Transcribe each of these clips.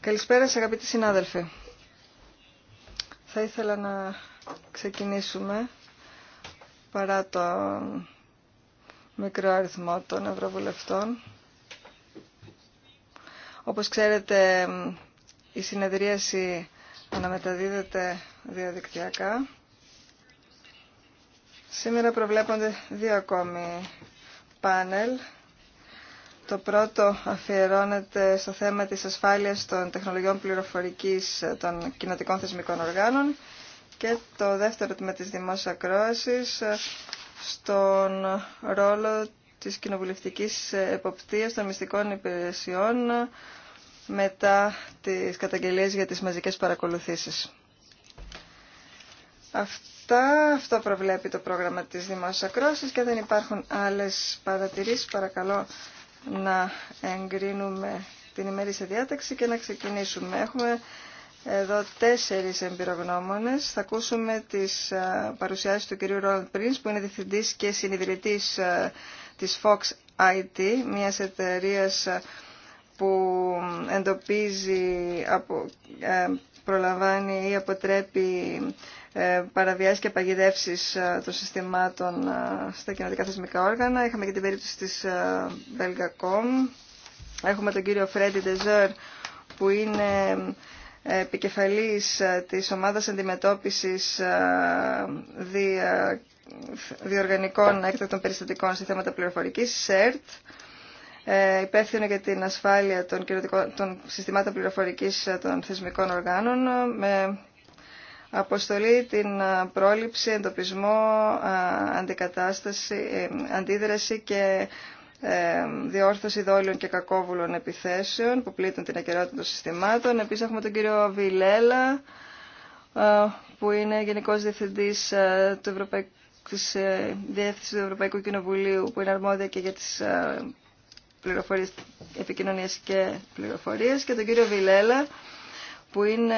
Καλησπέρα σας αγαπητοί συνάδελφοι. Θα ήθελα να ξεκινήσουμε παρά το μικρό αριθμό των ευρωβουλευτών. Όπως ξέρετε η συνεδρίαση αναμεταδίδεται διαδικτυακά. Σήμερα προβλέπονται δύο ακόμη πάνελ το πρώτο αφιερώνεται στο θέμα της ασφάλειας των τεχνολογιών πληροφορικής των κοινοτικών θεσμικών οργάνων και το δεύτερο τμήμα της δημόσιας ακρόασης στον ρόλο της κοινοβουλευτικής εποπτείας των μυστικών υπηρεσιών μετά τις καταγγελίες για τις μαζικές παρακολουθήσεις. Αυτά, αυτό προβλέπει το πρόγραμμα της Δημόσιας Ακρόσης και δεν υπάρχουν άλλες παρατηρήσεις. Παρακαλώ να εγκρίνουμε την ημερήσια διάταξη και να ξεκινήσουμε. Έχουμε εδώ τέσσερις εμπειρογνώμονες. Θα ακούσουμε τις παρουσιάσεις του κυρίου Ρόλτ Πρινς, που είναι διευθυντής και συνειδητής της Fox IT, μιας εταιρείας που εντοπίζει από, ε, προλαμβάνει ή αποτρέπει ε, παραβιάσεις και παγιδεύσεις ε, των συστημάτων ε, στα κοινωτικά θεσμικά όργανα. Είχαμε και την περίπτωση της Belgacom. Έχουμε τον κύριο Φρέντι Ντεζέρ που είναι επικεφαλής της ομάδας αντιμετώπισης διοργανικών έκτακτων περιστατικών σε θέματα πληροφορικής, ΣΕΡΤ ε, υπεύθυνο για την ασφάλεια των, των συστημάτων πληροφορικής ε, των θεσμικών οργάνων ε, με αποστολή την πρόληψη, εντοπισμό, αντικατάσταση, αντίδραση και διόρθωση δόλων και κακόβουλων επιθέσεων που πλήττουν την ακερότητα των συστημάτων. Επίσης έχουμε τον κύριο Βιλέλα που είναι Γενικός Διευθυντής του Ευρωπαϊκού της Διεύθυνσης του Ευρωπαϊκού Κοινοβουλίου που είναι αρμόδια και για τις πληροφορίες, επικοινωνίες και πληροφορίες και τον κύριο Βιλέλα που είναι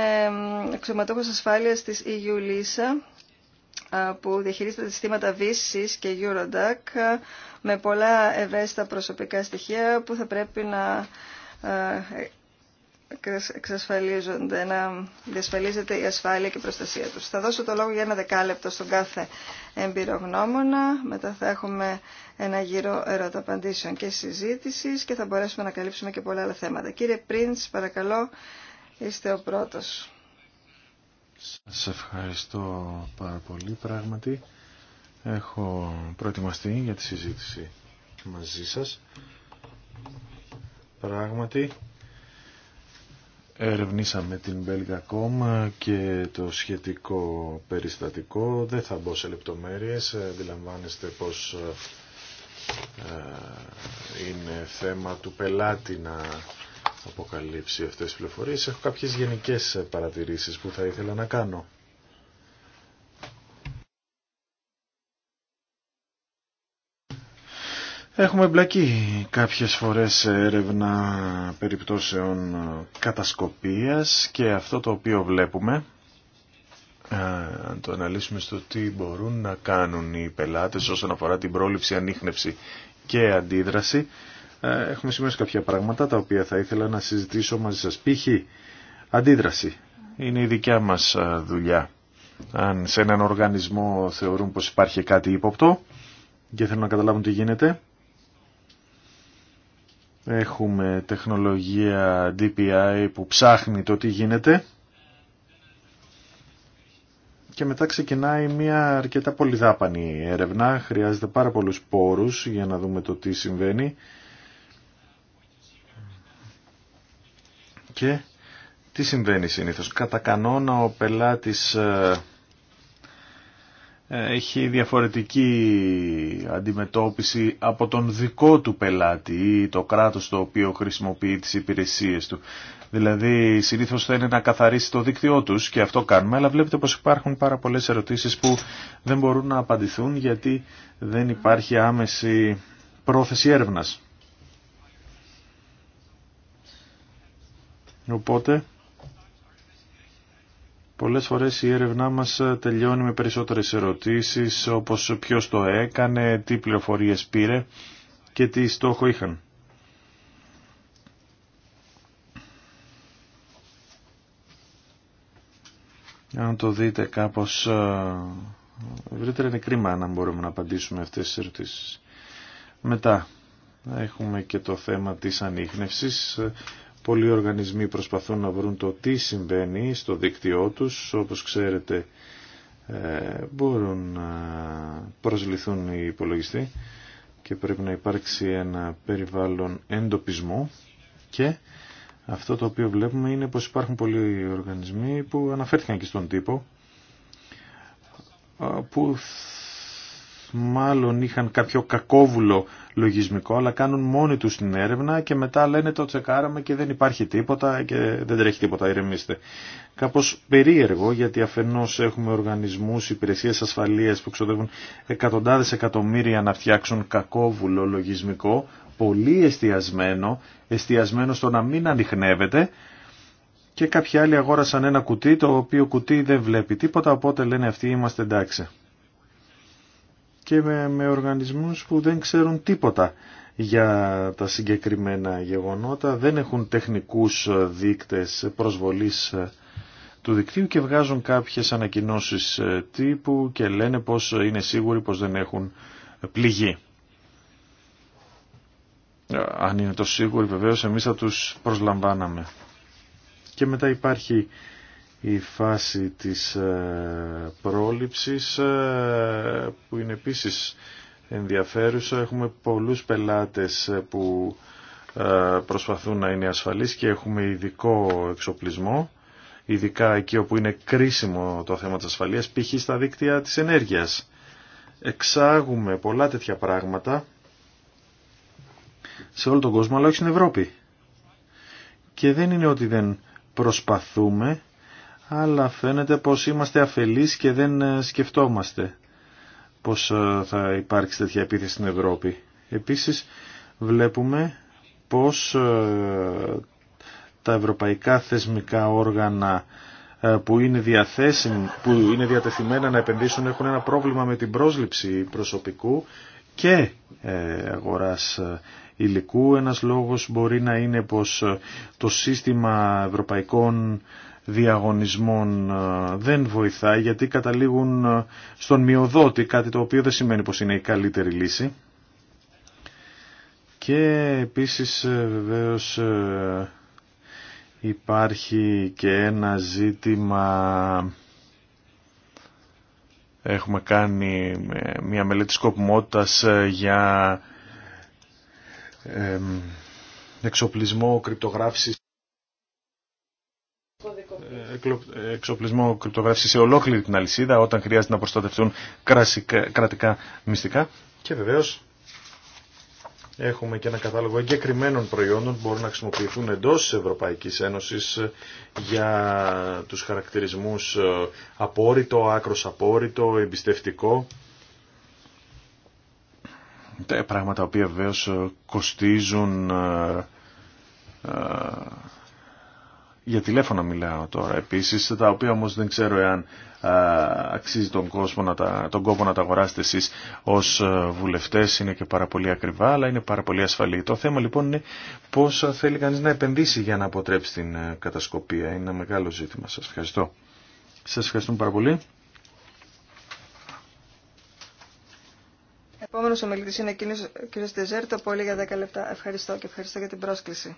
αξιωματούχος ασφάλειας της EU LISA που διαχειρίζεται τα συστήματα VISIS και Eurodac με πολλά ευαίσθητα προσωπικά στοιχεία που θα πρέπει να εξασφαλίζονται, να διασφαλίζεται η ασφάλεια και η προστασία τους. Θα δώσω το λόγο για ένα δεκάλεπτο στον κάθε εμπειρογνώμονα, μετά θα έχουμε ένα γύρο ερωταπαντήσεων και συζήτησης και θα μπορέσουμε να καλύψουμε και πολλά άλλα θέματα. Κύριε Πριντς, παρακαλώ, είστε ο πρώτος. Σας ευχαριστώ πάρα πολύ πράγματι. Έχω προετοιμαστεί για τη συζήτηση μαζί σας. Πράγματι, Ερευνήσαμε την Belgacom και το σχετικό περιστατικό. Δεν θα μπω σε λεπτομέρειες. Αντιλαμβάνεστε πως ε, είναι θέμα του πελάτη να αποκαλύψει αυτές τις πληροφορίες. Έχω κάποιες γενικές παρατηρήσεις που θα ήθελα να κάνω. Έχουμε εμπλακεί κάποιες φορές σε έρευνα περιπτώσεων κατασκοπίας και αυτό το οποίο βλέπουμε, ε, αν το αναλύσουμε στο τι μπορούν να κάνουν οι πελάτες όσον αφορά την πρόληψη, ανείχνευση και αντίδραση, ε, έχουμε σημαίνει κάποια πράγματα τα οποία θα ήθελα να συζητήσω μαζί σας. Π.χ. αντίδραση είναι η δικιά μας ε, δουλειά. Αν σε έναν οργανισμό θεωρούν πως υπάρχει κάτι ύποπτο και θέλουν να καταλάβουν τι γίνεται, Έχουμε τεχνολογία DPI που ψάχνει το τι γίνεται και μετά ξεκινάει μια αρκετά πολυδάπανη έρευνα. Χρειάζεται πάρα πολλούς πόρους για να δούμε το τι συμβαίνει και τι συμβαίνει συνήθως. Κατά κανόνα ο πελάτης ε, έχει διαφορετική αντιμετώπιση από τον δικό του πελάτη ή το κράτος το οποίο χρησιμοποιεί τις υπηρεσίες του. Δηλαδή συνήθως θέλει να καθαρίσει το δίκτυό τους και αυτό κάνουμε, αλλά βλέπετε πως υπάρχουν πάρα πολλές ερωτήσεις που δεν μπορούν να απαντηθούν γιατί δεν υπάρχει άμεση πρόθεση έρευνας. Οπότε Πολλές φορές η έρευνά μας ε, τελειώνει με περισσότερες ερωτήσεις όπως ποιος το έκανε, τι πληροφορίες πήρε και τι στόχο είχαν. Αν το δείτε κάπως ε, ευρύτερα είναι κρίμα να μπορούμε να απαντήσουμε αυτές τις ερωτήσεις. Μετά έχουμε και το θέμα της ανείχνευσης Πολλοί οργανισμοί προσπαθούν να βρουν το τι συμβαίνει στο δίκτυό τους. Όπως ξέρετε ε, μπορούν να προσληθούν οι υπολογιστοί και πρέπει να υπάρξει ένα περιβάλλον εντοπισμού και αυτό το οποίο βλέπουμε είναι πως υπάρχουν πολλοί οργανισμοί που αναφέρθηκαν και στον τύπο που μάλλον είχαν κάποιο κακόβουλο λογισμικό, αλλά κάνουν μόνοι τους την έρευνα και μετά λένε το τσεκάραμε και δεν υπάρχει τίποτα και δεν τρέχει τίποτα, ηρεμήστε. Κάπως περίεργο, γιατί αφενός έχουμε οργανισμούς, υπηρεσίες ασφαλείας που ξοδεύουν εκατοντάδες εκατομμύρια να φτιάξουν κακόβουλο λογισμικό, πολύ εστιασμένο, εστιασμένο στο να μην ανοιχνεύεται, και κάποιοι άλλοι αγόρασαν ένα κουτί το οποίο κουτί δεν βλέπει τίποτα οπότε λένε αυτοί είμαστε εντάξει και με, με οργανισμούς που δεν ξέρουν τίποτα για τα συγκεκριμένα γεγονότα, δεν έχουν τεχνικούς δείκτες προσβολής ε, του δικτύου και βγάζουν κάποιες ανακοινώσεις ε, τύπου και λένε πως είναι σίγουροι πως δεν έχουν πληγή. Ε, αν είναι το σίγουροι βεβαίως εμείς θα τους προσλαμβάναμε. Και μετά υπάρχει η φάση της ε, πρόληψης ε, που είναι επίσης ενδιαφέρουσα. Έχουμε πολλούς πελάτες ε, που προσπαθούν να είναι ασφαλείς και έχουμε ειδικό εξοπλισμό, ειδικά εκεί όπου είναι κρίσιμο το θέμα της ασφαλείας, π.χ. στα δίκτυα της ενέργειας. Εξάγουμε πολλά τέτοια πράγματα σε όλο τον κόσμο, αλλά όχι στην Ευρώπη. Και δεν είναι ότι δεν προσπαθούμε αλλά φαίνεται πως είμαστε αφελείς και δεν ε, σκεφτόμαστε πως ε, θα υπάρξει τέτοια επίθεση στην Ευρώπη. Επίσης βλέπουμε πως ε, τα ευρωπαϊκά θεσμικά όργανα που είναι, διαθέσιμ, που είναι διατεθειμένα να επενδύσουν έχουν ένα πρόβλημα με την πρόσληψη προσωπικού και αγοράς υλικού. Ένας λόγος μπορεί να είναι πως το σύστημα ευρωπαϊκών διαγωνισμών ε, δεν βοηθάει γιατί καταλήγουν ε, στον μειοδότη, κάτι το οποίο δεν σημαίνει πως είναι η καλύτερη λύση. Και επίσης ε, βεβαίως υπάρχει και ένα ζήτημα... Έχουμε κάνει μια μελέτη σκοπιμότητας για εξοπλισμό κρυπτογράφησης εξοπλισμό κρυπτογράφηση σε ολόκληρη την αλυσίδα όταν χρειάζεται να προστατευτούν κρατικά μυστικά. Και βεβαίω έχουμε και ένα κατάλογο εγκεκριμένων προϊόντων που μπορούν να χρησιμοποιηθούν εντό της ευρωπαϊκή Ένωσης για τους χαρακτηρισμούς ε, απόρριτο, άκρο απόρριτο, εμπιστευτικό. Τα πράγματα τα οποία βεβαίως ε, κοστίζουν ε, για τηλέφωνα μιλάω τώρα επίσης, τα οποία όμως δεν ξέρω εάν α, αξίζει τον, κόσμο να τα, τον κόπο να τα αγοράσετε εσείς ως ε, βουλευτές, είναι και πάρα πολύ ακριβά, αλλά είναι πάρα πολύ ασφαλή. Το θέμα λοιπόν είναι πώς θέλει κανείς να επενδύσει για να αποτρέψει την ε, κατασκοπία. Είναι ένα μεγάλο ζήτημα. Σας ευχαριστώ. Σας ευχαριστούμε πάρα πολύ. Επόμενος ομιλητής είναι ο κύριος Τεζέρτο, το πολύ για 10 λεπτά. Ευχαριστώ και ευχαριστώ για την πρόσκληση.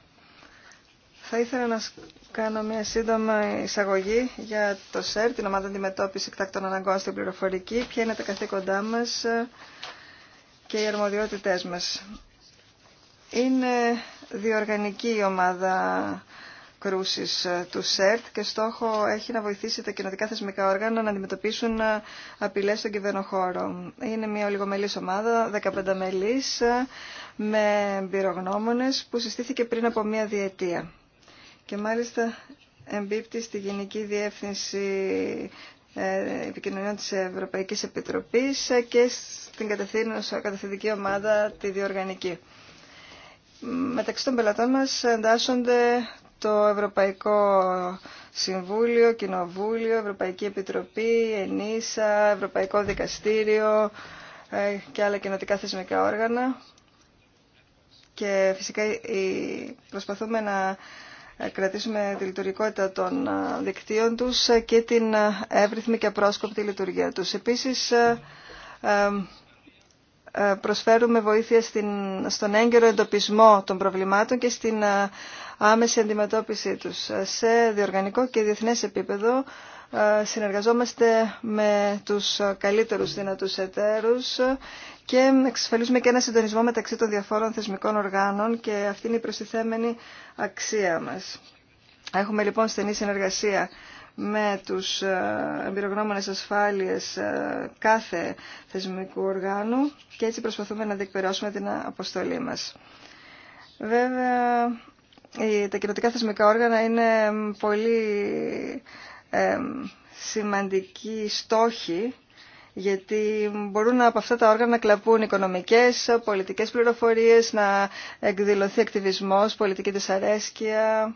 Θα ήθελα να κάνω μια σύντομα εισαγωγή για το ΣΕΡ, την ομάδα αντιμετώπιση εκτάκτων αναγκών στην πληροφορική, ποια είναι τα καθήκοντά μα ε, και οι αρμοδιότητέ μα. Είναι διοργανική η ομάδα κρούσης ε, του ΣΕΡΤ και στόχο έχει να βοηθήσει τα κοινοτικά θεσμικά όργανα να αντιμετωπίσουν ε, απειλές στον κυβερνοχώρο. Είναι μια ολιγομελής ομάδα, 15 μελής, με εμπειρογνώμονες που συστήθηκε πριν από μια διετία και μάλιστα εμπίπτει στη Γενική Διεύθυνση ε, Επικοινωνιών της Ευρωπαϊκής Επιτροπής και στην κατευθυντική ομάδα τη διοργανική. Μεταξύ των πελατών μας εντάσσονται το Ευρωπαϊκό Συμβούλιο, Κοινοβούλιο, Ευρωπαϊκή Επιτροπή, ΕΝΙΣΑ, Ευρωπαϊκό Δικαστήριο ε, και άλλα κοινοτικά θεσμικά όργανα. Και φυσικά προσπαθούμε να ε, κρατήσουμε τη λειτουργικότητα των ε, δικτύων τους ε, και την εύρυθμη και απρόσκοπτη λειτουργία τους. Επίσης, προσφέρουμε βοήθεια στον έγκαιρο εντοπισμό των προβλημάτων και στην άμεση αντιμετώπιση τους. Σε διοργανικό και διεθνές επίπεδο ε, συνεργαζόμαστε με τους καλύτερους δυνατούς εταίρους και εξασφαλίζουμε και ένα συντονισμό μεταξύ των διαφόρων θεσμικών οργάνων και αυτή είναι η προστιθέμενη αξία μας. Έχουμε λοιπόν στενή συνεργασία με τους ε, εμπειρογνώμονες ασφάλειες ε, κάθε θεσμικού οργάνου και έτσι προσπαθούμε να διεκπαιρεώσουμε την αποστολή μας. Βέβαια, τα κοινοτικά θεσμικά όργανα είναι πολύ σημαντική στόχοι γιατί μπορούν από αυτά τα όργανα να κλαπούν οικονομικές, πολιτικές πληροφορίες, να εκδηλωθεί ακτιβισμός, πολιτική δυσαρέσκεια.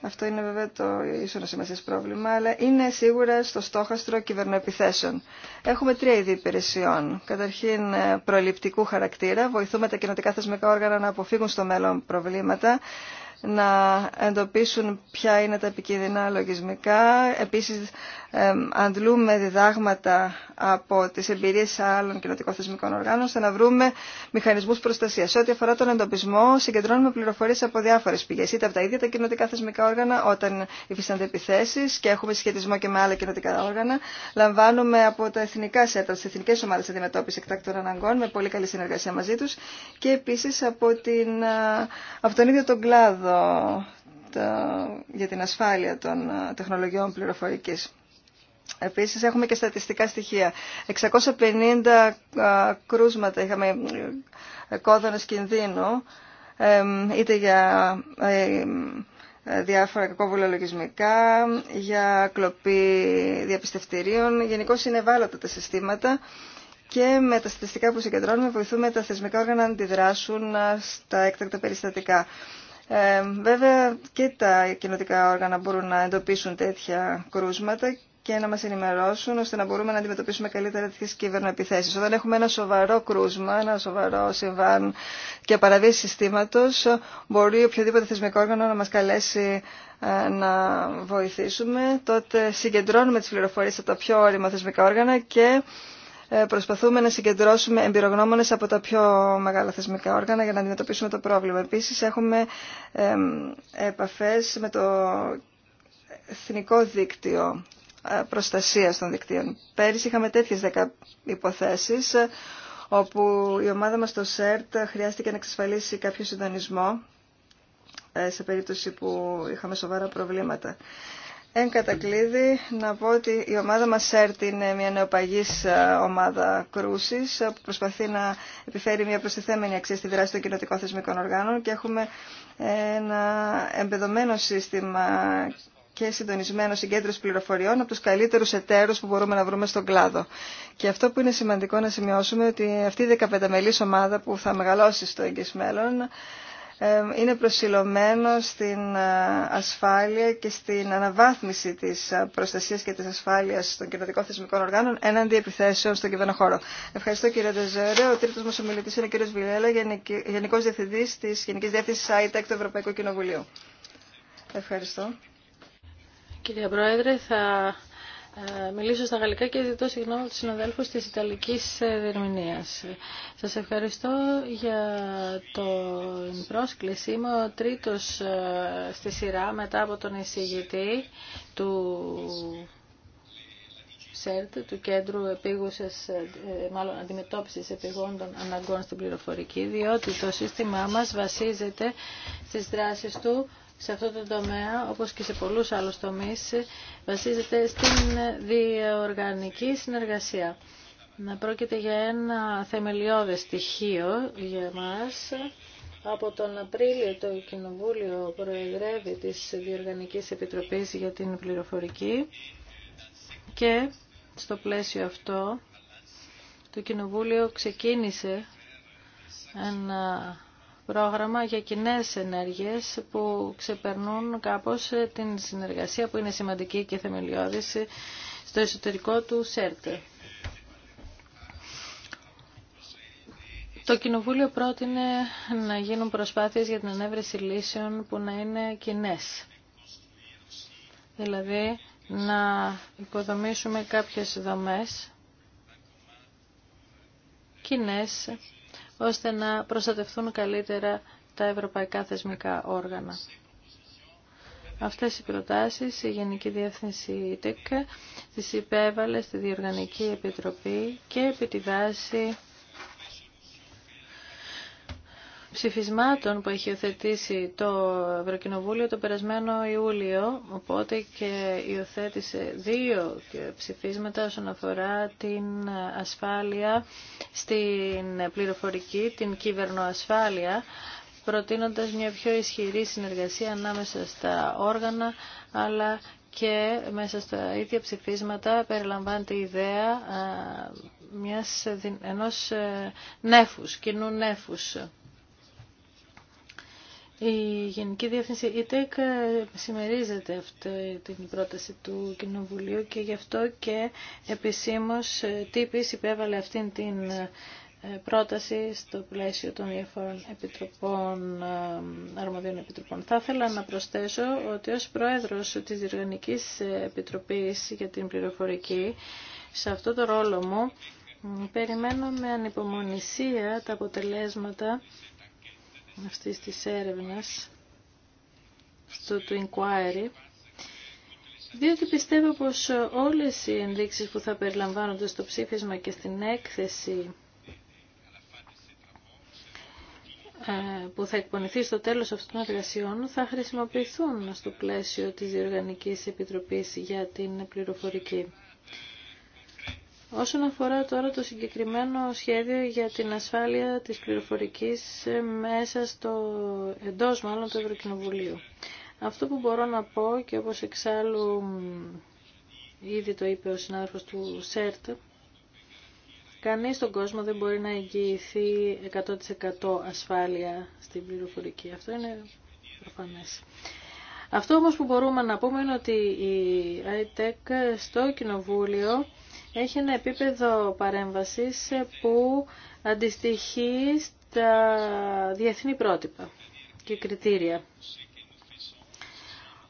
Αυτό είναι βέβαια το ίσονο σημασίας πρόβλημα, αλλά είναι σίγουρα στο στόχαστρο κυβερνοεπιθέσεων. Έχουμε τρία είδη υπηρεσιών. Καταρχήν ε, προληπτικού χαρακτήρα, βοηθούμε τα κοινοτικά θεσμικά όργανα να αποφύγουν στο μέλλον προβλήματα, να εντοπίσουν ποια είναι τα επικίνδυνα λογισμικά. Επίσης, αντλούμε διδάγματα από τις εμπειρίες άλλων κοινοτικών θεσμικών οργάνων, ώστε να βρούμε μηχανισμούς προστασίας. Ό,τι αφορά τον εντοπισμό, συγκεντρώνουμε πληροφορίες από διάφορες πηγές, είτε από τα ίδια τα κοινοτικά θεσμικά όργανα, όταν υφίστανται επιθέσεις και έχουμε σχετισμό και με άλλα κοινοτικά όργανα. Λαμβάνουμε από τα εθνικά σέντρα, τις εθνικές ομάδες αντιμετώπισης εκτάκτων αναγκών, με πολύ καλή συνεργασία μαζί τους και επίσης από, από τον ίδιο τον κλάδο για την ασφάλεια των ε, τεχνολογιών πληροφορικής. Επίσης έχουμε και στατιστικά στοιχεία. 650 ε, κρούσματα είχαμε ε, κόδωνες κινδύνου, είτε για διάφορα κακόβουλα λογισμικά, για κλοπή διαπιστευτηρίων. Γενικώ είναι ευάλωτα τα συστήματα και με τα στατιστικά που συγκεντρώνουμε βοηθούμε τα θεσμικά όργανα να αντιδράσουν στα έκτακτα περιστατικά. Ε, βέβαια και τα κοινωτικά όργανα μπορούν να εντοπίσουν τέτοια κρούσματα και να μας ενημερώσουν ώστε να μπορούμε να αντιμετωπίσουμε καλύτερα τις κυβερνοεπιθέσεις. Όταν έχουμε ένα σοβαρό κρούσμα, ένα σοβαρό συμβάν και παραβίαση συστήματος, μπορεί οποιοδήποτε θεσμικό όργανο να μας καλέσει ε, να βοηθήσουμε. Τότε συγκεντρώνουμε τις πληροφορίες από τα πιο όρημα θεσμικά όργανα και ε, προσπαθούμε να συγκεντρώσουμε εμπειρογνώμονες από τα πιο μεγάλα θεσμικά όργανα για να αντιμετωπίσουμε το πρόβλημα. Επίσης έχουμε επαφές με το Εθνικό Δίκτυο ε, Προστασίας των Δικτύων. Πέρυσι είχαμε τέτοιες 10 υποθέσεις ε, όπου η ομάδα μας στο ΣΕΡΤ χρειάστηκε να εξασφαλίσει κάποιο συντονισμό σε περίπτωση που είχαμε σοβαρά προβλήματα. Εν κατακλείδη να πω ότι η ομάδα μας ΣΕΡΤ είναι μια νεοπαγής ε, ομάδα κρούσης ε, που προσπαθεί να επιφέρει μια προστιθέμενη αξία στη δράση των κοινοτικών θεσμικών οργάνων και έχουμε ε, ένα εμπεδομένο σύστημα και συντονισμένο συγκέντρωση πληροφοριών από τους καλύτερους εταίρους που μπορούμε να βρούμε στον κλάδο. Και αυτό που είναι σημαντικό να σημειώσουμε ότι αυτή η 15 μελής ομάδα που θα μεγαλώσει στο εγγύς μέλλον είναι προσιλωμένο στην ε, ασφάλεια και στην αναβάθμιση της ε, προστασίας και της ασφάλειας των κοινωτικών θεσμικών οργάνων έναντι επιθέσεων στον χώρο. Ευχαριστώ κύριε Δεζέρε. Ο τρίτος μας ομιλητής είναι ο κύριος Βιλέλα, Γενικός Διευθυντής της Γενικής Διεύθυνσης ΆΙΤΕΚ του Ευρωπαϊκού Κοινοβουλίου. Ευχαριστώ. Κύριε Πρόεδρε, θα ε, μιλήσω στα γαλλικά και ζητώ συγγνώμη από τους συναδέλφους της Ιταλικής ε, Δερμηνίας. Σας ευχαριστώ για την πρόσκληση. Είμαι ο τρίτος ε, στη σειρά μετά από τον εισηγητή του ΣΕΡΤ, του Κέντρου Επίγουσες, μάλλον Αντιμετώπισης Επιγόντων Αναγκών στην Πληροφορική, διότι το σύστημά μας βασίζεται στις δράσεις του σε αυτό το τομέα, όπως και σε πολλούς άλλους τομείς, βασίζεται στην διοργανική συνεργασία. Να πρόκειται για ένα θεμελιώδες στοιχείο για μας. Από τον Απρίλιο το Κοινοβούλιο προεδρεύει της Διοργανικής Επιτροπής για την Πληροφορική και στο πλαίσιο αυτό το Κοινοβούλιο ξεκίνησε ένα πρόγραμμα για κοινέ ενέργειε που ξεπερνούν κάπως την συνεργασία που είναι σημαντική και θεμελιώδης στο εσωτερικό του ΣΕΡΤΕ. Το Κοινοβούλιο πρότεινε να γίνουν προσπάθειες για την ανέβρεση λύσεων που να είναι κοινέ. Δηλαδή να υποδομήσουμε κάποιες δομές κοινές ώστε να προστατευτούν καλύτερα τα ευρωπαϊκά θεσμικά όργανα. Αυτές οι προτάσεις η Γενική Διεύθυνση ΤΕΚ τις υπέβαλε στη Διοργανική Επιτροπή και επί τη βάση ψηφισμάτων που έχει υιοθετήσει το Ευρωκοινοβούλιο το περασμένο Ιούλιο, οπότε και υιοθέτησε δύο ψηφίσματα όσον αφορά την ασφάλεια στην πληροφορική, την κυβερνοασφάλεια, προτείνοντας μια πιο ισχυρή συνεργασία ανάμεσα στα όργανα, αλλά και μέσα στα ίδια ψηφίσματα περιλαμβάνεται η ιδέα ε, μιας, ενός ε, νέφους, κοινού νέφους. Η Γενική Διεύθυνση ΤΕΚ, συμμερίζεται αυτή την πρόταση του Κοινοβουλίου και γι' αυτό και επισήμως ε, τύπης υπέβαλε αυτήν την ε, πρόταση στο πλαίσιο των διαφορών επιτροπών, ε, αρμοδίων επιτροπών. Θα ήθελα να προσθέσω ότι ως πρόεδρος της Διοργανικής Επιτροπής για την Πληροφορική, σε αυτό το ρόλο μου, περιμένω με ανυπομονησία τα αποτελέσματα αυτής της έρευνας στο του Inquiry διότι πιστεύω πως όλες οι ενδείξεις που θα περιλαμβάνονται στο ψήφισμα και στην έκθεση ε, που θα εκπονηθεί στο τέλος αυτών των εργασιών θα χρησιμοποιηθούν στο πλαίσιο της Διοργανικής Επιτροπής για την Πληροφορική. Όσον αφορά τώρα το συγκεκριμένο σχέδιο για την ασφάλεια της πληροφορικής μέσα στο εντός μάλλον του Ευρωκοινοβουλίου. Αυτό που μπορώ να πω και όπως εξάλλου ήδη το είπε ο συνάδελφος του ΣΕΡΤ, κανείς στον κόσμο δεν μπορεί να εγγυηθεί 100% ασφάλεια στην πληροφορική. Αυτό είναι προφανές. Αυτό όμως που μπορούμε να πούμε είναι ότι η ITEC στο Κοινοβούλιο έχει ένα επίπεδο παρέμβασης που αντιστοιχεί στα διεθνή πρότυπα και κριτήρια.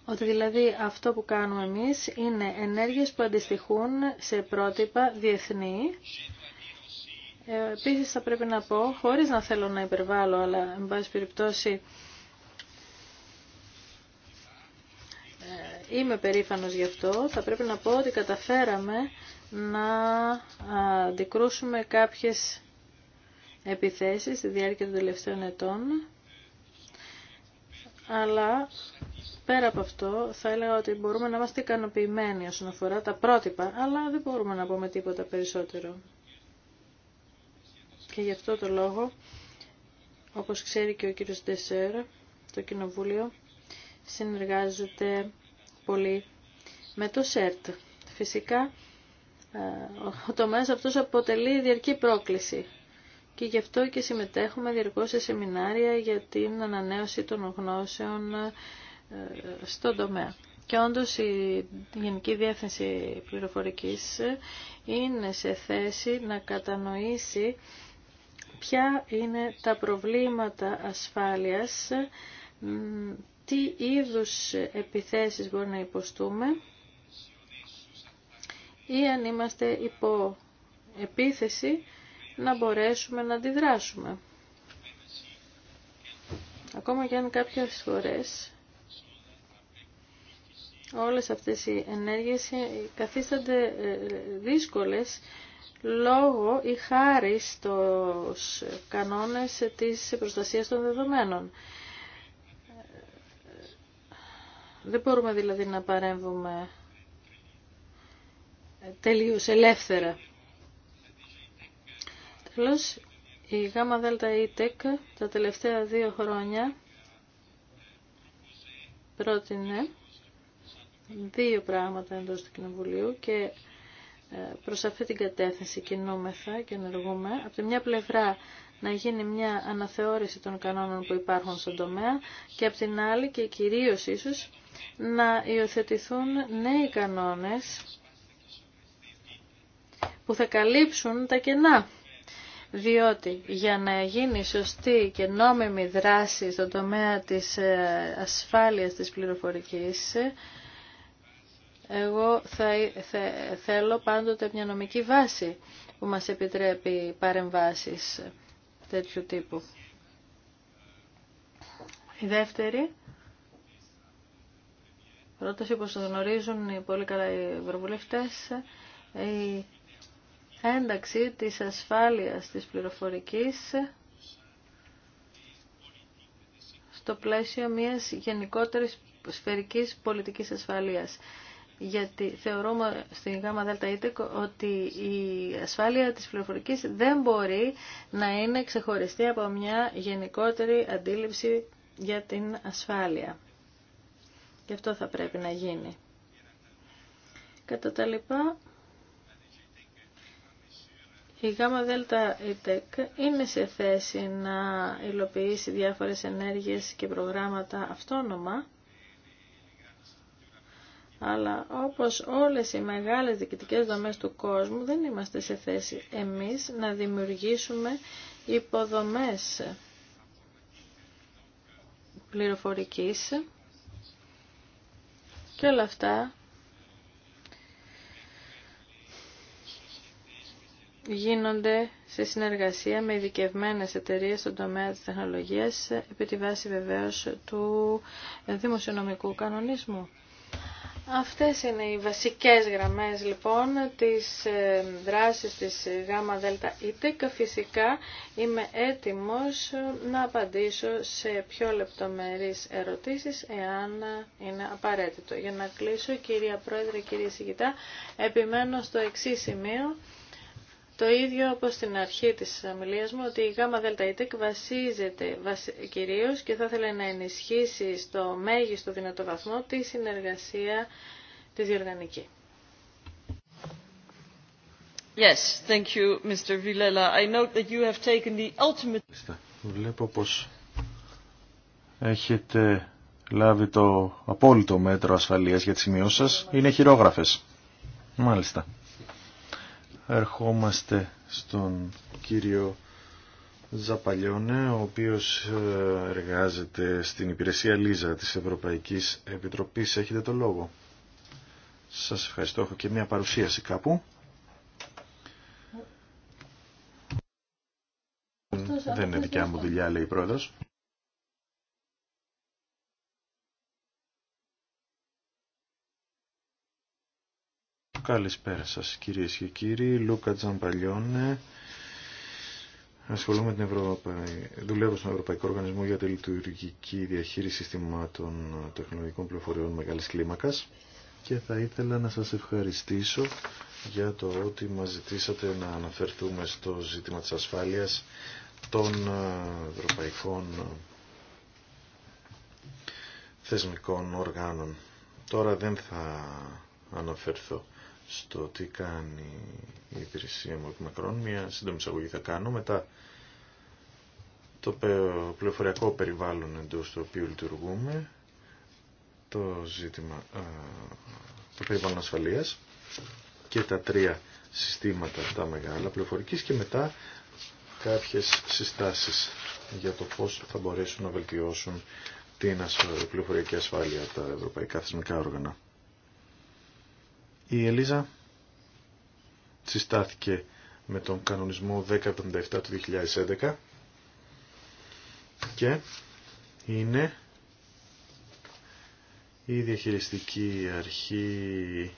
Ότι δηλαδή αυτό που κάνουμε εμείς είναι ενέργειες που αντιστοιχούν σε πρότυπα διεθνή. Ε, επίσης θα πρέπει να πω, χωρίς να θέλω να υπερβάλλω, αλλά εν πάση περιπτώσει είμαι περήφανος γι' αυτό. Θα πρέπει να πω ότι καταφέραμε να αντικρούσουμε κάποιες επιθέσεις στη διάρκεια των τελευταίων ετών. Αλλά πέρα από αυτό θα έλεγα ότι μπορούμε να είμαστε ικανοποιημένοι όσον αφορά τα πρότυπα, αλλά δεν μπορούμε να πούμε τίποτα περισσότερο. Και γι' αυτό το λόγο, όπως ξέρει και ο κύριος Ντεσέρ, το Κοινοβούλιο συνεργάζεται πολύ με το ΣΕΡΤ. Φυσικά ε, ο τομέας αυτός αποτελεί διαρκή πρόκληση και γι' αυτό και συμμετέχουμε διαρκώς σε σεμινάρια για την ανανέωση των γνώσεων ε, στον τομέα. Και όντως η Γενική Διεύθυνση Πληροφορικής ε, είναι σε θέση να κατανοήσει ποια είναι τα προβλήματα ασφάλειας τι είδους επιθέσεις μπορεί να υποστούμε ή αν είμαστε υπό επίθεση να μπορέσουμε να αντιδράσουμε. Ακόμα και αν κάποιες φορές όλες αυτές οι ενέργειες καθίστανται ε, δύσκολες λόγω ή χάρη στους κανόνες της προστασίας των δεδομένων. Δεν μπορούμε δηλαδή να παρέμβουμε τελείως ελεύθερα. Τέλος, η ΓΑΜΑ ΔΕΛΤΑ ΙΤΕΚ e e τα τελευταία δύο χρόνια πρότεινε δύο πράγματα εντός του Κοινοβουλίου και ε, προς αυτή την κατεύθυνση κινούμεθα και ενεργούμε. Από τη μια πλευρά να γίνει μια αναθεώρηση των κανόνων που υπάρχουν στον τομέα και από την άλλη και κυρίως ίσως να υιοθετηθούν νέοι κανόνες που θα καλύψουν τα κενά. Διότι για να γίνει σωστή και νόμιμη δράση στον τομέα της ε, ασφάλειας της πληροφορικής, ε, εγώ θέλω πάντοτε μια νομική βάση που μας επιτρέπει παρεμβάσεις τέτοιου τύπου. Η δεύτερη πρόταση όπως γνωρίζουν οι πολύ καλά οι ευρωβουλευτές η ένταξη της ασφάλειας της πληροφορικής στο πλαίσιο μιας γενικότερης σφαιρικής πολιτικής ασφαλείας. Γιατί θεωρούμε στην ΓΑΜΑ ότι η ασφάλεια της πληροφορικής δεν μπορεί να είναι ξεχωριστή από μια γενικότερη αντίληψη για την ασφάλεια. Και αυτό θα πρέπει να γίνει. Κατά τα λοιπά, η ΓΑΜΑ ΔΕΛΤΑ είναι σε θέση να υλοποιήσει διάφορες ενέργειες και προγράμματα αυτόνομα, αλλά όπως όλες οι μεγάλες διοικητικές δομές του κόσμου δεν είμαστε σε θέση εμείς να δημιουργήσουμε υποδομές πληροφορικής και όλα αυτά γίνονται σε συνεργασία με ειδικευμένε εταιρείε στον τομέα της τεχνολογίας επί τη βάση βεβαίως του δημοσιονομικού κανονισμού. Αυτές είναι οι βασικές γραμμές λοιπόν της ε, δράσης της ΓΑΜΑ ΔΕΛΤΑ e Φυσικά είμαι έτοιμος να απαντήσω σε πιο λεπτομερείς ερωτήσεις εάν είναι απαραίτητο. Για να κλείσω κυρία Πρόεδρε, κύριε Σιγητά, επιμένω στο εξή σημείο. Το ίδιο όπως στην αρχή της ομιλίας μου ότι η ΓΑΜΑ ΔΕΛΤΑ βασίζεται κυρίως και θα ήθελε να ενισχύσει στο μέγιστο δυνατό βαθμό τη συνεργασία τη διοργανική. Yes, thank you, Mr. Villela. I note that you have taken the ultimate... Βλέπω πως έχετε λάβει το απόλυτο μέτρο ασφαλείας για τις σημειώσεις σας. Είναι χειρόγραφες. Μάλιστα ερχόμαστε στον κύριο Ζαπαλιώνε, ο οποίος ε, εργάζεται στην υπηρεσία Λίζα της Ευρωπαϊκής Επιτροπής. Έχετε το λόγο. Σας ευχαριστώ. Έχω και μια παρουσίαση κάπου. Δεν είναι δικιά μου δουλειά, λέει η πρόεδρος. Καλησπέρα σας κυρίες και κύριοι. Λούκα Τζαμπαλιώνε. Ασχολούμαι την Δουλεύω στον Ευρωπαϊκό Οργανισμό για τη Λειτουργική Διαχείριση Συστημάτων Τεχνολογικών Πληροφοριών Μεγάλης Κλίμακας και θα ήθελα να σας ευχαριστήσω για το ότι μας ζητήσατε να αναφερθούμε στο ζήτημα της ασφάλειας των ευρωπαϊκών θεσμικών οργάνων. Τώρα δεν θα αναφερθώ στο τι κάνει η υπηρεσία μου μακρόν. Μια σύντομη εισαγωγή θα κάνω. Μετά το πληροφοριακό περιβάλλον εντός του οποίου λειτουργούμε, το ζήτημα, το περιβάλλον ασφαλείας και τα τρία συστήματα τα μεγάλα πληροφορικής και μετά κάποιες συστάσεις για το πώς θα μπορέσουν να βελτιώσουν την πληροφοριακή ασφάλεια τα ευρωπαϊκά θεσμικά όργανα. Η Ελίζα συστάθηκε με τον κανονισμό 1077 του 2011 και είναι η διαχειριστική αρχή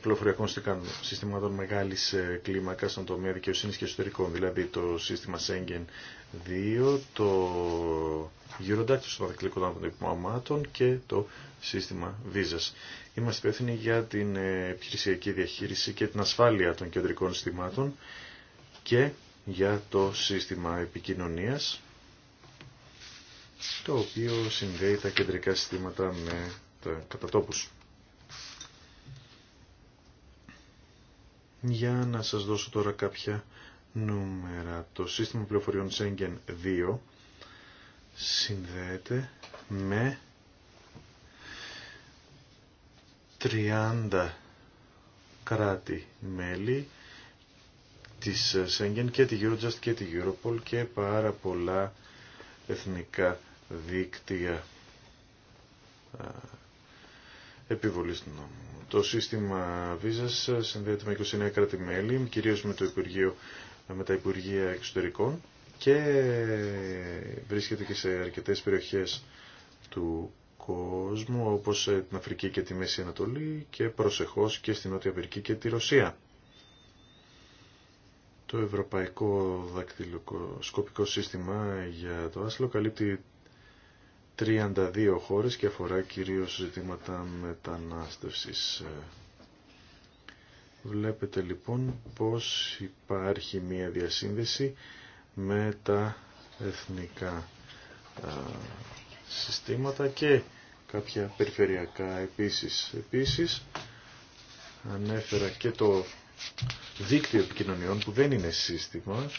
πληροφοριακών συστημάτων μεγάλης ε, κλίμακας στον τομέα δικαιοσύνης και εσωτερικών, δηλαδή το σύστημα Schengen 2, το Eurodac, το Συνοδεκτικό των και το σύστημα Visa. Είμαστε υπεύθυνοι για την ε, επιχειρησιακή διαχείριση και την ασφάλεια των κεντρικών συστημάτων και για το σύστημα επικοινωνίας, το οποίο συνδέει τα κεντρικά συστήματα με τα κατατόπους. Για να σας δώσω τώρα κάποια νούμερα. Το σύστημα πληροφοριών Schengen 2 συνδέεται με 30 κράτη-μέλη της Schengen και τη Eurojust και τη Europol και πάρα πολλά εθνικά δίκτυα Επιβολή του νόμου. Το σύστημα βίζας συνδέεται με 29 κράτη-μέλη, κυρίως με, το Υπουργείο, με τα Υπουργεία Εξωτερικών και βρίσκεται και σε αρκετές περιοχές του κόσμου, όπως την Αφρική και τη Μέση Ανατολή και προσεχώς και στην Νότια Αμερική και τη Ρωσία. Το Ευρωπαϊκό Δακτυλοσκοπικό Σύστημα για το Άσλο καλύπτει 32 χώρες και αφορά κυρίως ζητήματα μετανάστευσης. Βλέπετε λοιπόν πως υπάρχει μία διασύνδεση με τα εθνικά συστήματα και κάποια περιφερειακά επίσης. Επίσης ανέφερα και το δίκτυο επικοινωνιών που δεν είναι σύστημα,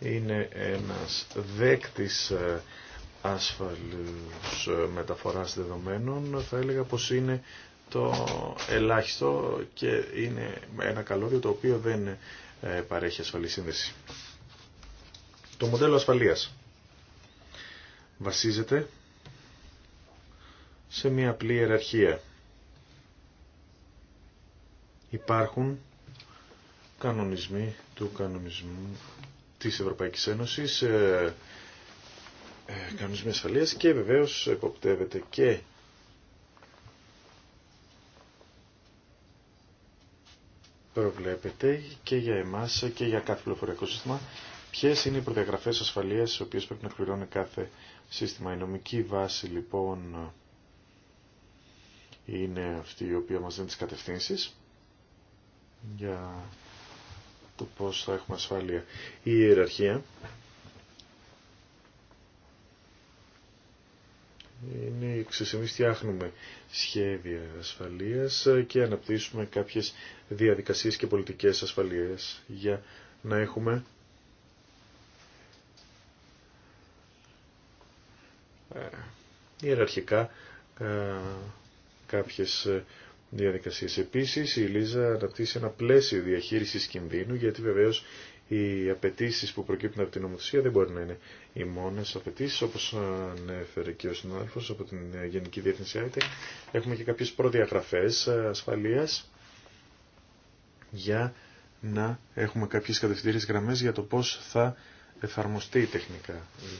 είναι ένας δέκτης ασφαλούς ε, μεταφοράς δεδομένων θα έλεγα πως είναι το ελάχιστο και είναι ένα καλώδιο το οποίο δεν ε, παρέχει ασφαλή σύνδεση. Το μοντέλο ασφαλείας βασίζεται σε μια απλή ιεραρχία. Υπάρχουν κανονισμοί του κανονισμού της Ευρωπαϊκής Ένωσης ε, ε, κανονισμοί ασφαλείας και βεβαίως εποπτεύεται και προβλέπεται και για εμάς και για κάθε πληροφοριακό σύστημα ποιες είναι οι προδιαγραφές ασφαλείας οι οποίες πρέπει να πληρώνει κάθε σύστημα. Η νομική βάση λοιπόν είναι αυτή η οποία μας δίνει τις κατευθύνσεις για το πώς θα έχουμε ασφάλεια. Η ιεραρχία είναι φτιάχνουμε σχέδια ασφαλείας και αναπτύσσουμε κάποιες διαδικασίες και πολιτικές ασφαλείας για να έχουμε ε, ιεραρχικά ε, κάποιες διαδικασίες. Επίσης η Λίζα αναπτύσσει ένα πλαίσιο διαχείρισης κινδύνου γιατί βεβαίως οι απαιτήσει που προκύπτουν από την νομοθεσία δεν μπορεί να είναι οι μόνε απαιτήσει. Όπω ανέφερε και ο συνάδελφο από την Γενική Διεθνή έχουμε και κάποιε προδιαγραφέ ασφαλεία για να έχουμε κάποιε κατευθυντήριε γραμμέ για το πώ θα εφαρμοστεί τεχνικά η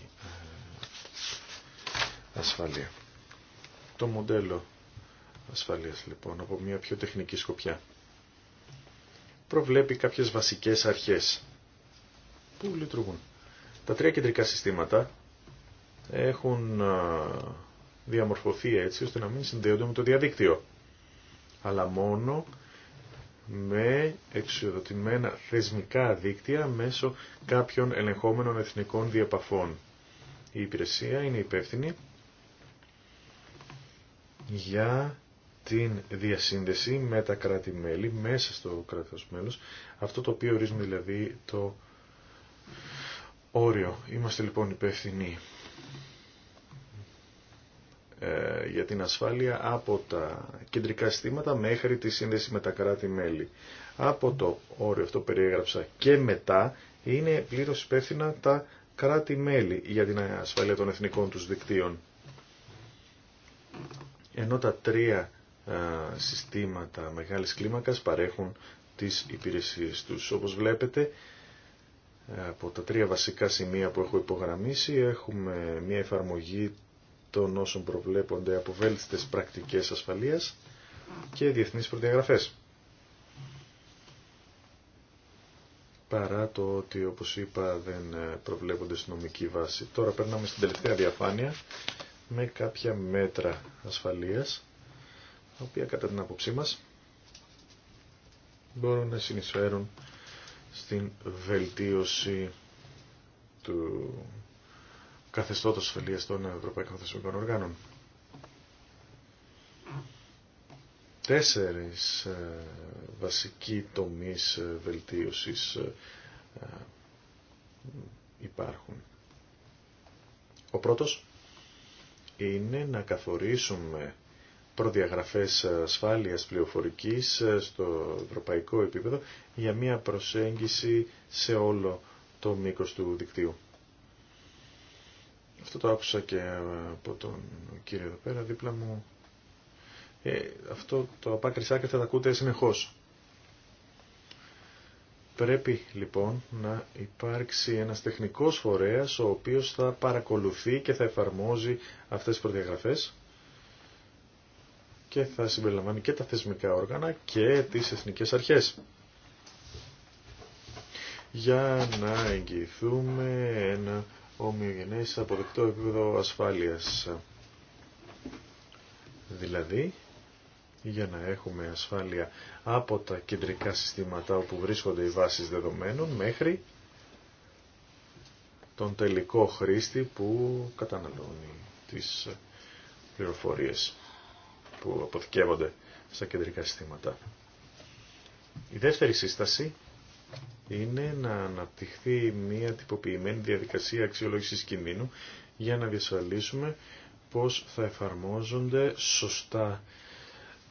ε, ασφαλεία. Το μοντέλο ασφαλείας λοιπόν από μια πιο τεχνική σκοπιά προβλέπει κάποιες βασικές αρχές που λειτουργούν. Τα τρία κεντρικά συστήματα έχουν διαμορφωθεί έτσι ώστε να μην συνδέονται με το διαδίκτυο, αλλά μόνο με εξοδοτημένα θεσμικά δίκτυα μέσω κάποιων ελεγχόμενων εθνικών διαπαφών. Η υπηρεσία είναι υπεύθυνη για την διασύνδεση με τα κράτη-μέλη, μέσα στο κράτος μέλος, αυτό το οποίο ορίζουμε δηλαδή το όριο. Είμαστε λοιπόν υπεύθυνοι ε, για την ασφάλεια από τα κεντρικά συστήματα μέχρι τη σύνδεση με τα κράτη-μέλη. Από το όριο αυτό περιέγραψα και μετά είναι πλήρως υπεύθυνα τα κράτη-μέλη για την ασφάλεια των εθνικών τους δικτύων. Ενώ τα τρία ε, συστήματα μεγάλης κλίμακας παρέχουν τις υπηρεσίες τους. Όπως βλέπετε από τα τρία βασικά σημεία που έχω υπογραμμίσει έχουμε μια εφαρμογή των όσων προβλέπονται από πρακτικές ασφαλείας και διεθνείς προδιαγραφές. Παρά το ότι όπως είπα δεν προβλέπονται στην νομική βάση. Τώρα περνάμε στην τελευταία διαφάνεια με κάποια μέτρα ασφαλείας τα οποία κατά την άποψή μας μπορούν να συνεισφέρουν στην βελτίωση του καθεστώτος Φελίας των Ευρωπαϊκών Θεσμικών Οργάνων. Τέσσερις ε, βασικοί τομείς ε, βελτίωσης ε, υπάρχουν. Ο πρώτος είναι να καθορίσουμε προδιαγραφές ασφάλειας πληροφορικής ε, στο ευρωπαϊκό επίπεδο για μια προσέγγιση σε όλο το μήκος του δικτύου. Αυτό το άκουσα και ε, από τον κύριο εδώ πέρα δίπλα μου. Ε, αυτό το απάκρισάκι άκρη θα τα ακούτε συνεχώς. Πρέπει λοιπόν να υπάρξει ένας τεχνικός φορέας ο οποίος θα παρακολουθεί και θα εφαρμόζει αυτές τις προδιαγραφές και θα συμπεριλαμβάνει και τα θεσμικά όργανα και τις εθνικές αρχές για να εγγυηθούμε ένα ομοιογενές αποδεκτό επίπεδο ασφάλειας. Δηλαδή, για να έχουμε ασφάλεια από τα κεντρικά συστήματα όπου βρίσκονται οι βάσεις δεδομένων μέχρι τον τελικό χρήστη που καταναλώνει τις πληροφορίες που αποθηκεύονται στα κεντρικά συστήματα. Η δεύτερη σύσταση είναι να αναπτυχθεί μια τυποποιημένη διαδικασία αξιολόγησης κινδύνου για να διασφαλίσουμε πώς θα εφαρμόζονται σωστά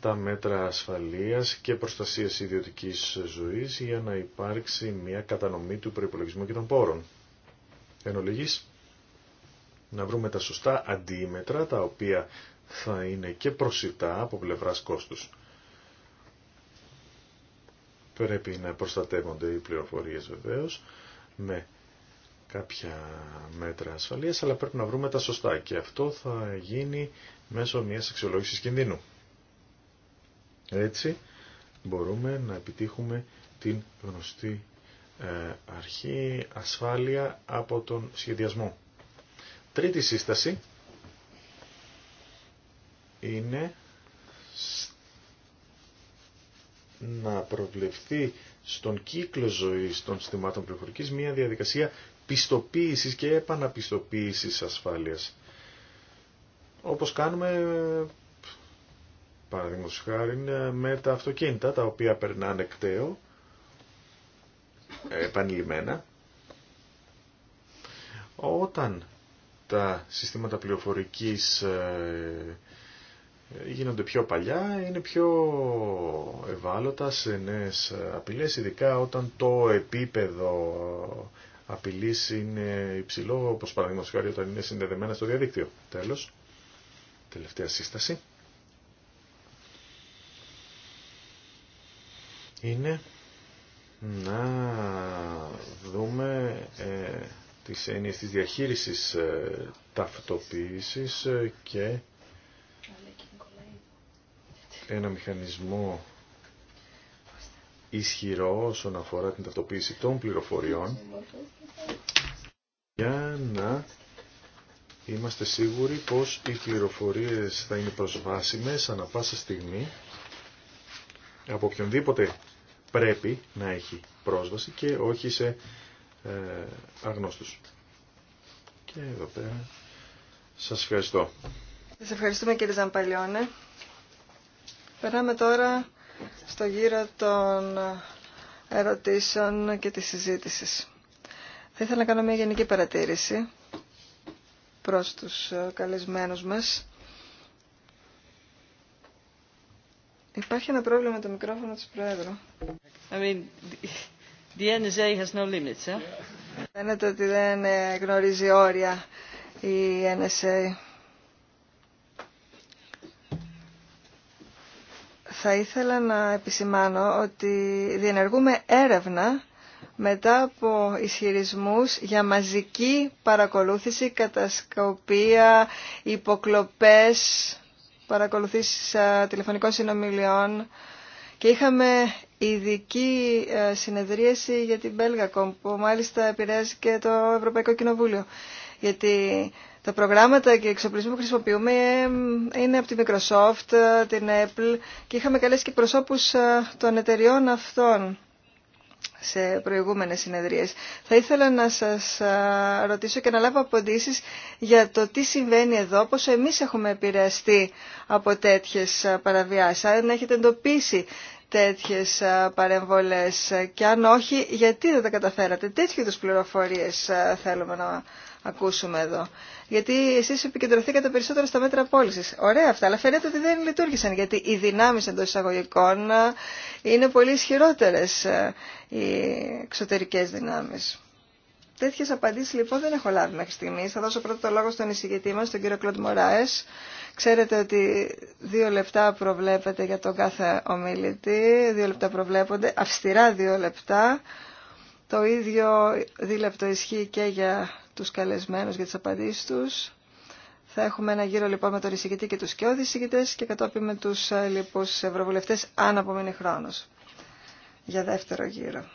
τα μέτρα ασφαλείας και προστασίας ιδιωτικής ζωής για να υπάρξει μια κατανομή του προϋπολογισμού και των πόρων. Εν ολίγης, να βρούμε τα σωστά αντίμετρα τα οποία θα είναι και προσιτά από πλευράς κόστους. Πρέπει να προστατεύονται οι πληροφορίες βεβαίως με κάποια μέτρα ασφαλείας, αλλά πρέπει να βρούμε τα σωστά και αυτό θα γίνει μέσω μιας αξιολόγησης κινδύνου. Έτσι μπορούμε να επιτύχουμε την γνωστή ε, αρχή ασφάλεια από τον σχεδιασμό. Τρίτη σύσταση είναι να προβλεφθεί στον κύκλο ζωής των συστημάτων πληροφορικής μια διαδικασία πιστοποίησης και επαναπιστοποίησης ασφάλειας. Όπως κάνουμε, παραδείγματος χάρη, με τα αυτοκίνητα τα οποία περνάνε εκταίο, επανειλημμένα, όταν τα συστήματα πληροφορικής ε, γίνονται πιο παλιά, είναι πιο ευάλωτα σε νέες απειλές, ειδικά όταν το επίπεδο απειλής είναι υψηλό, όπως παραδείγματος χάρη όταν είναι συνδεδεμένα στο διαδίκτυο. Τέλος, τελευταία σύσταση. Είναι να δούμε ε, τις έννοιες της διαχείρισης ε, ταυτοποίησης ε, και ένα μηχανισμό ισχυρό όσον αφορά την ταυτοποίηση των πληροφοριών για να είμαστε σίγουροι πως οι πληροφορίες θα είναι προσβάσιμες ανα πάσα στιγμή από οποιονδήποτε πρέπει να έχει πρόσβαση και όχι σε ε, Και εδώ πέρα σας ευχαριστώ. Σας ευχαριστούμε κύριε Ζαμπαλιώνε. Περάμε τώρα στο γύρο των ερωτήσεων και της συζήτησης. Θα ήθελα να κάνω μια γενική παρατήρηση προς τους ε, καλεσμένους μας. Υπάρχει ένα πρόβλημα με το μικρόφωνο της Προέδρου. I mean, the NSA has no limits, Φαίνεται ότι δεν ε, γνωρίζει όρια η NSA. Θα ήθελα να επισημάνω ότι διενεργούμε έρευνα μετά από ισχυρισμούς για μαζική παρακολούθηση, κατασκοπία, υποκλοπές, παρακολουθήσεις ε, τηλεφωνικών συνομιλιών και είχαμε ειδική ε, συνεδρίαση για την Belgacom που μάλιστα επηρέαζε και το Ευρωπαϊκό Κοινοβούλιο γιατί τα προγράμματα και εξοπλισμού που χρησιμοποιούμε είναι από τη Microsoft, την Apple και είχαμε καλέσει και προσώπους ε, των εταιριών αυτών σε προηγούμενες συνεδρίες. Θα ήθελα να σας ε, ρωτήσω και να λάβω απαντήσεις για το τι συμβαίνει εδώ, πόσο εμείς έχουμε επηρεαστεί από τέτοιες ε, παραβιάσεις. Αν έχετε εντοπίσει τέτοιες παρεμβολές και αν όχι, γιατί δεν τα καταφέρατε. Τέτοιου πληροφορίες θέλουμε να ακούσουμε εδώ. Γιατί εσείς επικεντρωθήκατε περισσότερο στα μέτρα πώληση. Ωραία αυτά, αλλά φαίνεται ότι δεν λειτουργήσαν, γιατί οι δυνάμει εντό εισαγωγικών ε, είναι πολύ ισχυρότερε ε, οι εξωτερικέ δυνάμει. Τέτοιε απαντήσει λοιπόν δεν έχω λάβει μέχρι στιγμή. Θα δώσω πρώτα το λόγο στον εισηγητή μα, τον κύριο Κλοντ Μωράε. Ξέρετε ότι δύο λεπτά προβλέπετε για τον κάθε ομιλητή, δύο λεπτά προβλέπονται, αυστηρά δύο λεπτά. Το ίδιο δίλεπτο ισχύει και για τους καλεσμένους για τις απαντήσεις τους. Θα έχουμε ένα γύρο λοιπόν με τον εισηγητή και τους και και κατόπιν με τους ε, λοιπούς ευρωβουλευτές αν απομείνει χρόνος για δεύτερο γύρο.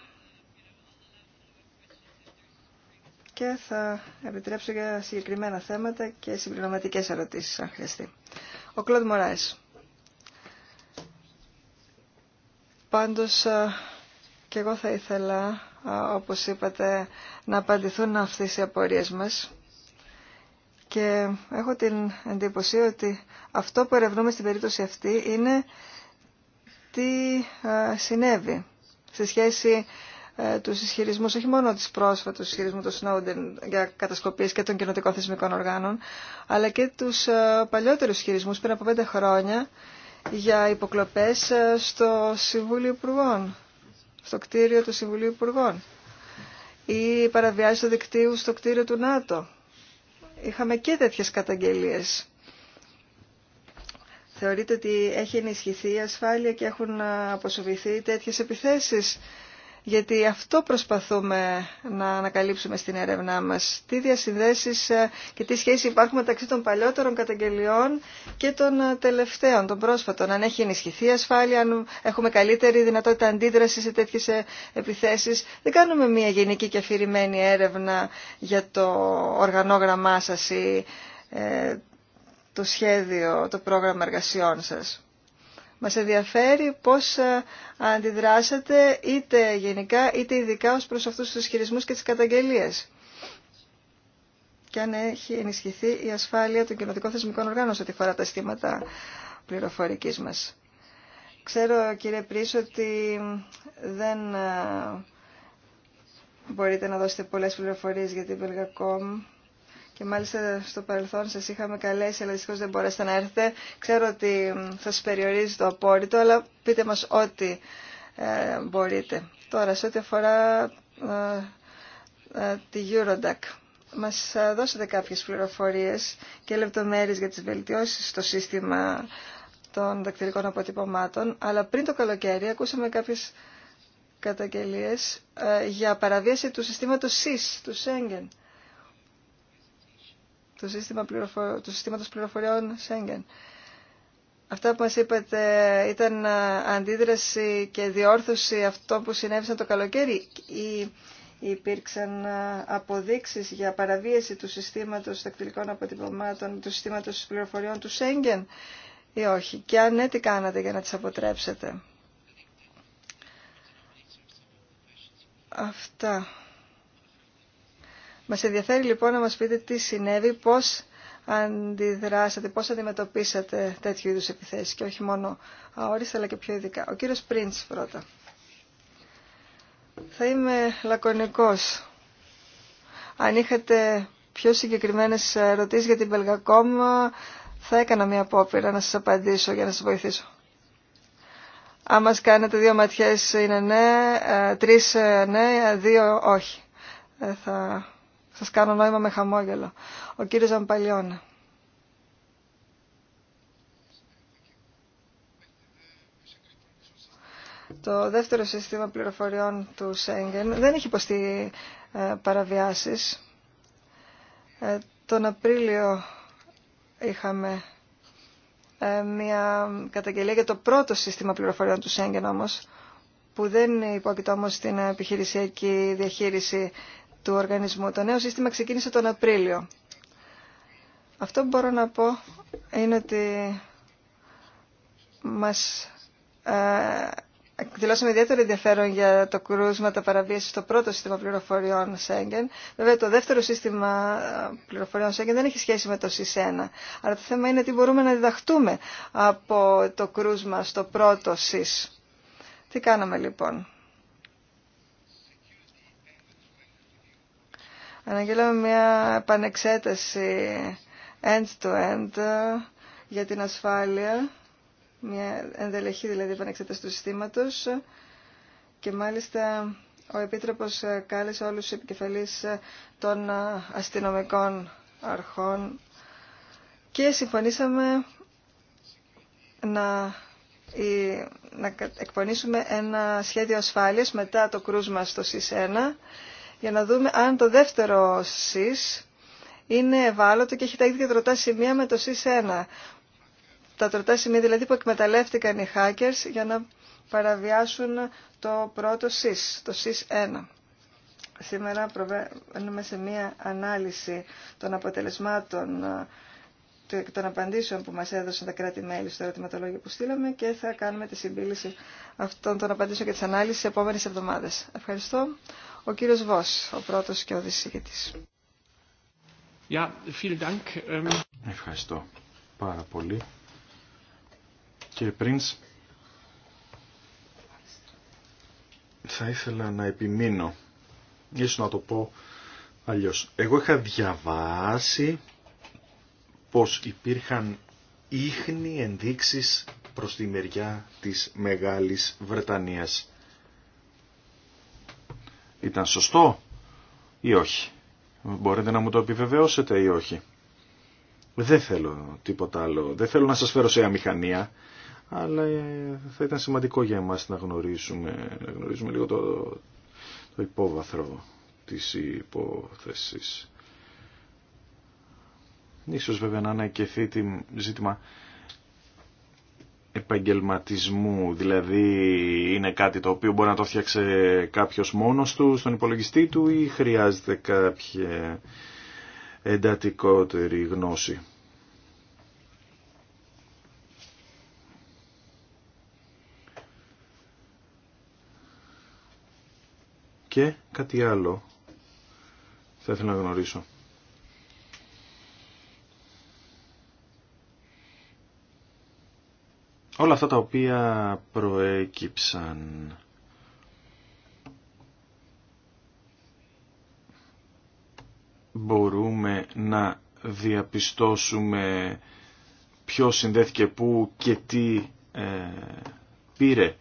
Και θα επιτρέψω για συγκεκριμένα θέματα και συμπληρωματικές ερωτήσεις αν χρειαστεί. Ο Κλοντ Μωράης. Πάντως ε, και εγώ θα ήθελα όπως είπατε, να απαντηθούν αυτές οι απορίες μας. Και έχω την εντύπωση ότι αυτό που ερευνούμε στην περίπτωση αυτή είναι τι συνέβη σε σχέση ε, του ισχυρισμού, όχι μόνο τη πρόσφατου ισχυρισμού του Σνόντεν για κατασκοπίες και των κοινοτικών θεσμικών οργάνων, αλλά και του ε, παλιότερου ισχυρισμού πριν από πέντε χρόνια για υποκλοπές ε, στο Συμβούλιο Υπουργών στο κτίριο του Συμβουλίου Υπουργών ή παραβιάσεις του δικτύου στο κτίριο του ΝΑΤΟ. Είχαμε και τέτοιες καταγγελίες. Θεωρείτε ότι έχει ενισχυθεί η ασφάλεια και έχουν αποσοβηθεί τέτοιες επιθέσεις γιατί αυτό προσπαθούμε να ανακαλύψουμε στην έρευνά μας. Τι διασυνδέσεις ε, και τι σχέση υπάρχουν μεταξύ των παλιότερων καταγγελιών και των ε, τελευταίων, των πρόσφατων. Αν έχει ενισχυθεί η ασφάλεια, αν έχουμε καλύτερη δυνατότητα αντίδρασης σε τέτοιες ε, επιθέσεις. Δεν κάνουμε μια γενική και αφηρημένη έρευνα για το οργανόγραμμά σας ή το σχέδιο, το πρόγραμμα εργασιών σας. Μας ενδιαφέρει πώς ε, αντιδράσατε είτε γενικά είτε ειδικά ως προς αυτούς τους χειρισμούς και τις καταγγελίες. Και αν έχει ενισχυθεί η ασφάλεια των κοινωτικών θεσμικών οργάνων σε ό,τι φορά τα αισθήματα πληροφορικής μας. Ξέρω κύριε Πρίσο ότι δεν ε, μπορείτε να δώσετε πολλές πληροφορίες για την Βελγακόμ και μάλιστα στο παρελθόν σας είχαμε καλέσει, αλλά δυστυχώς δεν μπορέσατε να έρθετε. Ξέρω ότι θα σας περιορίζει το απόρριτο, αλλά πείτε μας ό,τι ε, μπορείτε. Τώρα, σε ό,τι αφορά ε, ε, τη Eurodac, μας δώσατε κάποιες πληροφορίες και λεπτομέρειες για τις βελτιώσεις στο σύστημα των δακτυλικών αποτυπωμάτων, αλλά πριν το καλοκαίρι ακούσαμε κάποιες καταγγελίες για παραβίαση του συστήματος SIS, του Schengen του, σύστημα πληροφο... συστήματος πληροφοριών Σέγγεν. Αυτά που μας είπατε ήταν ε, αντίδραση και διόρθωση αυτό που συνέβησαν το καλοκαίρι ή υπήρξαν ε, αποδείξεις για παραβίαση του συστήματος τακτυλικών αποτυπωμάτων, του συστήματος πληροφοριών του Σέγγεν ή όχι. Και αν ναι, τι κάνατε για να τις αποτρέψετε. Αυτά. Μας ενδιαφέρει λοιπόν να μας πείτε τι συνέβη, πώς αντιδράσατε, πώς αντιμετωπίσατε τέτοιου είδους επιθέσεις και όχι μόνο αόριστα αλλά και πιο ειδικά. Ο κύριος Πρίντς πρώτα. Θα είμαι λακωνικός. Αν είχατε πιο συγκεκριμένες ερωτήσεις για την Πελγακόμ θα έκανα μια απόπειρα να σας απαντήσω για να σας βοηθήσω. Αν μας κάνετε δύο ματιές είναι ναι, ε, τρεις ε, ναι, ε, δύο όχι. Θα σας κάνω νόημα με χαμόγελο. Ο κύριος Αμπαλιώνα. Το δεύτερο σύστημα πληροφοριών του Σέγγεν δεν έχει υποστεί ε, παραβιάσεις. Ε, τον Απρίλιο είχαμε ε, μια καταγγελία για το πρώτο σύστημα πληροφοριών του Σέγγεν όμως, που δεν υπόκειται όμως στην επιχειρησιακή διαχείριση του οργανισμού. Το νέο σύστημα ξεκίνησε τον Απρίλιο. Αυτό που μπορώ να πω είναι ότι μας ε, εκδηλώσαμε ιδιαίτερο ενδιαφέρον για το κρούσμα, τα παραβίαση στο πρώτο σύστημα πληροφοριών Σέγγεν. Βέβαια, το δεύτερο σύστημα ε, πληροφοριών Σέγγεν δεν έχει σχέση με το ΣΥΣ1. Αλλά το θέμα είναι τι μπορούμε να διδαχτούμε από το κρούσμα στο πρώτο ΣΥΣ. Τι κάναμε λοιπόν. αναγγέλαμε μια επανεξέταση end-to-end ε, για την ασφάλεια, μια ενδελεχή δηλαδή επανεξέταση του συστήματος και μάλιστα ο Επίτροπος ε, κάλεσε όλους τους επικεφαλείς ε, των αστυνομικών αρχών και συμφωνήσαμε να, να εκπονήσουμε ένα σχέδιο ασφάλειας μετά το κρούσμα στο ΣΥΣΕΝΑ για να δούμε αν το δεύτερο ΣΥΣ είναι ευάλωτο και έχει τα ίδια τροτά σημεία με το ΣΥΣ 1. Τα τροτά σημεία δηλαδή που εκμεταλλεύτηκαν οι hackers για να παραβιάσουν το πρώτο ΣΥΣ, το ΣΥΣ 1. Σήμερα προβαίνουμε σε μία ανάλυση των αποτελεσμάτων των απαντήσεων που μας έδωσαν τα κράτη-μέλη στο ερωτηματολόγιο που στείλαμε και θα κάνουμε τη συμπίληση αυτών των απαντήσεων και της ανάλυσης επόμενες εβδομάδες. Ευχαριστώ. Ο κύριος Βό, ο πρώτος και ο δισηγητής. Ähm, Ευχαριστώ πάρα πολύ. Κύριε Πρίνς, θα ήθελα να επιμείνω, ίσως να το πω αλλιώς. Εγώ είχα διαβάσει πως υπήρχαν ίχνη ενδείξεις προς τη μεριά της Μεγάλης Βρετανίας ήταν σωστό ή όχι. Μπορείτε να μου το επιβεβαιώσετε ή όχι. Δεν θέλω τίποτα άλλο. Δεν θέλω να σας φέρω σε αμηχανία, αλλά ε, θα ήταν σημαντικό για εμάς να γνωρίσουμε, να γνωρίζουμε λίγο το, το υπόβαθρο της υπόθεσης. Ίσως βέβαια να ανακαιθεί τη ζήτημα επαγγελματισμού, δηλαδή είναι κάτι το οποίο μπορεί να το φτιάξει κάποιος μόνος του στον υπολογιστή του ή χρειάζεται κάποια εντατικότερη γνώση. Και κάτι άλλο θα ήθελα να γνωρίσω. Όλα αυτά τα οποία προέκυψαν μπορούμε να διαπιστώσουμε ποιο συνδέθηκε πού και τι ε, πήρε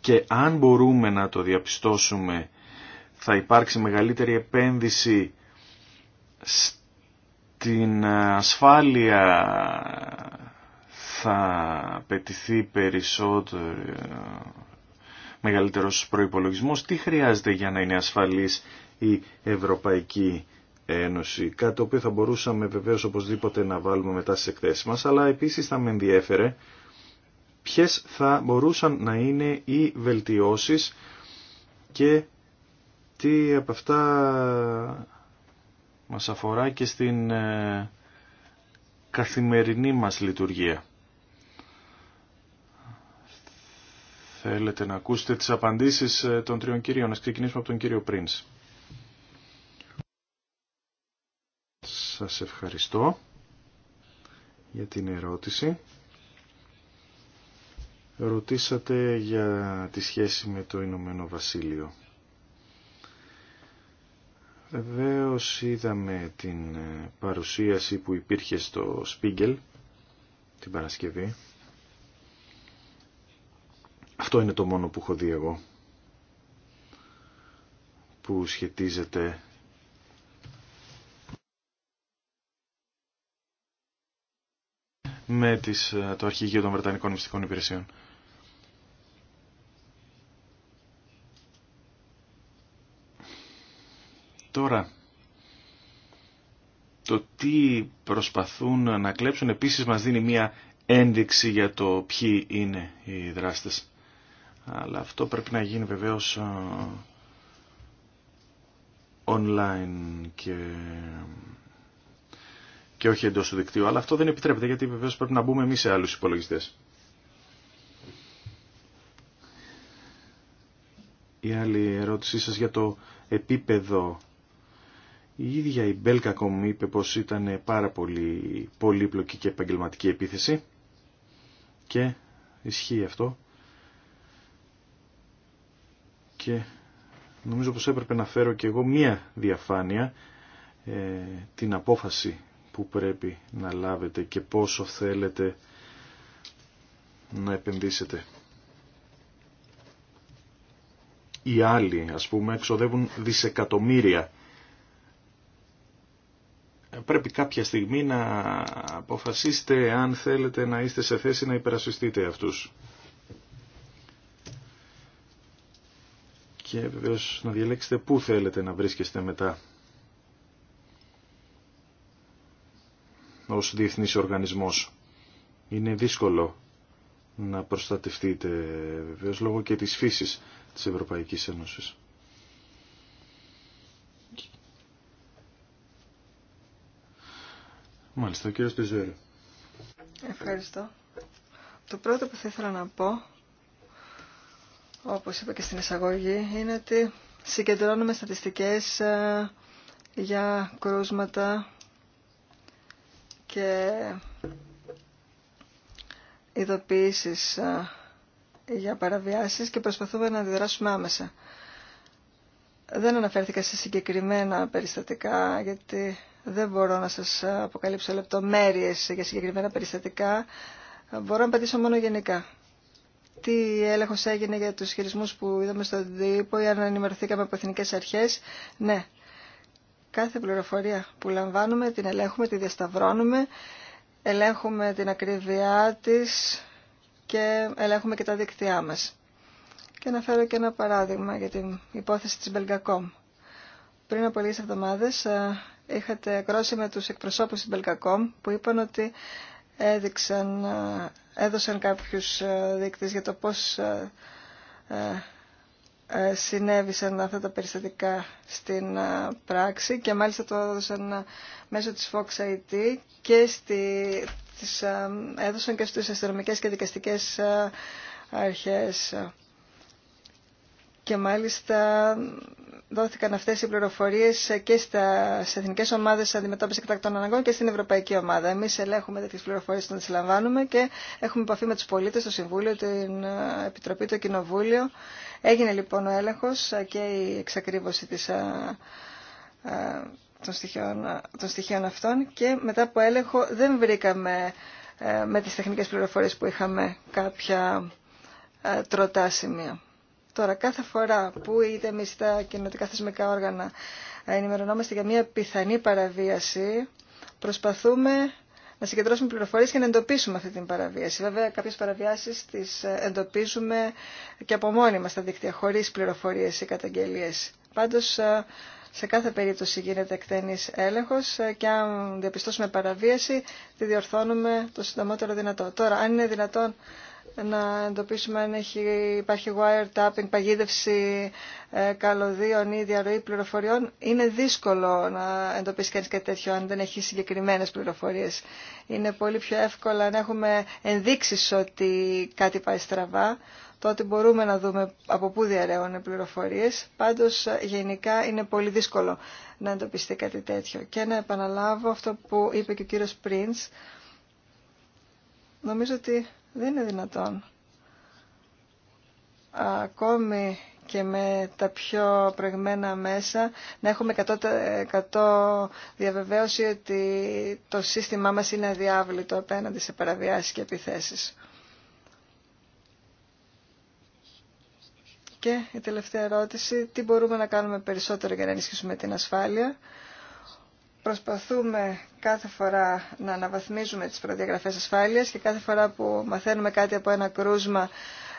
και αν μπορούμε να το διαπιστώσουμε θα υπάρξει μεγαλύτερη επένδυση στην ασφάλεια θα απαιτηθεί περισσότερο ε, μεγαλύτερος προϋπολογισμός. Τι χρειάζεται για να είναι ασφαλής η Ευρωπαϊκή Ένωση, κάτι το οποίο θα μπορούσαμε βεβαίως οπωσδήποτε να βάλουμε μετά στις εκθέσεις μας, αλλά επίσης θα με ενδιέφερε ποιες θα μπορούσαν να είναι οι βελτιώσεις και τι από αυτά μας αφορά και στην ε, καθημερινή μας λειτουργία. θέλετε να ακούσετε τις απαντήσεις ε, των τριών κυρίων. Να ξεκινήσουμε από τον κύριο Πρίντς. Σας ευχαριστώ για την ερώτηση. Ρωτήσατε για τη σχέση με το Ηνωμένο Βασίλειο. Βεβαίω είδαμε την ε, παρουσίαση που υπήρχε στο Σπίγκελ την Παρασκευή αυτό είναι το μόνο που έχω δει εγώ που σχετίζεται με τις, το αρχηγείο των Βρετανικών Μυστικών Υπηρεσιών. Τώρα, το τι προσπαθούν να κλέψουν επίσης μας δίνει μία ένδειξη για το ποιοι είναι οι δράστες αλλά αυτό πρέπει να γίνει βεβαίως ε, online και, και όχι εντός του δικτύου. Αλλά αυτό δεν επιτρέπεται γιατί βεβαίως πρέπει να μπούμε εμείς σε άλλους υπολογιστές. Η άλλη ερώτησή σας για το επίπεδο. Η ίδια η ακόμη είπε πως ήταν πάρα πολύ πολύπλοκη και επαγγελματική επίθεση και ισχύει αυτό και νομίζω πως έπρεπε να φέρω και εγώ μία διαφάνεια ε, την απόφαση που πρέπει να λάβετε και πόσο θέλετε να επενδύσετε. Οι άλλοι, ας πούμε, εξοδεύουν δισεκατομμύρια. Πρέπει κάποια στιγμή να αποφασίσετε αν θέλετε να είστε σε θέση να υπερασπιστείτε αυτούς. και βεβαίως να διαλέξετε πού θέλετε να βρίσκεστε μετά ως διεθνής οργανισμός. Είναι δύσκολο να προστατευτείτε βεβαίως λόγω και της φύσης της Ευρωπαϊκής Ένωσης. Μάλιστα, ο κύριος Ευχαριστώ. Το πρώτο που θα ήθελα να πω όπως είπα και στην εισαγωγή, είναι ότι συγκεντρώνουμε στατιστικές ε, για κρούσματα και ειδοποιήσεις ε, για παραβιάσεις και προσπαθούμε να αντιδράσουμε άμεσα. Δεν αναφέρθηκα σε συγκεκριμένα περιστατικά, γιατί δεν μπορώ να σας αποκαλύψω λεπτομέρειες για συγκεκριμένα περιστατικά. Μπορώ να απαντήσω μόνο γενικά τι έλεγχος έγινε για τους χειρισμούς που είδαμε στο ΔΥΠΟ ή αν ενημερωθήκαμε από εθνικές αρχές. Ναι, κάθε πληροφορία που λαμβάνουμε την ελέγχουμε, τη διασταυρώνουμε, ελέγχουμε την ακρίβειά της και ελέγχουμε και τα δίκτυά μας. Και να φέρω και ένα παράδειγμα για την υπόθεση της Belgacom. Πριν από λίγες εβδομάδες ε, είχατε κρόση με τους εκπροσώπους της Belgacom που είπαν ότι έδειξαν, ε, έδωσαν κάποιους ε, δείκτες για το πώς ε, συνέβησαν αυτά τα περιστατικά στην πράξη και μάλιστα το έδωσαν μέσω της Fox IT και στη, τις έδωσαν και στις αστυνομικές και δικαστικές αρχές και μάλιστα δόθηκαν αυτές οι πληροφορίες και στα εθνικέ ομάδες αντιμετώπισης εκτακτών αναγκών και στην Ευρωπαϊκή Ομάδα. Εμείς ελέγχουμε τις πληροφορίες όταν τις λαμβάνουμε και έχουμε επαφή με τους πολίτες, το Συμβούλιο, την ε, Επιτροπή, το Κοινοβούλιο. Έγινε λοιπόν ο έλεγχος ε, και η εξακρίβωση της, ε, των, στοιχείων, των στοιχείων αυτών και μετά από έλεγχο δεν βρήκαμε με τις τεχνικές πληροφορίες που είχαμε κάποια τροτά σημεία. Τώρα, κάθε φορά που είτε εμεί τα κοινωτικά θεσμικά όργανα ενημερωνόμαστε για μια πιθανή παραβίαση, προσπαθούμε να συγκεντρώσουμε πληροφορίες και να εντοπίσουμε αυτή την παραβίαση. Βέβαια, κάποιες παραβιάσεις τις εντοπίζουμε και από μόνοι μας στα δίκτυα, χωρίς πληροφορίες ή καταγγελίες. Πάντως, σε κάθε περίπτωση γίνεται εκτενής έλεγχος και αν διαπιστώσουμε παραβίαση, τη διορθώνουμε το συντομότερο δυνατό. Τώρα, αν είναι δυνατόν να εντοπίσουμε αν έχει, υπάρχει wiretapping, παγίδευση ε, καλωδίων ή διαρροή πληροφοριών. Είναι δύσκολο να εντοπίσει κανείς κάτι τέτοιο αν δεν έχει συγκεκριμένες πληροφορίες. Είναι πολύ πιο εύκολο να έχουμε ενδείξεις ότι κάτι πάει στραβά. Τότε μπορούμε να δούμε από πού διαρρέουν πληροφορίες. Πάντως γενικά είναι πολύ δύσκολο να εντοπιστεί κάτι τέτοιο. Και να επαναλάβω αυτό που είπε και ο κύριος Πριντς. Νομίζω ότι δεν είναι δυνατόν. Ακόμη και με τα πιο πρεγμένα μέσα να έχουμε 100% διαβεβαίωση ότι το σύστημά μας είναι αδιάβλητο απέναντι σε παραβιάσεις και επιθέσεις. Και η τελευταία ερώτηση, τι μπορούμε να κάνουμε περισσότερο για να ενισχύσουμε την ασφάλεια προσπαθούμε κάθε φορά να αναβαθμίζουμε τις προδιαγραφές ασφάλειας και κάθε φορά που μαθαίνουμε κάτι από ένα κρούσμα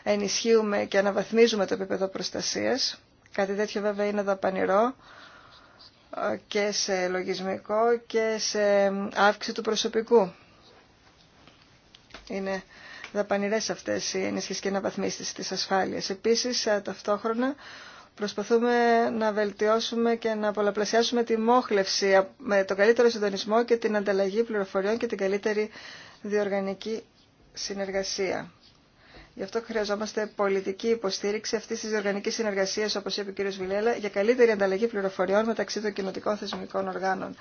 ενισχύουμε και αναβαθμίζουμε το επίπεδο προστασίας. Κάτι τέτοιο βέβαια είναι δαπανηρό ε, και σε λογισμικό και σε αύξηση του προσωπικού. Είναι δαπανηρές αυτές οι ενίσχυσεις και αναβαθμίσεις της ασφάλειας. Επίσης, ε, ταυτόχρονα, Προσπαθούμε να βελτιώσουμε και να πολλαπλασιάσουμε τη μόχλευση με τον καλύτερο συντονισμό και την ανταλλαγή πληροφοριών και την καλύτερη διοργανική συνεργασία. Γι' αυτό χρειαζόμαστε πολιτική υποστήριξη αυτή τη διοργανική συνεργασία, όπω είπε ο κ. Βιλέλα, για καλύτερη ανταλλαγή πληροφοριών μεταξύ των κοινοτικών θεσμικών οργάνων.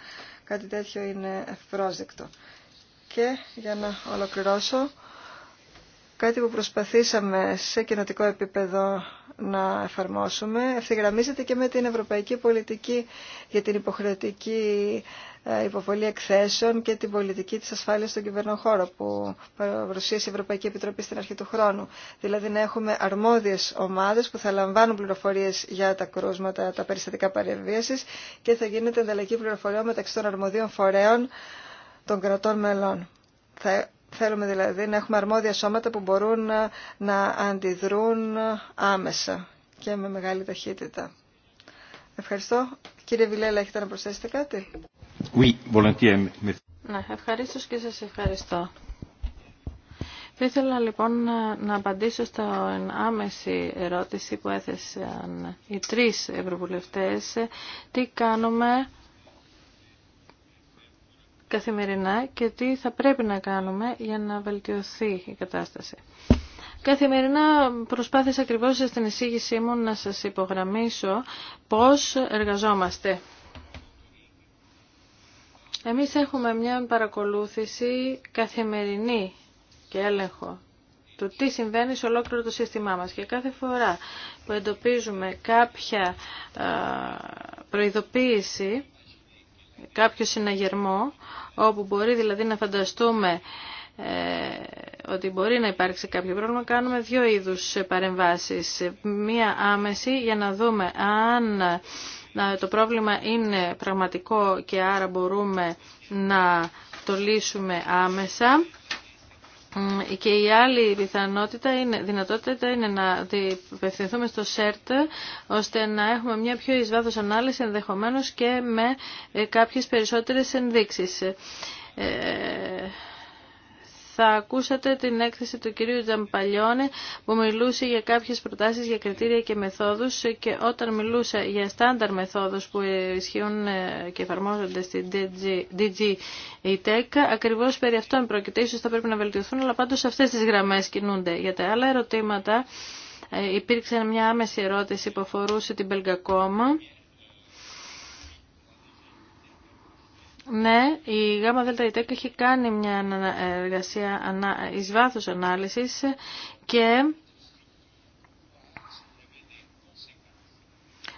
Κάτι τέτοιο είναι ευπρόσδεκτο. Και για να ολοκληρώσω, κάτι που προσπαθήσαμε σε κοινοτικό επίπεδο να εφαρμόσουμε ευθυγραμμίζεται και με την ευρωπαϊκή πολιτική για την υποχρεωτική ε, υποβολή εκθέσεων και την πολιτική της ασφάλειας στον κυβερνό χώρο που παρουσίασε η Ευρωπαϊκή Επιτροπή στην αρχή του χρόνου. Δηλαδή να έχουμε αρμόδιες ομάδες που θα λαμβάνουν πληροφορίες για τα κρούσματα, τα περιστατικά παρεμβίασης και θα γίνεται ανταλλαγή πληροφοριών μεταξύ των αρμοδίων φορέων των κρατών μελών. Θέλουμε δηλαδή να έχουμε αρμόδια σώματα που μπορούν να αντιδρούν άμεσα και με μεγάλη ταχύτητα. Ευχαριστώ. Κύριε Βιλέλα, έχετε να προσθέσετε κάτι. Oui, volontiers. Ναι, ευχαρίστω και σας ευχαριστώ. Θα ήθελα λοιπόν να απαντήσω στην άμεση ερώτηση που έθεσαν οι τρεις ευρωβουλευτές. Τι κάνουμε καθημερινά και τι θα πρέπει να κάνουμε για να βελτιωθεί η κατάσταση. Καθημερινά προσπάθησα ακριβώς στην εισήγησή μου να σας υπογραμμίσω πώς εργαζόμαστε. Εμείς έχουμε μια παρακολούθηση καθημερινή και έλεγχο του τι συμβαίνει σε ολόκληρο το σύστημά μας. Και κάθε φορά που εντοπίζουμε κάποια προειδοποίηση, κάποιο συναγερμό, όπου μπορεί δηλαδή να φανταστούμε ε, ότι μπορεί να υπάρξει κάποιο πρόβλημα, κάνουμε δύο είδους παρεμβάσεις. Μία άμεση για να δούμε αν ε, το πρόβλημα είναι πραγματικό και άρα μπορούμε να το λύσουμε άμεσα και η άλλη πιθανότητα είναι, δυνατότητα είναι να διευθυνθούμε στο ΣΕΡΤ ώστε να έχουμε μια πιο εις ανάλυση ενδεχομένως και με ε, κάποιες περισσότερες ενδείξεις. Ε, θα ακούσατε την έκθεση του κυρίου Τζαμπαλιώνε που μιλούσε για κάποιες προτάσεις για κριτήρια και μεθόδους και όταν μιλούσα για στάνταρ μεθόδους που ισχύουν ε, και εφαρμόζονται στην DG, DG e e ακριβώς περί αυτών πρόκειται. θα πρέπει να βελτιωθούν, αλλά πάντως αυτές τις γραμμές κινούνται. Για τα άλλα ερωτήματα ε, υπήρξε μια άμεση ερώτηση που αφορούσε την Πελγακόμα. Ναι, η ΓΑΜΑ ΔΕΛΤΑ έχει κάνει μια εργασία εις βάθος ανάλυσης και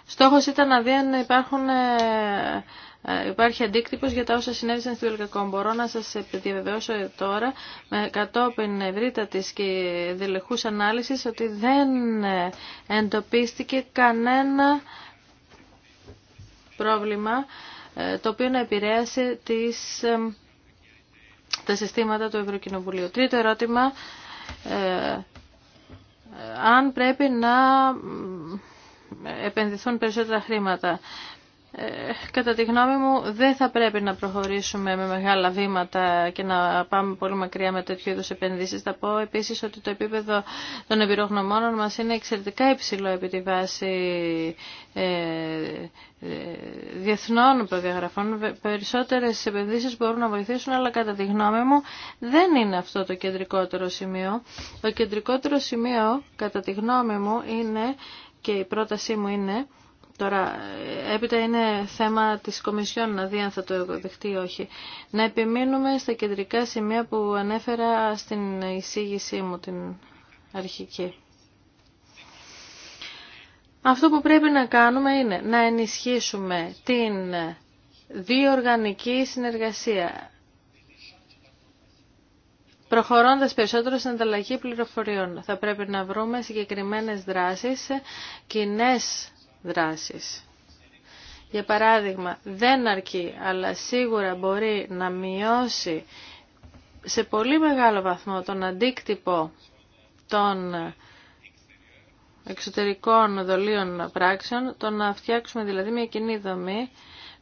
στόχος ήταν να δει αν υπάρχουν ε, ε, υπάρχει αντίκτυπος για τα όσα συνέβησαν στη Βελγακόμ. Μπορώ να σα επιβεβαιώσω τώρα με κατόπιν ευρύτατη και δελεχούς ανάλυση ότι δεν ε, εντοπίστηκε κανένα πρόβλημα ε, το οποίο να επηρέασε τις, ε, τα συστήματα του Ευρωκοινοβουλίου. Τρίτο ερώτημα, ε, αν πρέπει να επενδυθούν περισσότερα χρήματα. Ε, κατά τη γνώμη μου δεν θα πρέπει να προχωρήσουμε με μεγάλα βήματα και να πάμε πολύ μακριά με τέτοιου είδους επενδύσεις. Θα πω επίσης ότι το επίπεδο των εμπειρογνωμόνων μας είναι εξαιρετικά υψηλό επί τη βάση ε, ε, διεθνών προδιαγραφών. Περισσότερες επενδύσεις μπορούν να βοηθήσουν, αλλά κατά τη γνώμη μου δεν είναι αυτό το κεντρικότερο σημείο. Το κεντρικότερο σημείο, κατά τη γνώμη μου, είναι και η πρότασή μου είναι Τώρα, έπειτα είναι θέμα της Κομισιόν να δει αν θα το δεχτεί ή όχι. Να επιμείνουμε στα κεντρικά σημεία που ανέφερα στην εισήγησή μου την αρχική. Αυτό που πρέπει να κάνουμε είναι να ενισχύσουμε την διοργανική συνεργασία προχωρώντας περισσότερο στην ανταλλαγή πληροφοριών. Θα πρέπει να βρούμε συγκεκριμένες δράσεις, κοινέ δράσεις. Για παράδειγμα, δεν αρκεί, αλλά σίγουρα μπορεί να μειώσει σε πολύ μεγάλο βαθμό τον αντίκτυπο των εξωτερικών δολίων πράξεων, το να φτιάξουμε δηλαδή μια κοινή δομή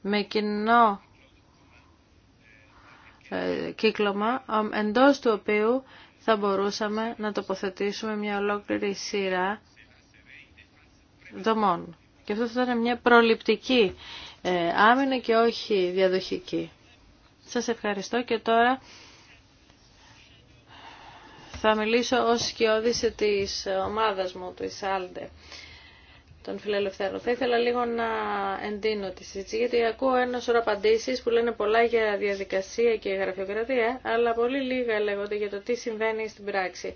με κοινό ε, κύκλωμα, εντός του οποίου θα μπορούσαμε να τοποθετήσουμε μια ολόκληρη σειρά δομών. Και αυτό θα ήταν μια προληπτική ε, άμυνα και όχι διαδοχική. Σας ευχαριστώ και τώρα θα μιλήσω ως σκιώδηση της ομάδας μου, του Ισάλντε τον φιλελευθέρων. Θα ήθελα λίγο να εντείνω τη συζήτηση, γιατί ακούω ένα σωρό απαντήσει που λένε πολλά για διαδικασία και γραφειοκρατία, αλλά πολύ λίγα λέγονται για το τι συμβαίνει στην πράξη.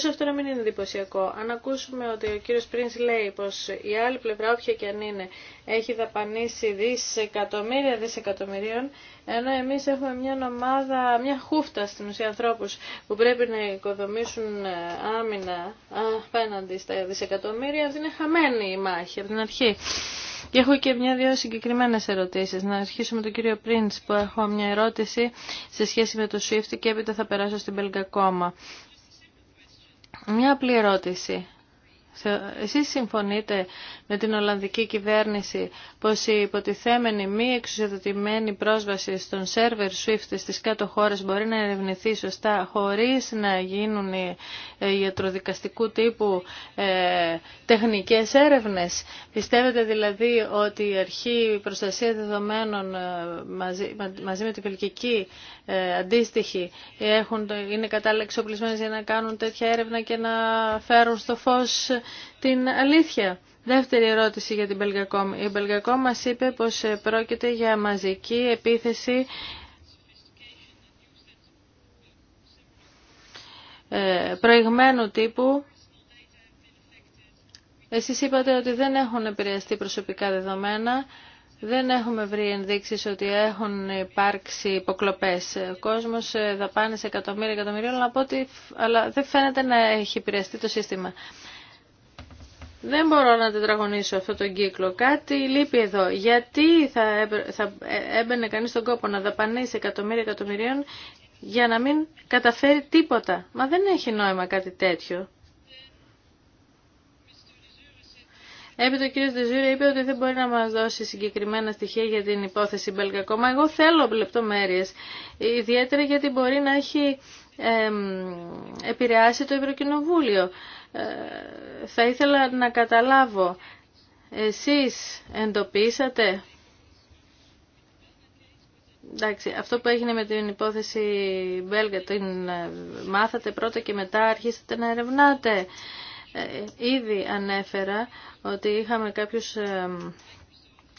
σω αυτό να μην είναι εντυπωσιακό. Αν ακούσουμε ότι ο κύριο Πρίνς λέει πω η άλλη πλευρά, όποια και αν είναι, έχει δαπανίσει δισεκατομμύρια δισεκατομμυρίων, ενώ εμείς έχουμε μια ομάδα, μια χούφτα στην ουσία ανθρώπους που πρέπει να οικοδομήσουν ε, άμυνα απέναντι στα δισεκατομμύρια, αυτή είναι χαμένη η μάχη από την αρχή. Και έχω και μια-δυο συγκεκριμένε ερωτήσει. Να αρχίσω με τον κύριο Πρίντ, που έχω μια ερώτηση σε σχέση με το SWIFT και έπειτα θα περάσω στην Πελγκακόμα. Μια απλή ερώτηση. Εσείς συμφωνείτε με την Ολλανδική κυβέρνηση πως η υποτιθέμενη μη εξουσιοδοτημένη πρόσβαση στον σερβερ SWIFT στις κάτω χώρες μπορεί να ερευνηθεί σωστά χωρίς να γίνουν οι ε, ιατροδικαστικού τύπου ε, τεχνικές έρευνες. Πιστεύετε δηλαδή ότι η αρχή προστασία δεδομένων ε, μαζί, μαζί με την πελκική αντίστοιχη έχουν, είναι κατάλληλα εξοπλισμένες για να κάνουν τέτοια έρευνα και να φέρουν στο φως την αλήθεια. Δεύτερη ερώτηση για την Belgacom. Η Belgacom μας είπε πως ε, πρόκειται για μαζική επίθεση ε, προηγμένου τύπου. Εσείς είπατε ότι δεν έχουν επηρεαστεί προσωπικά δεδομένα. Δεν έχουμε βρει ενδείξεις ότι έχουν υπάρξει υποκλοπές. Ο κόσμος ε, δαπάνησε εκατομμύρια εκατομμύρια, αλλά, αλλά δεν φαίνεται να έχει επηρεαστεί το σύστημα. Δεν μπορώ να τετραγωνίσω αυτό τον κύκλο. Κάτι λείπει εδώ. Γιατί θα, θα ε, έμπαινε κανείς τον κόπο να δαπανίσει εκατομμύρια εκατομμυρίων για να μην καταφέρει τίποτα. Μα δεν έχει νόημα κάτι τέτοιο. Έπειτα ο κ. Δεζούρη είπε ότι δεν μπορεί να μας δώσει συγκεκριμένα στοιχεία για την υπόθεση Μα Εγώ θέλω λεπτομέρειες, ιδιαίτερα γιατί μπορεί να έχει επηρεάσει το Ευρωκοινοβούλιο. Ε, θα ήθελα να καταλάβω, εσείς εντοπίσατε Εντάξει, αυτό που έγινε με την υπόθεση Μπέλγα, την ε, μάθατε πρώτα και μετά αρχίσατε να ερευνάτε. Ε, ήδη ανέφερα ότι είχαμε κάποιους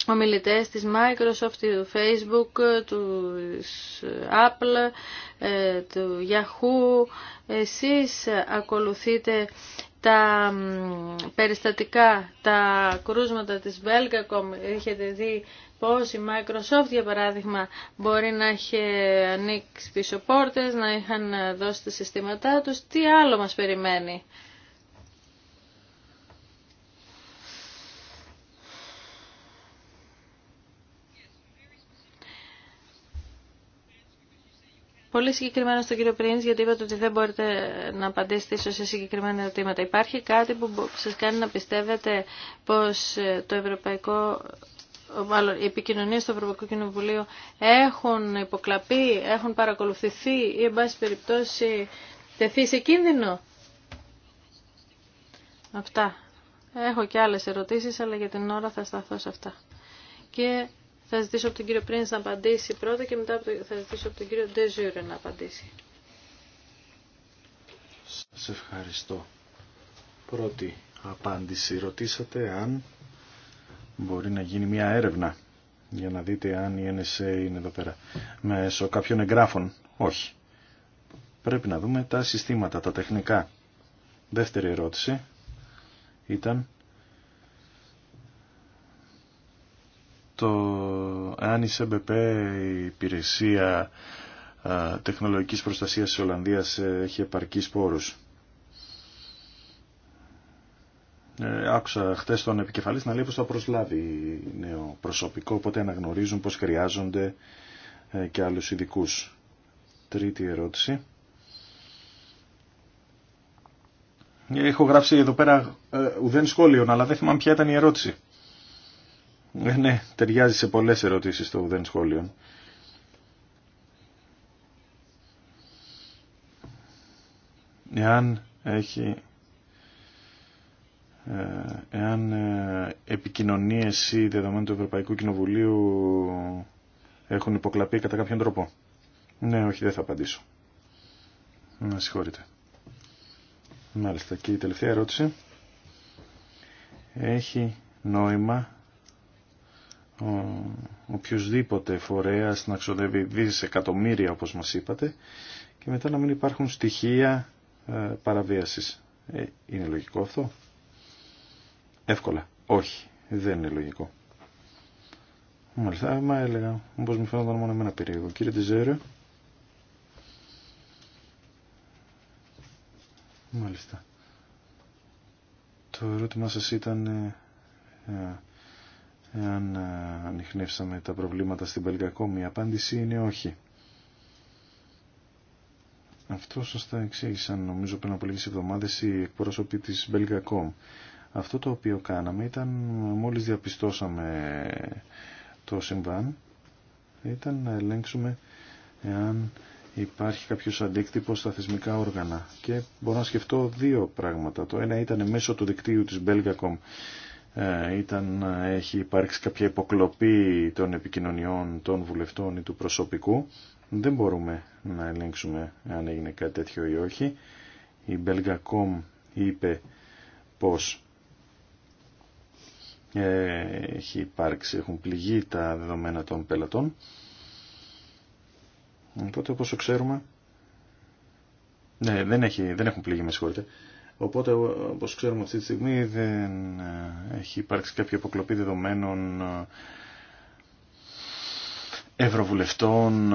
ομιλητές της Microsoft, του Facebook, του Apple, ε, του Yahoo. Εσείς ακολουθείτε τα περιστατικά, τα κρούσματα της Belgacom. Έχετε δει πώς η Microsoft, για παράδειγμα, μπορεί να έχει ανοίξει πίσω πόρτες, να είχαν δώσει τα συστήματά τους. Τι άλλο μας περιμένει. Πολύ συγκεκριμένα στον κύριο Πρίνς, γιατί είπατε ότι δεν μπορείτε να απαντήσετε ίσως σε συγκεκριμένα ερωτήματα. Υπάρχει κάτι που σας κάνει να πιστεύετε πως ε, το Ευρωπαϊκό μάλλον οι επικοινωνίες του Ευρωπαϊκού Κοινοβουλίου έχουν υποκλαπεί, έχουν παρακολουθηθεί ή εν πάση περιπτώσει τεθεί σε κίνδυνο. Αυτά. Έχω και άλλες ερωτήσεις, αλλά για την ώρα θα σταθώ σε αυτά. Και θα ζητήσω από τον κύριο Πρίνς να απαντήσει πρώτα και μετά θα ζητήσω από τον κύριο Ντεζούρε να απαντήσει. Σας ευχαριστώ. Πρώτη απάντηση. Ρωτήσατε αν μπορεί να γίνει μια έρευνα για να δείτε αν η NSA είναι εδώ πέρα. Μέσω κάποιων εγγράφων. Όχι. Πρέπει να δούμε τα συστήματα, τα τεχνικά. Δεύτερη ερώτηση ήταν το αν η ΣΕΜΠΕΠ, η υπηρεσία τεχνολογικής προστασίας της Ολλανδίας, ε, έχει επαρκείς πόρους. Ε, άκουσα χθε τον επικεφαλής να λέει πως θα προσλάβει νέο προσωπικό, οπότε αναγνωρίζουν πως χρειάζονται ε, και άλλους ειδικού. Τρίτη ερώτηση. Έχω γράψει εδώ πέρα ουδέν σχόλιο, αλλά δεν θυμάμαι ποια ήταν η ερώτηση. Ε, ναι, ταιριάζει σε πολλές ερωτήσεις το δεν σχόλιο. Εάν έχει... Ε, εάν ε, επικοινωνίες ή δεδομένου του Ευρωπαϊκού Κοινοβουλίου έχουν υποκλαπεί κατά κάποιον τρόπο. Ναι, όχι, δεν θα απαντήσω. Να συγχωρείτε. Μάλιστα. Και η τελευταία ερώτηση. Έχει νόημα οποιοδήποτε φορέας να ξοδεύει δισεκατομμύρια όπως μας είπατε και μετά να μην υπάρχουν στοιχεία ε, παραβίασης. Ε, είναι λογικό αυτό? Εύκολα. Όχι. Δεν είναι λογικό. Μάλιστα, μα έλεγα, όπως μου φαίνονταν μόνο εμένα περίεργο. Κύριε Τιζέριο. Μάλιστα. Το ερώτημα σας ήταν ε, εάν ε, ανοιχνεύσαμε τα προβλήματα στην Belga.com. Η απάντηση είναι όχι. Αυτό σωστά εξήγησαν νομίζω πριν από λίγες εβδομάδες οι εκπρόσωποι της Belgacom. Αυτό το οποίο κάναμε ήταν μόλις διαπιστώσαμε το συμβάν ήταν να ελέγξουμε εάν υπάρχει κάποιος αντίκτυπος στα θεσμικά όργανα. Και μπορώ να σκεφτώ δύο πράγματα. Το ένα ήταν μέσω του δικτύου της Belgacom ε, ήταν να έχει υπάρξει κάποια υποκλοπή των επικοινωνιών των βουλευτών ή του προσωπικού. Δεν μπορούμε να ελέγξουμε αν έγινε κάτι τέτοιο ή όχι. Η Belgacom είπε πως ε, έχει υπάρξει, έχουν πληγεί τα δεδομένα των πελατών. Οπότε όπως ξέρουμε, ναι, δεν, έχει, δεν έχουν πληγεί, με συγχωρείτε. Οπότε, όπως ξέρουμε αυτή τη στιγμή, δεν ε, έχει υπάρξει κάποια αποκλοπή δεδομένων ε, ευρωβουλευτών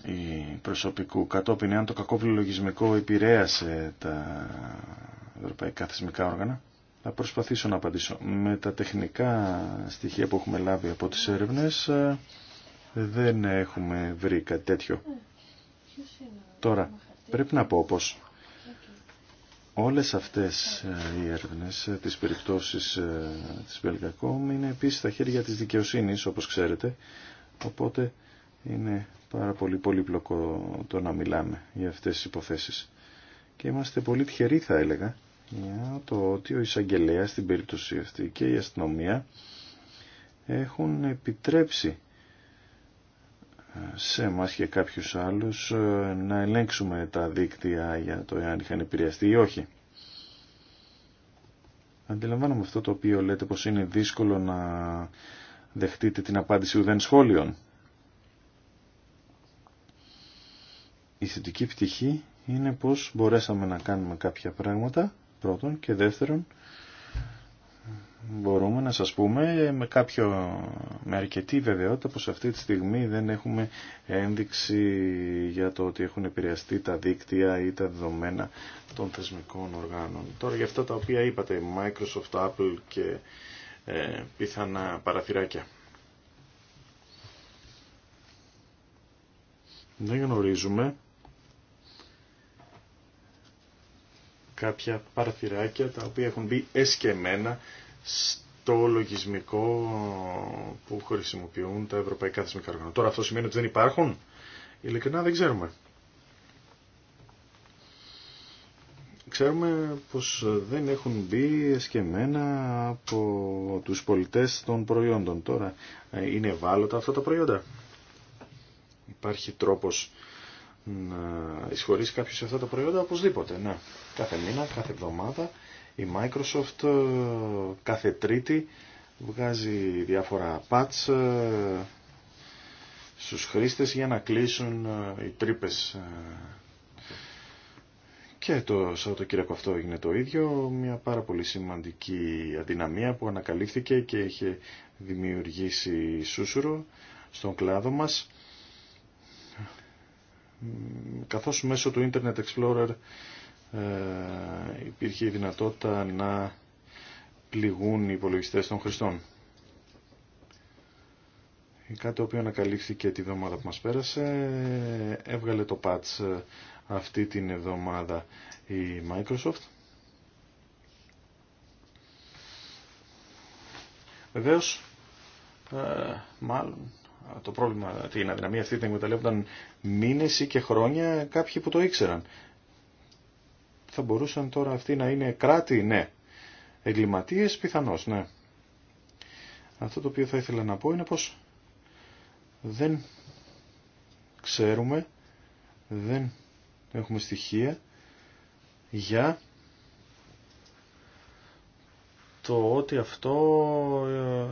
ε, ή προσωπικού. Κατόπιν, εάν το κακό λογισμικό επηρέασε τα ευρωπαϊκά θεσμικά όργανα, θα προσπαθήσω να απαντήσω. Με τα τεχνικά στοιχεία που έχουμε λάβει από τις έρευνες, δεν έχουμε βρει κάτι τέτοιο. Τώρα, πρέπει να πω πως Όλες αυτές ε, οι έρευνες ε, της περιπτώσεις ε, της Belgacom είναι επίσης στα χέρια της δικαιοσύνης, όπως ξέρετε, οπότε είναι πάρα πολύ πολύπλοκο το να μιλάμε για αυτές τις υποθέσεις. Και είμαστε πολύ τυχεροί, θα έλεγα, για το ότι ο εισαγγελέα στην περίπτωση αυτή και η αστυνομία έχουν επιτρέψει σε εμά και κάποιους άλλους ε, να ελέγξουμε τα δίκτυα για το εάν είχαν επηρεαστεί ή όχι. Αντιλαμβάνομαι αυτό το οποίο λέτε πως είναι δύσκολο να δεχτείτε την απάντηση ουδέν σχόλιων. Η θετική πτυχή είναι πως μπορέσαμε να κάνουμε κάποια πράγματα πρώτον και δεύτερον μπορούμε να σας πούμε με, κάποιο, με αρκετή βεβαιότητα πως αυτή τη στιγμή δεν έχουμε ένδειξη για το ότι έχουν επηρεαστεί τα δίκτυα ή τα δεδομένα των θεσμικών οργάνων. Τώρα για αυτά τα οποία είπατε, Microsoft, Apple και ε, πιθανά παραθυράκια. Δεν γνωρίζουμε κάποια παραθυράκια τα οποία έχουν μπει εσκεμένα στο λογισμικό που χρησιμοποιούν τα ευρωπαϊκά θεσμικά όργανα. Τώρα αυτό σημαίνει ότι δεν υπάρχουν. Ειλικρινά δεν ξέρουμε. Ξέρουμε πως δεν έχουν μπει εσκεμμένα από τους πολιτές των προϊόντων. Τώρα ε, είναι ευάλωτα αυτά τα προϊόντα. Υπάρχει τρόπος να εισχωρήσει κάποιος σε αυτά τα προϊόντα οπωσδήποτε. ναι, κάθε μήνα, κάθε εβδομάδα η Microsoft ε, κάθε τρίτη βγάζει διάφορα patch ε, στους χρήστες για να κλείσουν ε, οι τρύπες. Και το Σαββατοκύριακο αυτό έγινε το ίδιο, μια πάρα πολύ σημαντική αδυναμία που ανακαλύφθηκε και είχε δημιουργήσει σούσουρο στον κλάδο μας καθώς μέσω του Internet Explorer ε, υπήρχε η δυνατότητα να πληγούν οι υπολογιστές των χρηστών. Ε, κάτι το οποίο ανακαλύφθηκε τη βδομάδα που μας πέρασε, έβγαλε το patch ε, αυτή την εβδομάδα η Microsoft. Βεβαίω, μάλλον το πρόβλημα, την αδυναμία αυτή την εκμεταλλεύονταν μήνες ή και χρόνια κάποιοι που το ήξεραν θα μπορούσαν τώρα αυτοί να είναι κράτη, ναι. Εγκληματίες, πιθανώς, ναι. Αυτό το οποίο θα ήθελα να πω είναι πως δεν ξέρουμε, δεν έχουμε στοιχεία για το ότι αυτό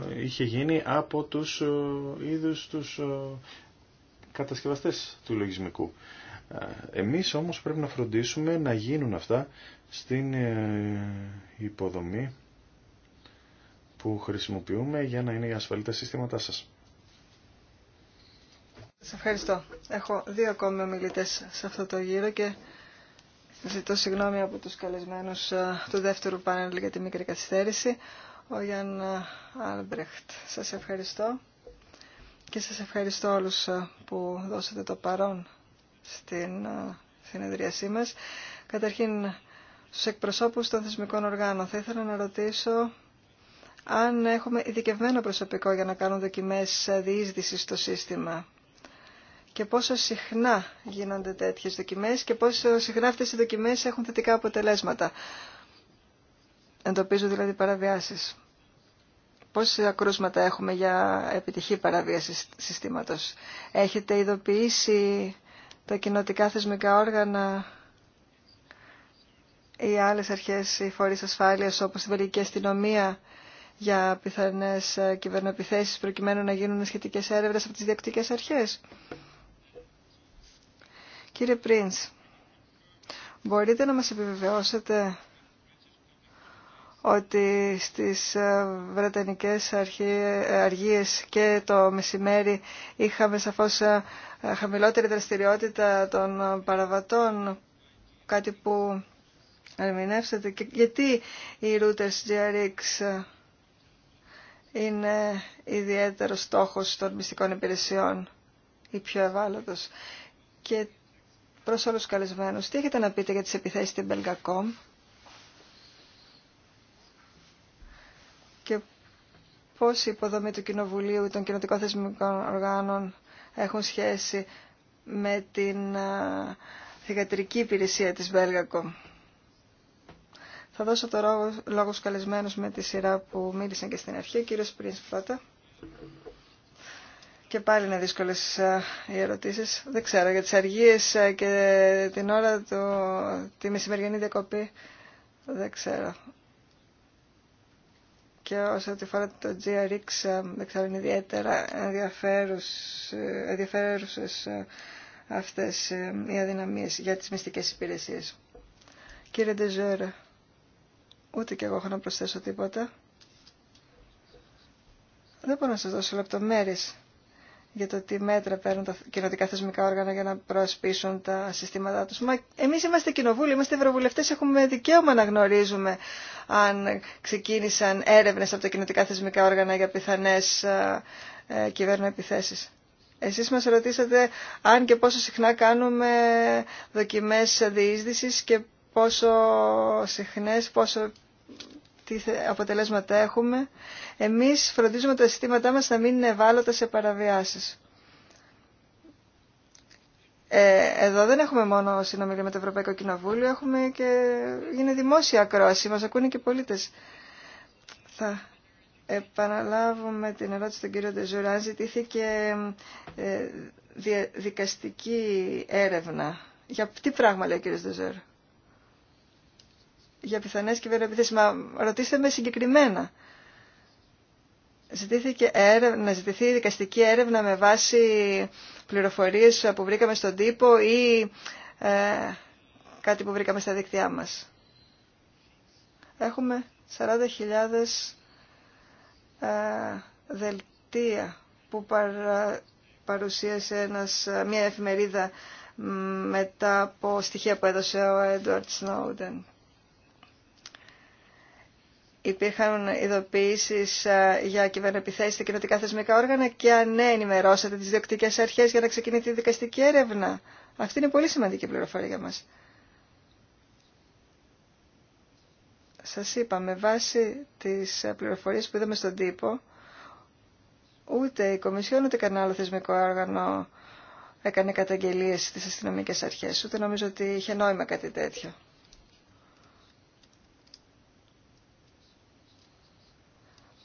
ε, είχε γίνει από τους ε, είδους τους ε, κατασκευαστές του λογισμικού. Εμείς όμως πρέπει να φροντίσουμε να γίνουν αυτά στην ε, υποδομή που χρησιμοποιούμε για να είναι ασφαλή τα συστήματά σας. Σας ευχαριστώ. Έχω δύο ακόμη ομιλητέ σε αυτό το γύρο και ζητώ συγγνώμη από τους καλεσμένους ε, του δεύτερου πάνελ για τη μικρή καθυστέρηση. Ο Γιάνν Άλμπρεχτ. Σας ευχαριστώ και σας ευχαριστώ όλους ε, που δώσατε το παρόν στην ε, συνεδρίασή μας. Καταρχήν, στους εκπροσώπους των θεσμικών οργάνων θα ήθελα να ρωτήσω αν έχουμε ειδικευμένο προσωπικό για να κάνουν δοκιμές διείσδυσης στο σύστημα και πόσο συχνά γίνονται τέτοιες δοκιμές και πόσο συχνά αυτές οι δοκιμές έχουν θετικά αποτελέσματα. Εντοπίζω δηλαδή παραβιάσεις. Πόσα ακρούσματα έχουμε για επιτυχή παραβίαση συστήματος. Έχετε ειδοποιήσει τα κοινοτικά θεσμικά όργανα ή άλλες αρχές ή φορείς ασφάλειας όπως η Βελγική Αστυνομία για πιθανές ε, κυβερνοεπιθέσεις προκειμένου να γίνουν σχετικές έρευνες από τις διεκτικές αρχές. Κύριε Πρίνς, μπορείτε να μας επιβεβαιώσετε ότι στις ε, Βρετανικές ε, αργίες και το μεσημέρι είχαμε σαφώς ε, χαμηλότερη δραστηριότητα των παραβατών, κάτι που ερμηνεύσατε. γιατί οι routers GRX είναι ιδιαίτερο στόχος των μυστικών υπηρεσιών ή πιο ευάλωτος. Και προς όλους τους καλεσμένους, τι έχετε να πείτε για τις επιθέσεις στην Belgacom πώς η υποδομή του Κοινοβουλίου ή των κοινοτικών θεσμικών οργάνων έχουν σχέση με την θηγατρική υπηρεσία της Belgacom. Θα δώσω το λόγο στους καλεσμένους με τη σειρά που μίλησαν και στην αρχή. Κύριος Σπρίνς πρώτα. Και πάλι είναι δύσκολες οι ερωτήσεις. Δεν ξέρω, για τις αργίες και την ώρα του, τη μεσημεριανή διακοπή, δεν ξέρω και όσον αφορά το GRX ε, δεν ξέρω είναι ιδιαίτερα ε, ενδιαφέρουσες ε, αυτές οι αδυναμίες για τις μυστικές υπηρεσίες. Κύριε Ντεζέρα, ούτε και εγώ έχω να προσθέσω τίποτα. Δεν μπορώ να σας δώσω λεπτομέρειες για το τι μέτρα παίρνουν τα κοινοτικά θεσμικά όργανα για να προασπίσουν τα συστήματά τους. Μα εμείς είμαστε κοινοβούλοι, είμαστε ευρωβουλευτές, έχουμε δικαίωμα να γνωρίζουμε αν ξεκίνησαν έρευνες από τα κοινοτικά θεσμικά όργανα για πιθανές ε, επιθέσεις. Εσείς μας ρωτήσατε αν και πόσο συχνά κάνουμε δοκιμές διείσδυσης και πόσο συχνές, πόσο τι αποτελέσματα έχουμε, εμείς φροντίζουμε τα συστήματά μας να μην είναι ευάλωτα σε παραβιάσεις. Ε, εδώ δεν έχουμε μόνο συνομιλία με το Ευρωπαϊκό Κοινοβούλιο, έχουμε και είναι δημόσια ακρόαση, μας ακούνε και πολίτες. Θα επαναλάβουμε την ερώτηση του κύριο Αν ζητήθηκε ε, δικαστική έρευνα. Για τι πράγμα λέει ο κύριος Ντεζούρα για πιθανέ κυβερνοεπιθέσει. Μα ρωτήστε με συγκεκριμένα. Ζητήθηκε έρευνα, να ζητηθεί δικαστική έρευνα με βάση πληροφορίες που βρήκαμε στον τύπο ή ε, κάτι που βρήκαμε στα δίκτυά μας. Έχουμε 40.000 ε, δελτία που παρουσίασε ένας, μια εφημερίδα μετά από στοιχεία που έδωσε ο Έντουάρτ Snowden υπήρχαν ειδοποιήσει ε, για κυβερνοεπιθέσει στα κοινωτικά θεσμικά όργανα και αν ναι, ενημερώσατε τι διοκτικέ αρχέ για να ξεκινήσει η δικαστική έρευνα. Αυτή είναι πολύ σημαντική πληροφορία για μα. Σας είπα, με βάση τις ε, πληροφορίε που είδαμε στον τύπο, ούτε η Κομισιόν ούτε κανένα άλλο θεσμικό όργανο έκανε καταγγελίες στις αστυνομικές αρχές. Ούτε νομίζω ότι είχε νόημα κάτι τέτοιο.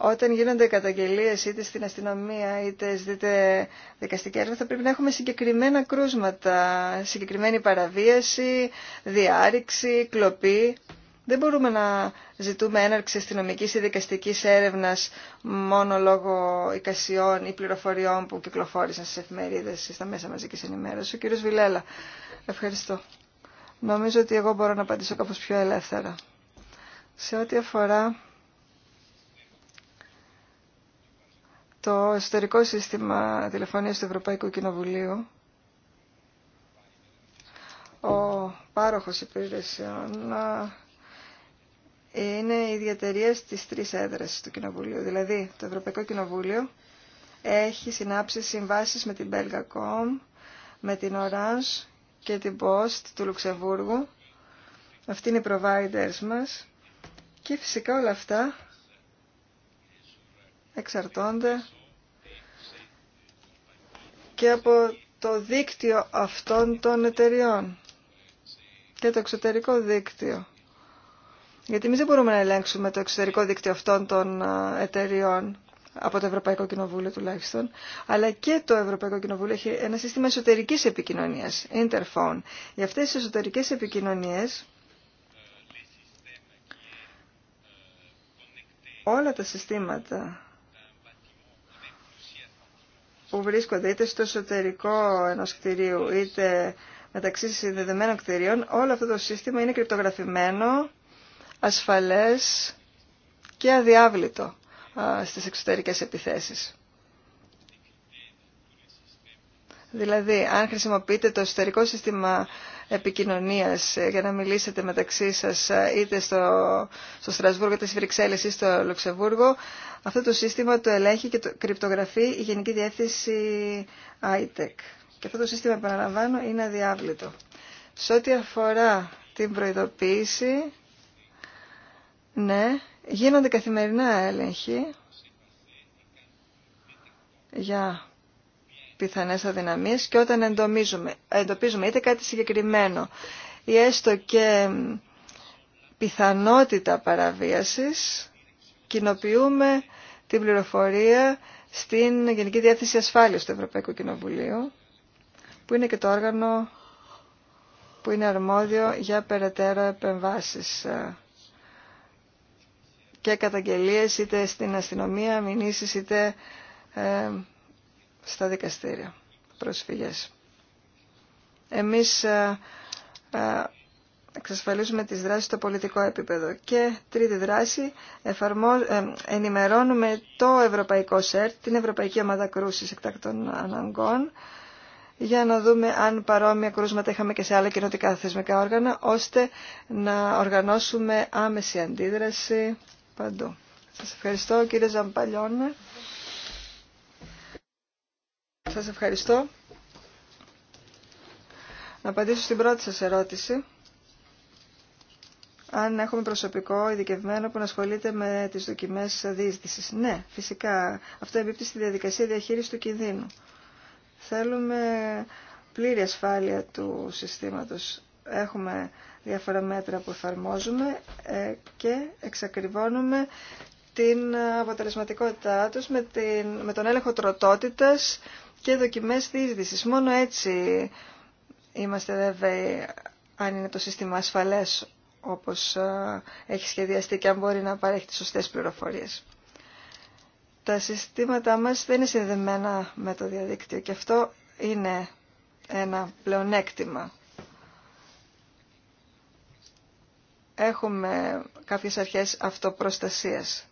όταν γίνονται καταγγελίες είτε στην αστυνομία είτε ζητείτε δικαστική έρευνα θα πρέπει να έχουμε συγκεκριμένα κρούσματα, συγκεκριμένη παραβίαση, διάρρηξη, κλοπή. Δεν μπορούμε να ζητούμε έναρξη αστυνομική ή δικαστική έρευνα μόνο λόγω εικασιών ή πληροφοριών που κυκλοφόρησαν στι εφημερίδε ή στα μέσα μαζική ενημέρωση. Ο κύριο Βιλέλα, ευχαριστώ. Νομίζω ότι εγώ μπορώ να απαντήσω κάπω πιο ελεύθερα. Σε ό,τι αφορά Το εσωτερικό σύστημα τηλεφωνίας του Ευρωπαϊκού Κοινοβουλίου, ο πάροχος υπηρεσιών ε, είναι οι διατερία της τρεις έδρας του Κοινοβουλίου. Δηλαδή, το Ευρωπαϊκό Κοινοβούλιο έχει συνάψει συμβάσεις με την Belgacom, με την Orange και την Post του Λουξεμβούργου. Αυτοί είναι οι providers μας. Και φυσικά όλα αυτά εξαρτώνται και από το δίκτυο αυτών των εταιριών και το εξωτερικό δίκτυο. Γιατί εμεί δεν μπορούμε να ελέγξουμε το εξωτερικό δίκτυο αυτών των εταιριών από το Ευρωπαϊκό Κοινοβούλιο τουλάχιστον, αλλά και το Ευρωπαϊκό Κοινοβούλιο έχει ένα σύστημα εσωτερικής επικοινωνίας, Interphone. Για αυτές τις εσωτερικές επικοινωνίες, όλα τα συστήματα που βρίσκονται είτε στο εσωτερικό ενός κτηρίου είτε μεταξύ συνδεδεμένων κτηρίων, όλο αυτό το σύστημα είναι κρυπτογραφημένο, ασφαλές και αδιάβλητο στις εξωτερικές επιθέσεις. Δηλαδή, αν χρησιμοποιείτε το εσωτερικό σύστημα επικοινωνίας ε, για να μιλήσετε μεταξύ σας ε, είτε στο, στο Στρασβούργο, είτε στις Βρυξέλλες ή στο Λουξεμβούργο. Αυτό το σύστημα το ελέγχει και το κρυπτογραφεί η Γενική Διεύθυνση ITEC. Και αυτό το σύστημα, επαναλαμβάνω, είναι αδιάβλητο. Σε ό,τι αφορά την προειδοποίηση, ναι, γίνονται καθημερινά έλεγχοι για πιθανές αδυναμίες και όταν εντοπίζουμε είτε κάτι συγκεκριμένο ή έστω και πιθανότητα παραβίασης, κοινοποιούμε την πληροφορία στην Γενική Διεύθυνση Ασφάλειας του Ευρωπαϊκού Κοινοβουλίου, που είναι και το όργανο που είναι αρμόδιο για περαιτέρω επεμβάσεις ε, και καταγγελίες είτε στην αστυνομία, μηνύσεις είτε ε, στα δικαστήρια προσφυγές. Εμείς ε, ε, εξασφαλίζουμε τις δράσεις στο πολιτικό επίπεδο. Και τρίτη δράση, εφαρμο... Ε, ενημερώνουμε το Ευρωπαϊκό ΣΕΡΤ, την Ευρωπαϊκή Ομάδα Κρούσης Εκτακτών Αναγκών, για να δούμε αν παρόμοια κρούσματα είχαμε και σε άλλα κοινωτικά θεσμικά όργανα, ώστε να οργανώσουμε άμεση αντίδραση παντού. Σας ευχαριστώ κύριε Ζαμπαλιώνε. Σας ευχαριστώ. Να απαντήσω στην πρώτη σας ερώτηση. Αν έχουμε προσωπικό ειδικευμένο που να ασχολείται με τις δοκιμές διείσδησης. Ναι, φυσικά. Αυτό εμπίπτει στη διαδικασία διαχείρισης του κινδύνου. Θέλουμε πλήρη ασφάλεια του συστήματος. Έχουμε διάφορα μέτρα που εφαρμόζουμε ε, και εξακριβώνουμε την αποτελεσματικότητά τους με, την, με τον έλεγχο τροτότητας και δοκιμές δίδυσης. Μόνο έτσι είμαστε βέβαιοι αν είναι το σύστημα ασφαλές όπως ε, έχει σχεδιαστεί και αν μπορεί να παρέχει τις σωστές πληροφορίες. Τα συστήματά μας δεν είναι συνδεμένα με το διαδίκτυο και αυτό είναι ένα πλεονέκτημα. Έχουμε κάποιες αρχές αυτοπροστασίας,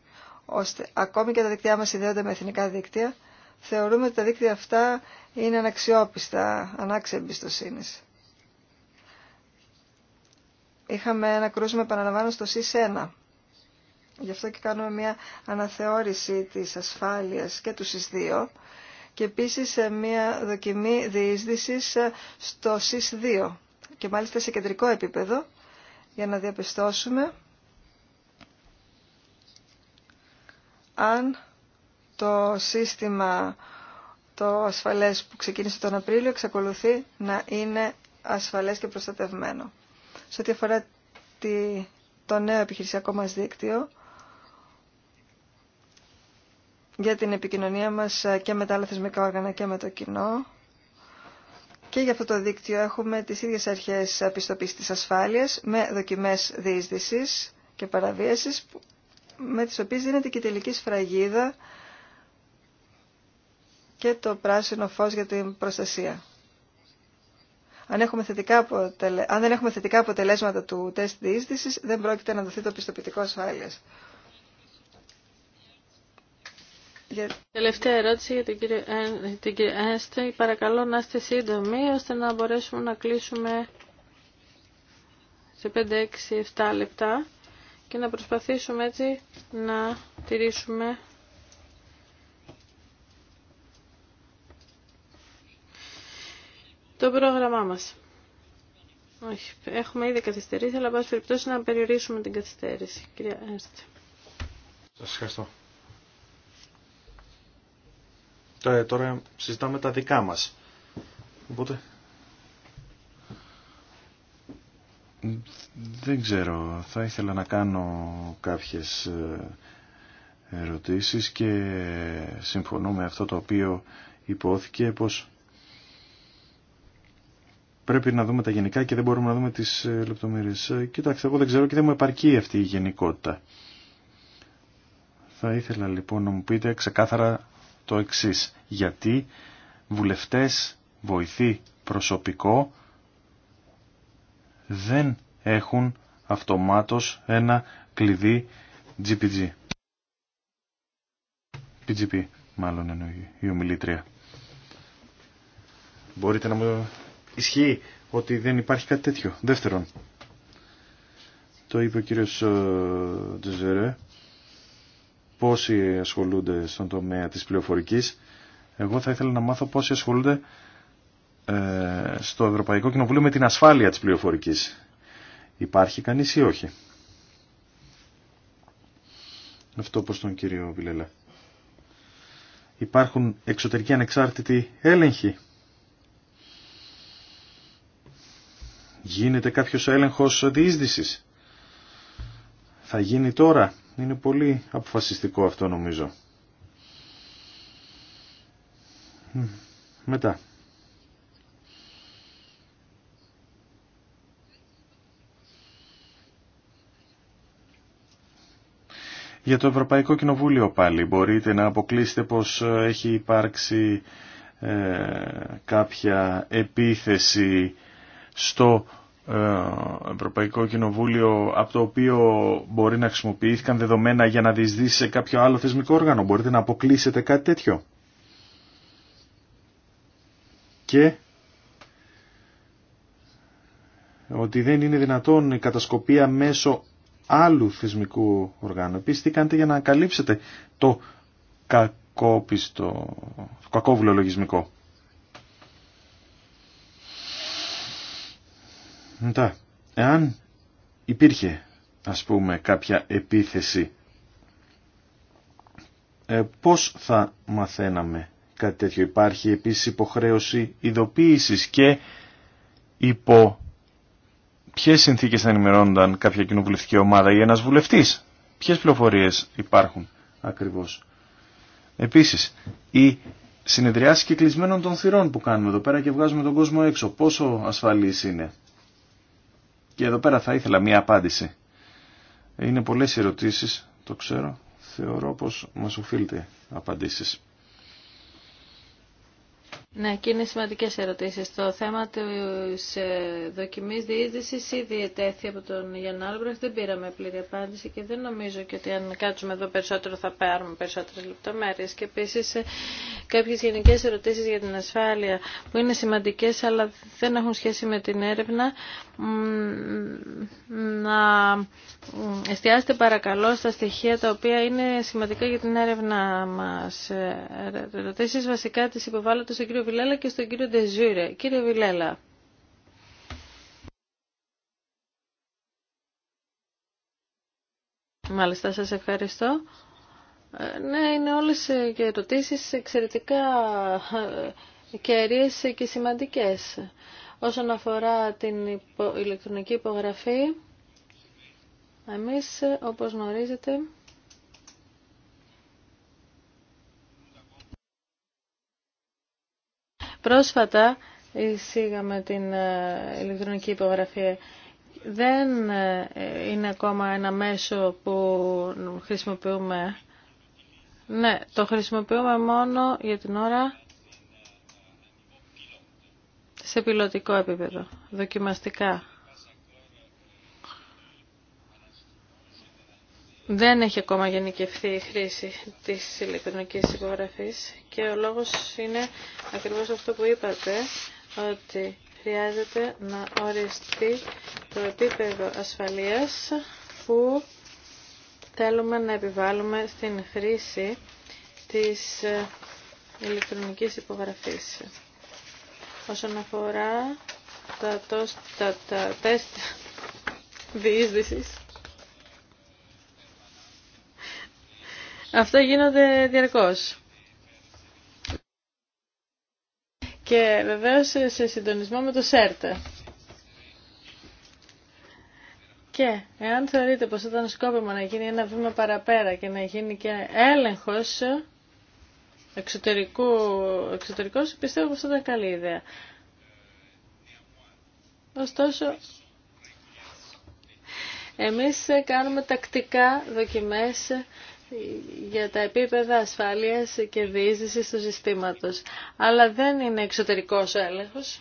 ώστε ακόμη και τα δικτυά μας συνδέονται με εθνικά δίκτυα θεωρούμε ότι τα δίκτυα αυτά είναι αναξιόπιστα, ανάξια εμπιστοσύνη. Είχαμε ένα κρούσμα, επαναλαμβάνω, στο ΣΥΣ 1. Γι' αυτό και κάνουμε μια αναθεώρηση της ασφάλειας και του ΣΥΣ 2 και επίσης ε, μια δοκιμή διείσδυσης ε, στο ΣΥΣ 2 και μάλιστα σε κεντρικό επίπεδο για να διαπιστώσουμε αν το σύστημα το ασφαλές που ξεκίνησε τον Απρίλιο εξακολουθεί να είναι ασφαλές και προστατευμένο. Σε ό,τι αφορά τη, το νέο επιχειρησιακό μας δίκτυο, για την επικοινωνία μας και με τα άλλα θεσμικά όργανα και με το κοινό. Και για αυτό το δίκτυο έχουμε τις ίδιες αρχές πιστοποίησης της ασφάλειας με δοκιμές διείσδυσης και παραβίασης με τις οποίες δίνεται και τελική σφραγίδα και το πράσινο φως για την προστασία. Αν, δεν έχουμε θετικά αποτελέσματα του τεστ διείσδησης, δεν πρόκειται να δοθεί το πιστοποιητικό ασφάλειας. Τελευταία ερώτηση για την κυρία, την Παρακαλώ να είστε σύντομοι, ώστε να μπορέσουμε να κλείσουμε σε 5, 6, 7 λεπτά και να προσπαθήσουμε έτσι να τηρήσουμε το πρόγραμμά μας. Όχι, έχουμε ήδη καθυστερήσει, αλλά πάση περιπτώσει να περιορίσουμε την καθυστέρηση. Κυρία Έρστε. Σας ευχαριστώ. Ε, τώρα συζητάμε τα δικά μας. Οπότε... Δεν ξέρω. Θα ήθελα να κάνω κάποιες ε, ερωτήσεις και συμφωνώ με αυτό το οποίο υπόθηκε πως πρέπει να δούμε τα γενικά και δεν μπορούμε να δούμε τις ε, λεπτομέρειες. Ε, Κοιτάξτε, εγώ δεν ξέρω και δεν μου επαρκεί αυτή η γενικότητα. Θα ήθελα λοιπόν να μου πείτε ξεκάθαρα το εξής. Γιατί βουλευτές, βοηθή, προσωπικό δεν έχουν αυτομάτως ένα κλειδί GPG. PGP μάλλον εννοεί η ομιλήτρια. Μπορείτε να μου Ισχύει ότι δεν υπάρχει κάτι τέτοιο. Δεύτερον, το είπε ο κύριος ε, Τζεζερέ, πόσοι ασχολούνται στον τομέα της πληροφορικής. Εγώ θα ήθελα να μάθω πόσοι ασχολούνται ε, στο Ευρωπαϊκό Κοινοβούλιο με την ασφάλεια της πληροφορικής. Υπάρχει κανείς ή όχι. Αυτό προς τον κύριο Βιλέλα. Υπάρχουν εξωτερικοί ανεξάρτητοι έλεγχοι Γίνεται κάποιος έλεγχος διείσδυσης. Θα γίνει τώρα. Είναι πολύ αποφασιστικό αυτό νομίζω. Μετά. Για το Ευρωπαϊκό Κοινοβούλιο πάλι μπορείτε να αποκλείσετε πως ε, έχει υπάρξει ε, κάποια επίθεση στο ε, Ευρωπαϊκό Κοινοβούλιο από το οποίο μπορεί να χρησιμοποιήθηκαν δεδομένα για να διεισδύσει σε κάποιο άλλο θεσμικό όργανο. Μπορείτε να αποκλείσετε κάτι τέτοιο. Και ότι δεν είναι δυνατόν η κατασκοπία μέσω άλλου θεσμικού οργάνου. Επίσης τι κάνετε για να καλύψετε το κακόπιστο, το κακόβουλο λογισμικό. Μετά, εάν υπήρχε ας πούμε κάποια επίθεση ε, πώς θα μαθαίναμε κάτι τέτοιο. Υπάρχει επίσης υποχρέωση ειδοποίησης και υπό ποιες συνθήκες θα ενημερώνονταν κάποια κοινοβουλευτική ομάδα ή ένας βουλευτής. Ποιες πληροφορίες υπάρχουν ακριβώς. Επίσης, η συνεδριαση κλεισμενων των θυρών που κάνουμε εδώ πέρα και βγάζουμε τον κόσμο έξω, πόσο ασφαλής είναι. Και εδώ πέρα θα ήθελα μία απάντηση. Είναι πολλές ερωτήσεις, το ξέρω. Θεωρώ πως μας οφείλετε απαντήσεις. Ναι, και είναι σημαντικέ ερωτήσει. Το θέμα τη ε, δοκιμή διείδηση ήδη ετέθη από τον Γιάννη Άλμπρεχτ. Δεν πήραμε πλήρη απάντηση και δεν νομίζω και ότι αν κάτσουμε εδώ περισσότερο θα πάρουμε περισσότερε λεπτομέρειε. Και επίση ε, κάποιε γενικέ ερωτήσει για την ασφάλεια που είναι σημαντικέ αλλά δεν έχουν σχέση με την έρευνα. Να εστιάσετε παρακαλώ στα στοιχεία τα οποία είναι σημαντικά για την έρευνα μα. Ε, ερωτήσει βασικά τι κύριο Βιλέλα και στον κύριο Ντεζούρε. Κύριε Βιλέλα. Μάλιστα, σας ευχαριστώ. Ε, ναι, είναι όλες οι ε, ερωτήσεις εξαιρετικά ε, κερίες και σημαντικές. Όσον αφορά την ηλεκτρονική υπογραφή, εμείς, όπως γνωρίζετε, Πρόσφατα εισήγαμε την ε, ηλεκτρονική υπογραφή. Δεν ε, είναι ακόμα ένα μέσο που χρησιμοποιούμε. Ναι, το χρησιμοποιούμε μόνο για την ώρα σε πιλωτικό επίπεδο, δοκιμαστικά. δεν έχει ακόμα γενικευθεί η χρήση της ηλεκτρονικής υπογραφής και ο λόγος είναι ακριβώς αυτό που είπατε, ότι χρειάζεται να οριστεί το επίπεδο ασφαλείας που θέλουμε να επιβάλλουμε στην χρήση της ηλεκτρονικής υπογραφής. Όσον αφορά τα, τεστ διείσδυσης, Αυτά γίνονται διαρκώς. Και βεβαίως σε συντονισμό με το ΣΕΡΤΕ. Και εάν θεωρείτε πως ήταν σκόπιμο να γίνει ένα βήμα παραπέρα και να γίνει και έλεγχος εξωτερικού, εξωτερικός, πιστεύω πως ήταν καλή ιδέα. Ωστόσο, εμείς κάνουμε τακτικά δοκιμές για τα επίπεδα ασφάλειας και διείσδυσης του συστήματος. Αλλά δεν είναι εξωτερικός έλεγχος.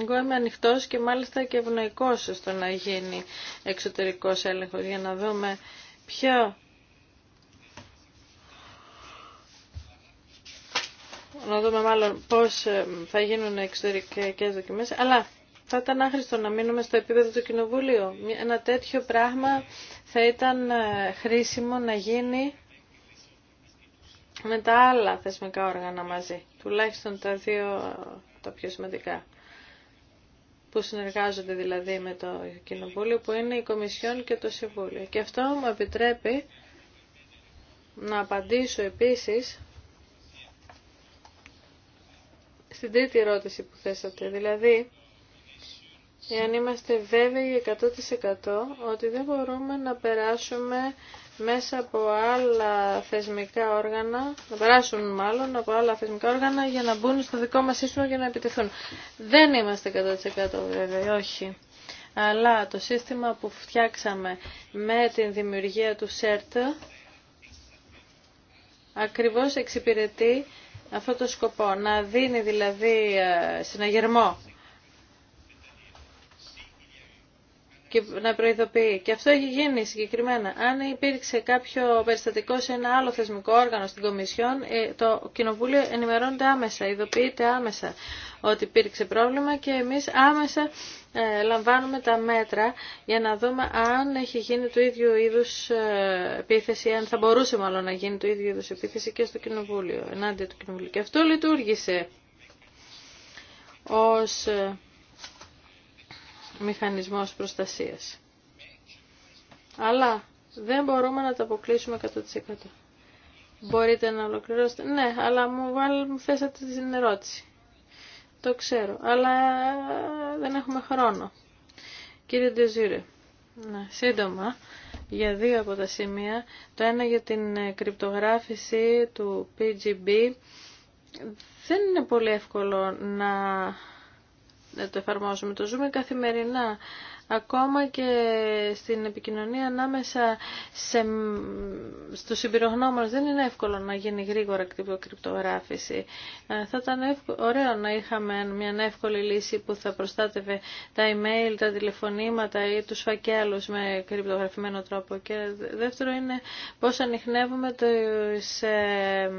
Εγώ είμαι ανοιχτό και μάλιστα και ευνοϊκό στο να γίνει εξωτερικός έλεγχος για να δούμε ποιο να δούμε μάλλον πώς ε, θα γίνουν εξωτερικές δοκιμές, αλλά θα ήταν άχρηστο να μείνουμε στο επίπεδο του Κοινοβουλίου. Ένα τέτοιο πράγμα θα ήταν ε, χρήσιμο να γίνει με τα άλλα θεσμικά όργανα μαζί, τουλάχιστον τα δύο τα πιο σημαντικά που συνεργάζονται δηλαδή με το Κοινοβούλιο, που είναι η Κομισιόν και το Συμβούλιο. Και αυτό μου επιτρέπει να απαντήσω επίσης στην τρίτη ερώτηση που θέσατε, δηλαδή εάν είμαστε βέβαιοι 100% ότι δεν μπορούμε να περάσουμε μέσα από άλλα θεσμικά όργανα, να περάσουν μάλλον από άλλα θεσμικά όργανα για να μπουν στο δικό μας σύστημα για να επιτεθούν. Δεν είμαστε 100% βέβαιοι, όχι. Αλλά το σύστημα που φτιάξαμε με την δημιουργία του ΣΕΡΤ ακριβώς εξυπηρετεί αυτό το σκοπό, να δίνει δηλαδή ε, συναγερμό και να προειδοποιεί. Και αυτό έχει γίνει συγκεκριμένα. Αν υπήρξε κάποιο περιστατικό σε ένα άλλο θεσμικό όργανο στην Κομισιόν, ε, το Κοινοβούλιο ενημερώνεται άμεσα, ειδοποιείται άμεσα ότι υπήρξε πρόβλημα και εμείς άμεσα ε, λαμβάνουμε τα μέτρα για να δούμε αν έχει γίνει του ίδιου είδους ε, επίθεση, αν θα μπορούσε μάλλον να γίνει του ίδιου είδους επίθεση και στο Κοινοβούλιο, ενάντια του Κοινοβουλίου. Και αυτό λειτουργήσε ως μηχανισμός προστασίας. Αλλά δεν μπορούμε να τα αποκλείσουμε 100%. Μπορείτε να ολοκληρώσετε. Ναι, αλλά μου, βάλ, μου θέσατε την ερώτηση. Το ξέρω, αλλά ε, δεν έχουμε χρόνο. Κύριε Ντεζίρε, ναι, σύντομα για δύο από τα σημεία. Το ένα για την ε, κρυπτογράφηση του PGB. Δεν είναι πολύ εύκολο να να το εφαρμόσουμε. Το ζούμε καθημερινά ακόμα και στην επικοινωνία ανάμεσα σε, στους δεν είναι εύκολο να γίνει γρήγορα κρυπτογράφηση. Ε, θα ήταν ωραίο να είχαμε μια εύκολη λύση που θα προστάτευε τα email, τα τηλεφωνήματα ή τους φακέλους με κρυπτογραφημένο τρόπο. Και δεύτερο είναι πώς ανοιχνεύουμε τις ε,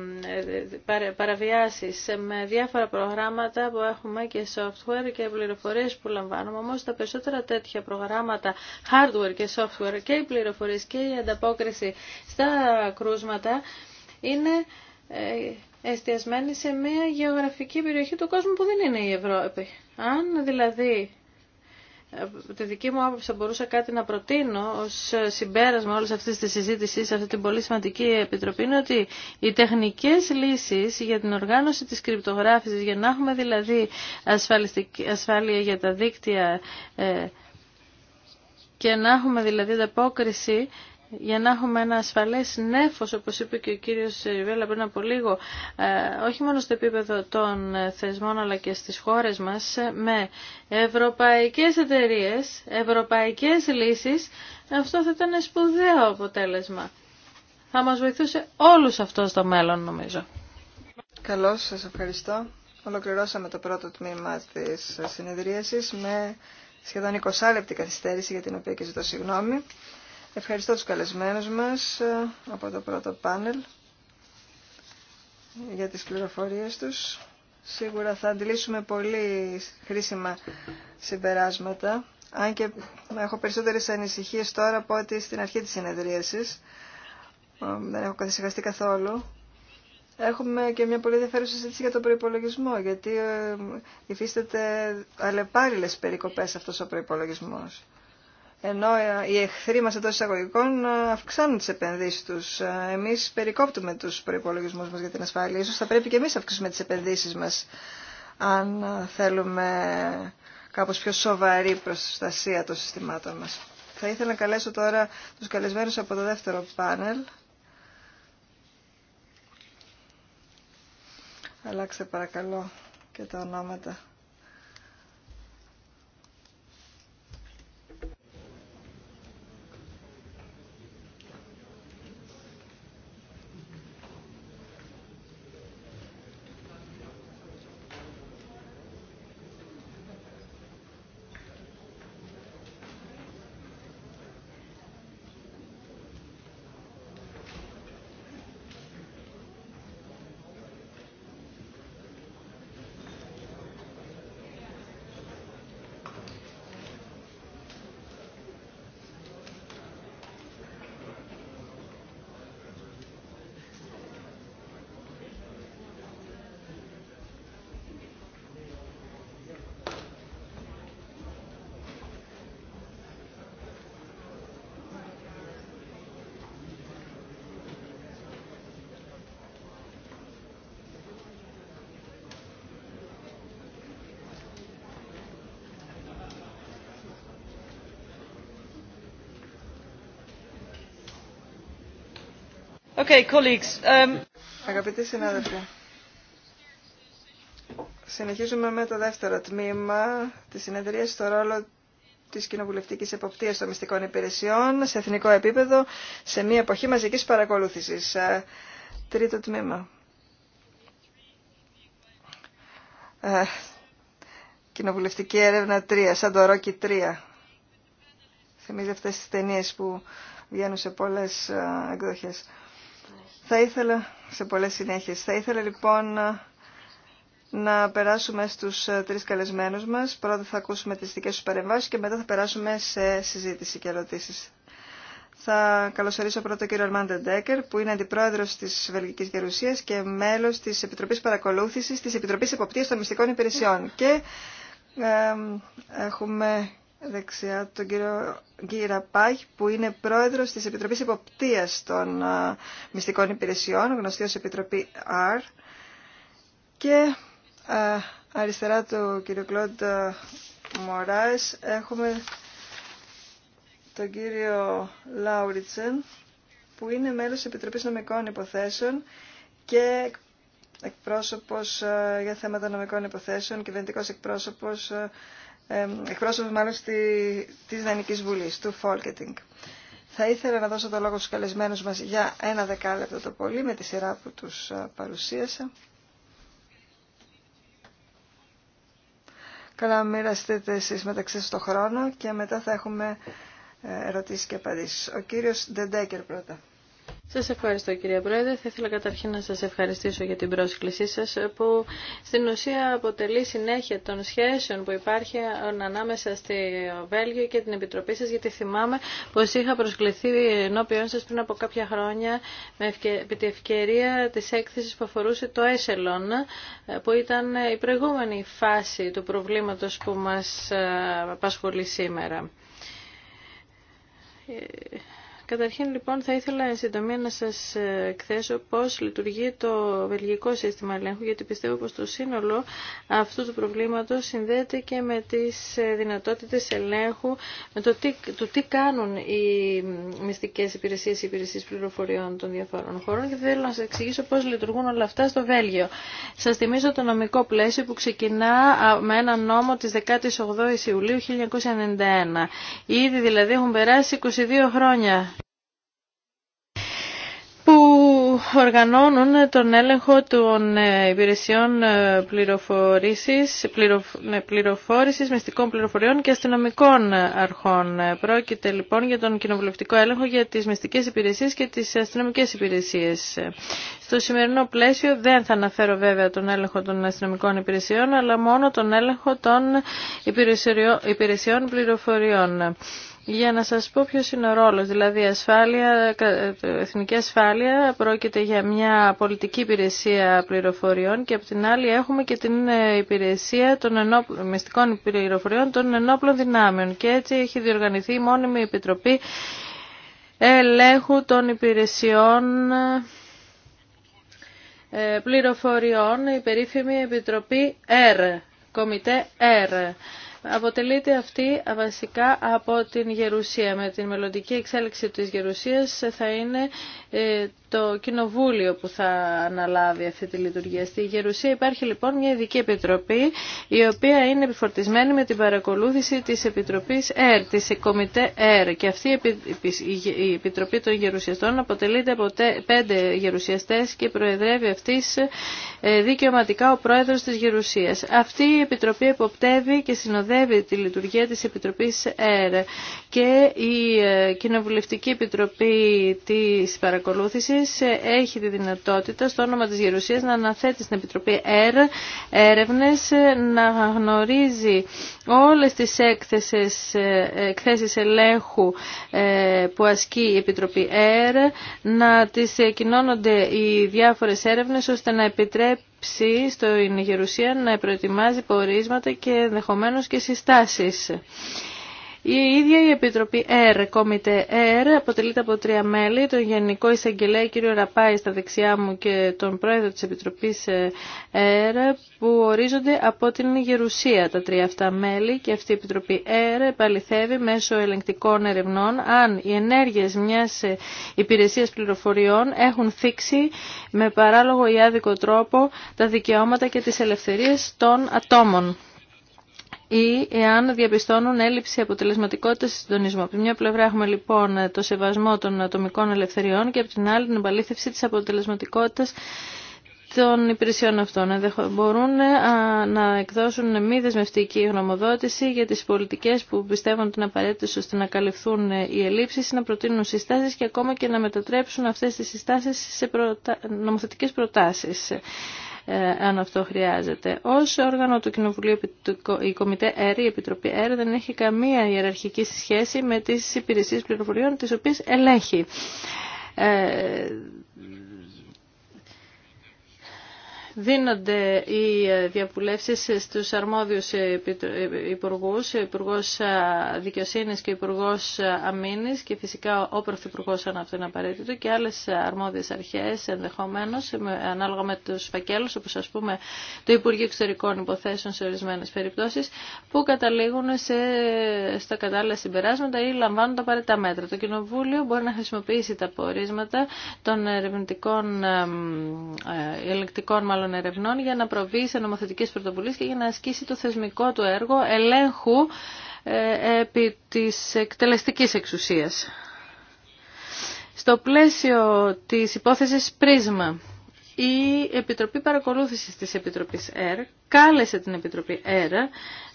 παραβιάσεις με διάφορα προγράμματα που έχουμε και software και πληροφορίες που λαμβάνουμε. Όμως τα περισσότερα τέτοια προγράμματα hardware και software και οι πληροφορίες και η ανταπόκριση στα κρούσματα είναι ε, εστιασμένη σε μια γεωγραφική περιοχή του κόσμου που δεν είναι η Ευρώπη. Αν δηλαδή ε, τη δική μου άποψη θα μπορούσα κάτι να προτείνω ως συμπέρασμα όλη αυτή τις συζήτηση σε αυτή την πολύ σημαντική επιτροπή είναι ότι οι τεχνικές λύσεις για την οργάνωση της κρυπτογράφησης για να έχουμε δηλαδή ασφάλεια για τα δίκτυα ε, και να έχουμε δηλαδή ανταπόκριση για να έχουμε ένα ασφαλές νέφος, όπως είπε και ο κύριος Ριβέλα πριν από λίγο, ε, όχι μόνο στο επίπεδο των θεσμών αλλά και στις χώρες μας, ε, με ευρωπαϊκές εταιρείες, ευρωπαϊκές λύσεις, αυτό θα ήταν σπουδαίο αποτέλεσμα. Θα μας βοηθούσε όλους αυτό στο μέλλον, νομίζω. Καλώς, σας ευχαριστώ. Ολοκληρώσαμε το πρώτο τμήμα της συνεδρίασης με σχεδόν 20 λεπτή καθυστέρηση για την οποία και ζητώ συγγνώμη. Ευχαριστώ τους καλεσμένους μας ε, από το πρώτο πάνελ για τις πληροφορίες τους. Σίγουρα θα αντιλήσουμε πολύ χρήσιμα συμπεράσματα, αν και έχω περισσότερες ανησυχίες τώρα από ότι στην αρχή της συνεδρίασης. Ε, δεν έχω καθυσυχαστεί καθόλου έχουμε και μια πολύ ενδιαφέρουσα συζήτηση για τον προπολογισμό, γιατί ε, υφίσταται αλλεπάλληλε περικοπές αυτό ο προπολογισμό. Ενώ ε, οι εχθροί μα εντό εισαγωγικών ε, αυξάνουν τι επενδύσει του. Εμεί περικόπτουμε του προπολογισμού μα για την ασφάλεια. Ίσως θα πρέπει και εμεί να αυξήσουμε τις επενδύσει μας, αν θέλουμε κάπω πιο σοβαρή προστασία των συστημάτων μα. Θα ήθελα να καλέσω τώρα του καλεσμένου από το δεύτερο πάνελ Αλλάξε, παρακαλώ και τα ονόματα. Um, Αγαπητοί συνάδελφοι, συνεχίζουμε με το δεύτερο τμήμα τη συνεδρία στο ρόλο τη κοινοβουλευτική εποπτεία των μυστικών υπηρεσιών σε εθνικό επίπεδο σε μια εποχή μαζική παρακολούθηση. Ε, τρίτο τμήμα. Ε, κοινοβουλευτική έρευνα 3, σαν το Ρόκι 3. Θυμίζει αυτές τις ταινίες που βγαίνουν σε πολλές ε, εκδοχές. Θα ήθελα, σε πολλές συνέχειες, θα ήθελα λοιπόν να περάσουμε στους τρεις καλεσμένους μας. Πρώτα θα ακούσουμε τις δικές τους παρεμβάσεις και μετά θα περάσουμε σε συζήτηση και ερωτήσεις. Θα καλωσορίσω πρώτα τον κύριο Αρμάντε Ντέκερ, που είναι αντιπρόεδρο τη Βελγική Γερουσία και μέλο τη Επιτροπή Παρακολούθηση τη Επιτροπή Εποπτεία των Μυστικών Υπηρεσιών. Και έχουμε δεξιά τον κύριο Πάχ... που είναι πρόεδρος της Επιτροπής Εποπτείας των ε, Μυστικών Υπηρεσιών, γνωστή ως Επιτροπή R και ε, αριστερά του κύριο Κλοντ ε, Μωράς έχουμε τον κύριο Λάουριτσεν που είναι μέλος της Επιτροπής Νομικών Υποθέσεων και εκπρόσωπος για θέματα νομικών υποθέσεων, κυβερνητικός εκπρόσωπος Εκπρόσωπο μάλλον τη της Βουλή, Βουλής, του Folketing. Θα ήθελα να δώσω το λόγο στους καλεσμένους μας για ένα δεκάλεπτο το πολύ με τη σειρά που τους παρουσίασα. Καλά μοιραστείτε εσείς μεταξύ σας το χρόνο και μετά θα έχουμε ε, ερωτήσεις και απαντήσεις. Ο κύριος Ντεντέκερ πρώτα. Σας ευχαριστώ κυρία Πρόεδρε. Θα ήθελα καταρχήν να σας ευχαριστήσω για την πρόσκλησή σας που στην ουσία αποτελεί συνέχεια των σχέσεων που υπάρχει ανάμεσα στη Βέλγιο και την Επιτροπή σας γιατί θυμάμαι πως είχα προσκληθεί ενώπιόν σας πριν από κάποια χρόνια με την ευκαιρία της έκθεσης που αφορούσε το Έσελον που ήταν η προηγούμενη φάση του προβλήματος που μας ε, απασχολεί σήμερα. Ε, Καταρχήν λοιπόν θα ήθελα εν συντομία να σας ε, εκθέσω πώς λειτουργεί το βελγικό σύστημα ελέγχου γιατί πιστεύω πως το σύνολο αυτού του προβλήματος συνδέεται και με τις ε, δυνατότητες ελέγχου με το τι, το τι κάνουν οι μυστικές υπηρεσίες οι υπηρεσίες πληροφοριών των διαφόρων χωρών και θέλω να σας εξηγήσω πώς λειτουργούν όλα αυτά στο Βέλγιο. Σας θυμίζω το νομικό πλαίσιο που ξεκινά με ένα νόμο της 18ης Ιουλίου 1991. Ήδη δηλαδή έχουν περάσει 22 χρόνια οργανώνουν τον έλεγχο των ε, υπηρεσιών ε, πληροφορήσης, ναι, πληροφόρησης, μυστικών πληροφοριών και αστυνομικών αρχών. Πρόκειται λοιπόν για τον κοινοβουλευτικό έλεγχο για τις μυστικές υπηρεσίες και τις αστυνομικές υπηρεσίες. Στο σημερινό πλαίσιο δεν θα αναφέρω βέβαια τον έλεγχο των αστυνομικών υπηρεσιών, αλλά μόνο τον έλεγχο των υπηρεσιών πληροφοριών για να σας πω ποιος είναι ο ρόλος. Δηλαδή ασφάλεια, εθνική ασφάλεια πρόκειται για μια πολιτική υπηρεσία πληροφοριών και από την άλλη έχουμε και την ε, υπηρεσία των μυστικών πληροφοριών των ενόπλων δυνάμεων και έτσι έχει διοργανηθεί η μόνιμη επιτροπή ελέγχου των υπηρεσιών ε, πληροφοριών, η περίφημη επιτροπή ΕΡ, κομιτέ ΕΡ αποτελείται αυτή βασικά από την γερουσία. Με την μελλοντική εξέλιξη της γερουσίας θα είναι ε, το κοινοβούλιο που θα αναλάβει αυτή τη λειτουργία. Στη Γερουσία υπάρχει λοιπόν μια ειδική επιτροπή η οποία είναι επιφορτισμένη με την παρακολούθηση της Επιτροπής ΕΡ, της Κομιτέ ΕΡ και αυτή η Επιτροπή των Γερουσιαστών αποτελείται από πέντε γερουσιαστές και προεδρεύει αυτής ε, δικαιωματικά ο πρόεδρος της Γερουσίας. Αυτή η Επιτροπή εποπτεύει και συνοδεύει τη λειτουργία της Επιτροπής ΕΡ και η ε, Κοινοβουλευτική Επιτροπή της Παρακολούθησης ε, έχει τη δυνατότητα στο όνομα της Γερουσίας να αναθέτει στην Επιτροπή ΕΡ έρευνες, ε, να γνωρίζει όλες τις έκθεσεις, ε, ελέγχου που ασκεί η Επιτροπή ΕΡ, να τις κοινώνονται οι διάφορες έρευνες ώστε να επιτρέψει στο Γερουσία να προετοιμάζει πορίσματα και ενδεχομένω και συστάσεις. Η ίδια η Επιτροπή ΕΡ, κόμιτε ΕΡ, αποτελείται από τρία μέλη, τον Γενικό Εισαγγελέα κ. Ραπάη στα δεξιά μου και τον Πρόεδρο της Επιτροπής ΕΡ, που ορίζονται από την Γερουσία τα τρία αυτά μέλη και αυτή η Επιτροπή ΕΡ επαληθεύει μέσω ελεγκτικών ερευνών αν οι ενέργειες μιας υπηρεσίας πληροφοριών έχουν θίξει με παράλογο ή άδικο τρόπο τα δικαιώματα και τις ελευθερίες των ατόμων ή εάν διαπιστώνουν έλλειψη αποτελεσματικότητα συντονισμού. Από τη μια πλευρά έχουμε λοιπόν το σεβασμό των ατομικών ελευθεριών και από την άλλη την επαλήθευση της αποτελεσματικότητας των υπηρεσιών αυτών. Μπορούν ε, να εκδώσουν μη δεσμευτική γνωμοδότηση για τις πολιτικές που πιστεύουν ότι είναι απαραίτητες ώστε να καλυφθούν ε, οι ελλείψεις, να προτείνουν συστάσει και ακόμα και να μετατρέψουν αυτές τις συστάσει σε προτα... νομοθετικές προτάσεις. Ε, αν αυτό χρειάζεται. Ω όργανο του Κοινοβουλίου, η Κομιτέ η Επιτροπή ΕΡ δεν έχει καμία ιεραρχική σχέση με τις υπηρεσίε πληροφοριών τις οποίες ελέγχει. Ε, δίνονται οι ε, διαβουλεύσεις στους αρμόδιους ε, ε, υπουργούς, ο Υπουργός Δικαιοσύνης και ο Υπουργός Αμήνης και φυσικά ο Πρωθυπουργός αν αυτό είναι απαραίτητο και άλλες αρμόδιες αρχές ενδεχομένως ανάλογα με τους φακέλους όπως ας πούμε το Υπουργείο Εξωτερικών Υποθέσεων σε ορισμένε περιπτώσεις που καταλήγουν σε, στα κατάλληλα συμπεράσματα ή λαμβάνουν τα απαραίτητα μέτρα. Το Κοινοβούλιο μπορεί να χρησιμοποιήσει τα πορίσματα των ερευνητικών ελεκτικών των ερευνών για να προβεί σε νομοθετικές πρωτοβουλίες και για να ασκήσει το θεσμικό του έργο ελέγχου ε, επί της εκτελεστικής εξουσίας. Στο πλαίσιο της υπόθεσης Πρίσμα, η Επιτροπή Παρακολούθησης της Επιτροπής ΕΡ κάλεσε την Επιτροπή ΕΡ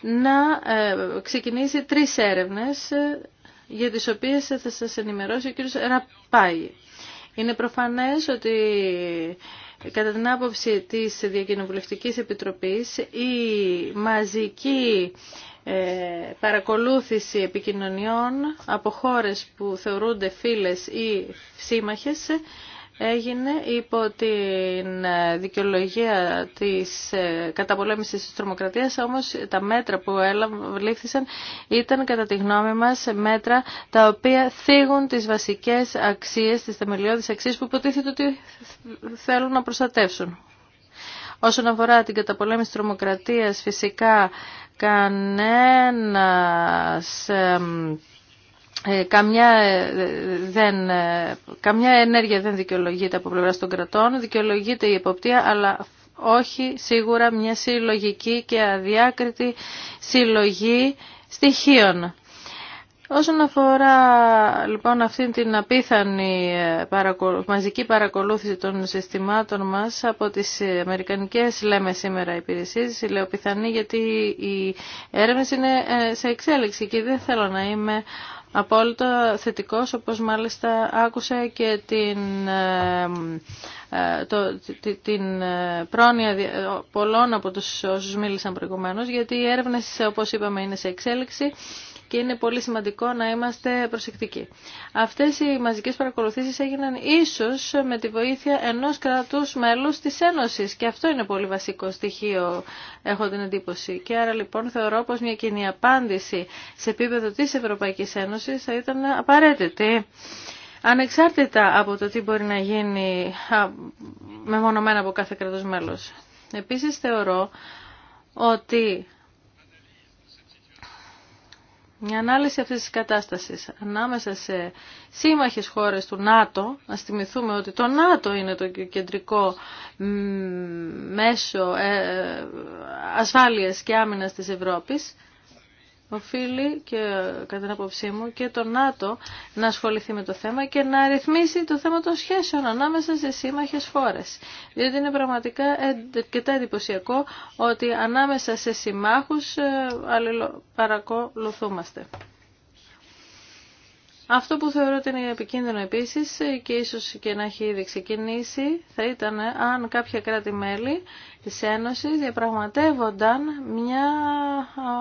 να ε, ξεκινήσει τρεις έρευνες ε, για τις οποίες θα σας ενημερώσει ο κ. Ραπάγη. Είναι προφανές ότι Κατά την άποψη της Διακοινοβουλευτικής Επιτροπής, η μαζική ε, παρακολούθηση επικοινωνιών από χώρες που θεωρούνται φίλες ή σύμμαχες έγινε υπό την ε, δικαιολογία της ε, καταπολέμησης της τρομοκρατίας, όμως τα μέτρα που λήφθησαν ήταν κατά τη γνώμη μας μέτρα τα οποία θίγουν τις βασικές αξίες, τις θεμελιώδεις αξίες που υποτίθεται ότι θέλουν να προστατεύσουν. Όσον αφορά την καταπολέμηση της τρομοκρατίας, φυσικά κανένας ε, καμιά, ε, δεν, ε, καμιά ενέργεια δεν δικαιολογείται από πλευρά των κρατών, δικαιολογείται η εποπτεία, αλλά όχι σίγουρα μια συλλογική και αδιάκριτη συλλογή στοιχείων. Όσον αφορά λοιπόν αυτήν την απίθανη μαζική παρακολούθηση των συστημάτων μας από τις αμερικανικές λέμε σήμερα υπηρεσίες, λέω πιθανή γιατί η έρευνα είναι σε εξέλιξη και δεν θέλω να είμαι απόλυτα θετικός, όπως μάλιστα άκουσα και την, ε, ε, το, την ε, πρόνοια πολλών από τους όσους μίλησαν προηγουμένως, γιατί οι έρευνες, όπως είπαμε, είναι σε εξέλιξη και είναι πολύ σημαντικό να είμαστε προσεκτικοί. Αυτές οι μαζικές παρακολουθήσεις έγιναν ίσως με τη βοήθεια ενός κρατούς μέλους της Ένωσης και αυτό είναι πολύ βασικό στοιχείο έχω την εντύπωση. Και άρα λοιπόν θεωρώ πως μια κοινή απάντηση σε επίπεδο της Ευρωπαϊκής Ένωσης θα ήταν απαραίτητη. Ανεξάρτητα από το τι μπορεί να γίνει μεμονωμένα από κάθε κρατός μέλος. Επίσης θεωρώ ότι μια ανάλυση αυτής της κατάστασης ανάμεσα σε σύμμαχες χώρες του ΝΑΤΟ, να θυμηθούμε ότι το ΝΑΤΟ είναι το κεντρικό μέσο ε, ασφάλειας και άμυνας της Ευρώπης, οφείλει και κατά την απόψή μου και το ΝΑΤΟ να ασχοληθεί με το θέμα και να ρυθμίσει το θέμα των σχέσεων ανάμεσα σε σύμμαχες φόρες. Διότι είναι πραγματικά αρκετά εντυπωσιακό ότι ανάμεσα σε συμμάχους ε, παρακολουθούμαστε. Αυτό που θεωρώ ότι είναι επικίνδυνο επίσης και ίσως και να έχει ήδη ξεκινήσει θα ήταν αν κάποια κράτη-μέλη τη Ένωση διαπραγματεύονταν μια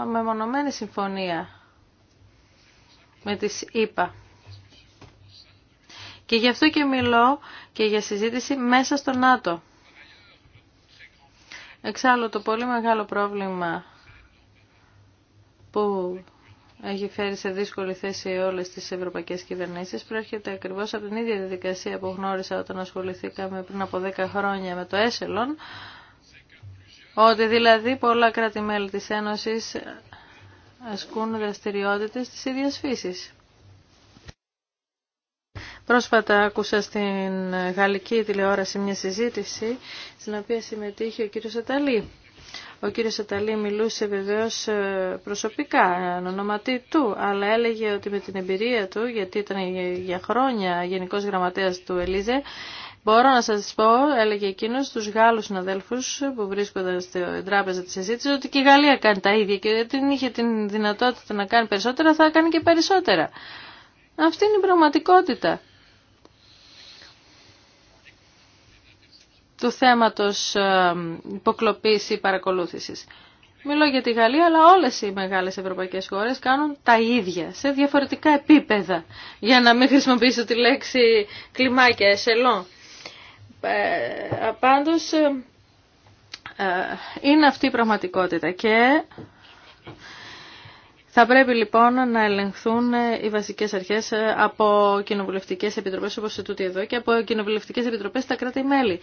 μεμονωμένη συμφωνία με τις ΗΠΑ. Και γι' αυτό και μιλώ και για συζήτηση μέσα στο ΝΑΤΟ. Εξάλλου το πολύ μεγάλο πρόβλημα που έχει φέρει σε δύσκολη θέση όλες τις ευρωπαϊκές κυβερνήσεις. Προέρχεται ακριβώς από την ίδια διαδικασία που γνώρισα όταν ασχοληθήκαμε πριν από 10 χρόνια με το Έσελον, ότι δηλαδή πολλά κράτη-μέλη της Ένωσης ασκούν δραστηριότητε τη ίδια φύση. Πρόσφατα άκουσα στην γαλλική τηλεόραση μια συζήτηση στην οποία συμμετείχε ο κύριος Αταλή ο κύριος Αταλή μιλούσε βεβαίως ε, προσωπικά, ονοματή του, αλλά έλεγε ότι με την εμπειρία του, γιατί ήταν για χρόνια γενικός γραμματέας του Ελίζε, Μπορώ να σας πω, έλεγε εκείνος, στους Γάλλους συναδέλφους που βρίσκονταν στην τράπεζα της συζήτηση ότι και η Γαλλία κάνει τα ίδια και ότι την είχε την δυνατότητα να κάνει περισσότερα, θα κάνει και περισσότερα. Αυτή είναι η πραγματικότητα. του θέματος ε, υποκλοπής ή παρακολούθησης. Μιλώ για τη Γαλλία, αλλά όλες οι μεγάλες ευρωπαϊκές χώρες κάνουν τα ίδια, σε διαφορετικά επίπεδα, για να μην χρησιμοποιήσω τη λέξη κλιμάκια, εσελό. Ε, απάντως, ε, είναι αυτή η πραγματικότητα και θα πρέπει λοιπόν να ελεγχθούν οι βασικές αρχές από κοινοβουλευτικές επιτροπές όπως σε τούτη εδώ και από κοινοβουλευτικές επιτροπές στα κράτη-μέλη.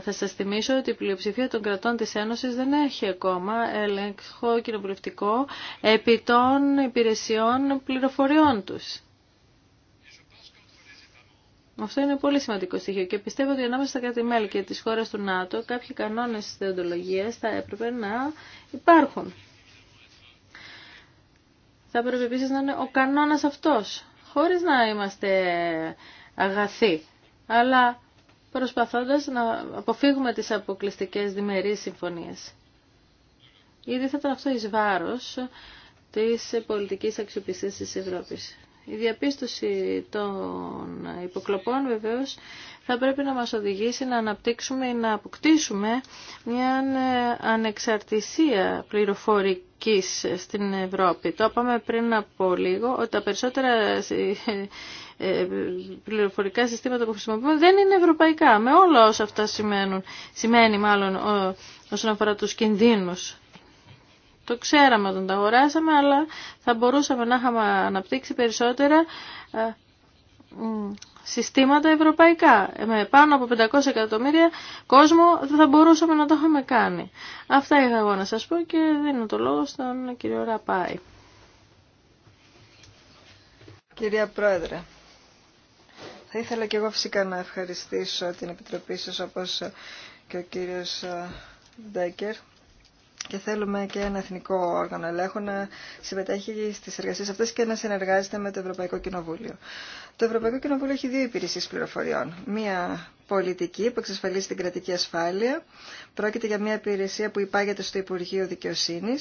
Θα σας θυμίσω ότι η πλειοψηφία των κρατών της Ένωσης δεν έχει ακόμα έλεγχο κοινοβουλευτικό επί των υπηρεσιών πληροφοριών τους. Αυτό είναι πολύ σημαντικό στοιχείο και πιστεύω ότι ανάμεσα στα κράτη-μέλη και τις χώρες του ΝΑΤΟ κάποιοι κανόνες δεοντολογίας θα έπρεπε να υπάρχουν θα πρέπει επίσης να είναι ο κανόνας αυτός, χωρίς να είμαστε αγαθοί, αλλά προσπαθώντας να αποφύγουμε τις αποκλειστικές διμερείς συμφωνίες. Ήδη θα ήταν αυτό εις βάρος της πολιτικής αξιοπιστίας της Ευρώπης. Η διαπίστωση των υποκλοπών βεβαίως θα πρέπει να μας οδηγήσει να αναπτύξουμε ή να αποκτήσουμε μια ανεξαρτησία πληροφορική στην Ευρώπη. Το είπαμε πριν από λίγο ότι τα περισσότερα ε, πληροφορικά συστήματα που χρησιμοποιούμε δεν είναι ευρωπαϊκά. Με όλα όσα αυτά σημαίνουν, σημαίνει μάλλον όσον αφορά τους κινδύνους. Το ξέραμε όταν τα αγοράσαμε, αλλά θα μπορούσαμε να είχαμε αναπτύξει περισσότερα ε, συστήματα ευρωπαϊκά. Με πάνω από 500 εκατομμύρια κόσμο δεν θα μπορούσαμε να το είχαμε κάνει. Αυτά είχα εγώ να σας πω και δίνω το λόγο στον κύριο Ραπάη. Κυρία Πρόεδρε, θα ήθελα και εγώ φυσικά να ευχαριστήσω την Επιτροπή σας όπως και ο κύριος Ντέκερ και θέλουμε και ένα εθνικό όργανο ελέγχου να συμμετέχει στι εργασίε αυτέ και να συνεργάζεται με το Ευρωπαϊκό Κοινοβούλιο. Το Ευρωπαϊκό Κοινοβούλιο έχει δύο υπηρεσίε πληροφοριών. Μία πολιτική που εξασφαλίζει την κρατική ασφάλεια. Πρόκειται για μια υπηρεσία που υπάγεται στο Υπουργείο Δικαιοσύνη.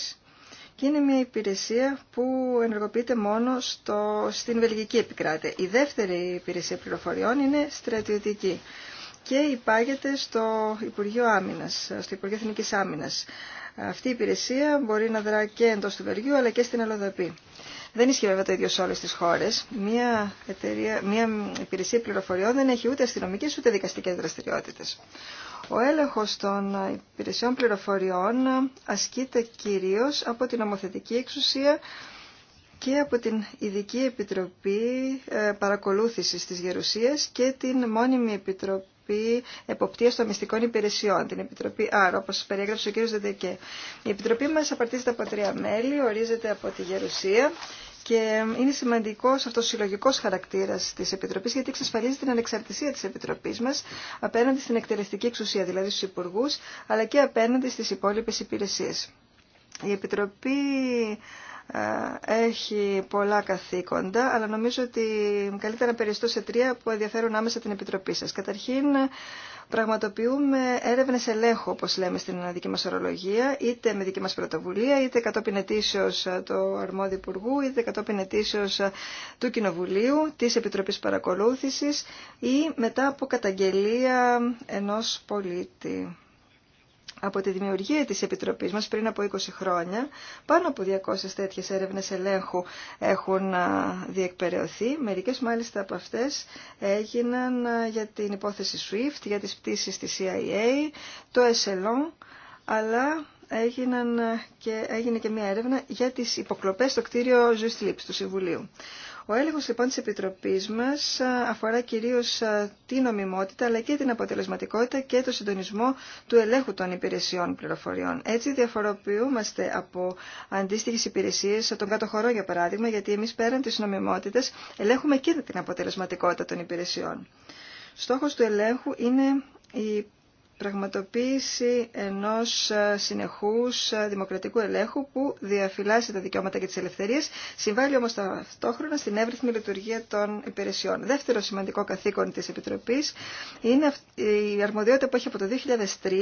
Και είναι μια υπηρεσία που ενεργοποιείται μόνο στο, στην Βελγική επικράτεια. Η δεύτερη υπηρεσία πληροφοριών είναι στρατιωτική και υπάγεται στο Υπουργείο Άμυνας, στο Υπουργείο Εθνικής Άμυνας. Αυτή η υπηρεσία μπορεί να δρά και εντό του Βελγίου αλλά και στην Ελλοδοπή. Δεν ισχύει βέβαια το ίδιο σε όλε τι χώρε. Μία, μία υπηρεσία πληροφοριών δεν έχει ούτε αστυνομικέ ούτε δικαστικέ δραστηριότητε. Ο έλεγχο των υπηρεσιών πληροφοριών ασκείται κυρίω από την νομοθετική εξουσία και από την Ειδική Επιτροπή ε, Παρακολούθησης της Γερουσίας και την Μόνιμη Επιτροπή Επιτροπή Εποπτεία των Μυστικών Υπηρεσιών, την Επιτροπή ΆΡΟ, όπω περιέγραψε ο κ. Δεντεκέ. Η Επιτροπή μα απαρτίζεται από τρία μέλη, ορίζεται από τη Γερουσία και είναι σημαντικό αυτό ο συλλογικό χαρακτήρα τη Επιτροπή, γιατί εξασφαλίζει την ανεξαρτησία τη Επιτροπή μα απέναντι στην εκτελεστική εξουσία, δηλαδή στου υπουργού, αλλά και απέναντι στι υπόλοιπε υπηρεσίε. Η Επιτροπή ε, έχει πολλά καθήκοντα, αλλά νομίζω ότι καλύτερα να περιστώ σε τρία που ενδιαφέρουν άμεσα την Επιτροπή σας. Καταρχήν, πραγματοποιούμε έρευνες ελέγχου, όπως λέμε στην δική μας ορολογία, είτε με δική μας πρωτοβουλία, είτε κατόπιν ετήσεως ε, του αρμόδιου υπουργού, είτε κατόπιν ετήσεως ε, του Κοινοβουλίου, της Επιτροπής Παρακολούθησης ή μετά από καταγγελία ενός πολίτη. Από τη δημιουργία της Επιτροπής μας πριν από 20 χρόνια, πάνω από 200 τέτοιες έρευνες ελέγχου έχουν διεκπαιρεωθεί. Μερικές μάλιστα από αυτές έγιναν για την υπόθεση SWIFT, για τις πτήσεις της CIA, το SLO, αλλά έγιναν και, έγινε και μια έρευνα για τις υποκλοπές στο κτίριο Just Lips του Συμβουλίου. Ο έλεγχος λοιπόν της Επιτροπής μας αφορά κυρίως την νομιμότητα αλλά και την αποτελεσματικότητα και το συντονισμό του ελέγχου των υπηρεσιών πληροφοριών. Έτσι διαφοροποιούμαστε από αντίστοιχε υπηρεσίες των κατοχωρών για παράδειγμα γιατί εμείς πέραν της νομιμότητα ελέγχουμε και την αποτελεσματικότητα των υπηρεσιών. Στόχος του ελέγχου είναι η πραγματοποίηση ενός ε, συνεχούς ε, δημοκρατικού ελέγχου που διαφυλάσσει τα δικαιώματα και τις ελευθερίες, συμβάλλει όμως ταυτόχρονα στην εύρυθμη λειτουργία των υπηρεσιών. Δεύτερο σημαντικό καθήκον της Επιτροπής είναι η αρμοδιότητα που έχει από το 2003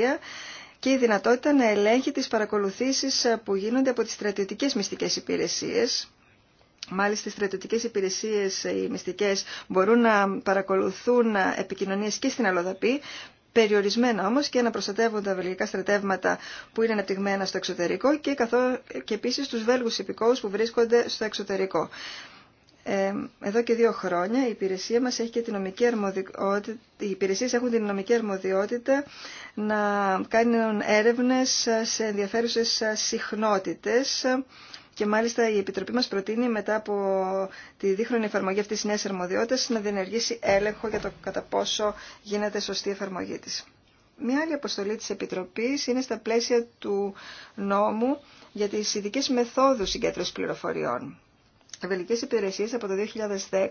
και η δυνατότητα να ελέγχει τις παρακολουθήσεις ε, που γίνονται από τις στρατιωτικές μυστικές υπηρεσίες, Μάλιστα, οι στρατιωτικές υπηρεσίες, οι μυστικές, μπορούν να παρακολουθούν επικοινωνίες και στην Αλοδαπή, περιορισμένα όμως και να προστατεύουν τα βελγικά στρατεύματα που είναι αναπτυγμένα στο εξωτερικό και, καθώς, και επίσης τους βέλγους υπηκόους που βρίσκονται στο εξωτερικό. Ε, εδώ και δύο χρόνια η υπηρεσία μας έχει και νομική αρμοδιότητα, οι υπηρεσίες έχουν την νομική αρμοδιότητα να κάνουν έρευνες σε ενδιαφέρουσες συχνότητες και μάλιστα η Επιτροπή μας προτείνει μετά από τη δίχρονη εφαρμογή αυτής της νέας αρμοδιότητας να διενεργήσει έλεγχο για το κατά πόσο γίνεται σωστή εφαρμογή της. Μια άλλη αποστολή της Επιτροπής είναι στα πλαίσια του νόμου για τις ειδικές μεθόδους συγκέντρωσης πληροφοριών. Οι βελικές υπηρεσίες από το 2010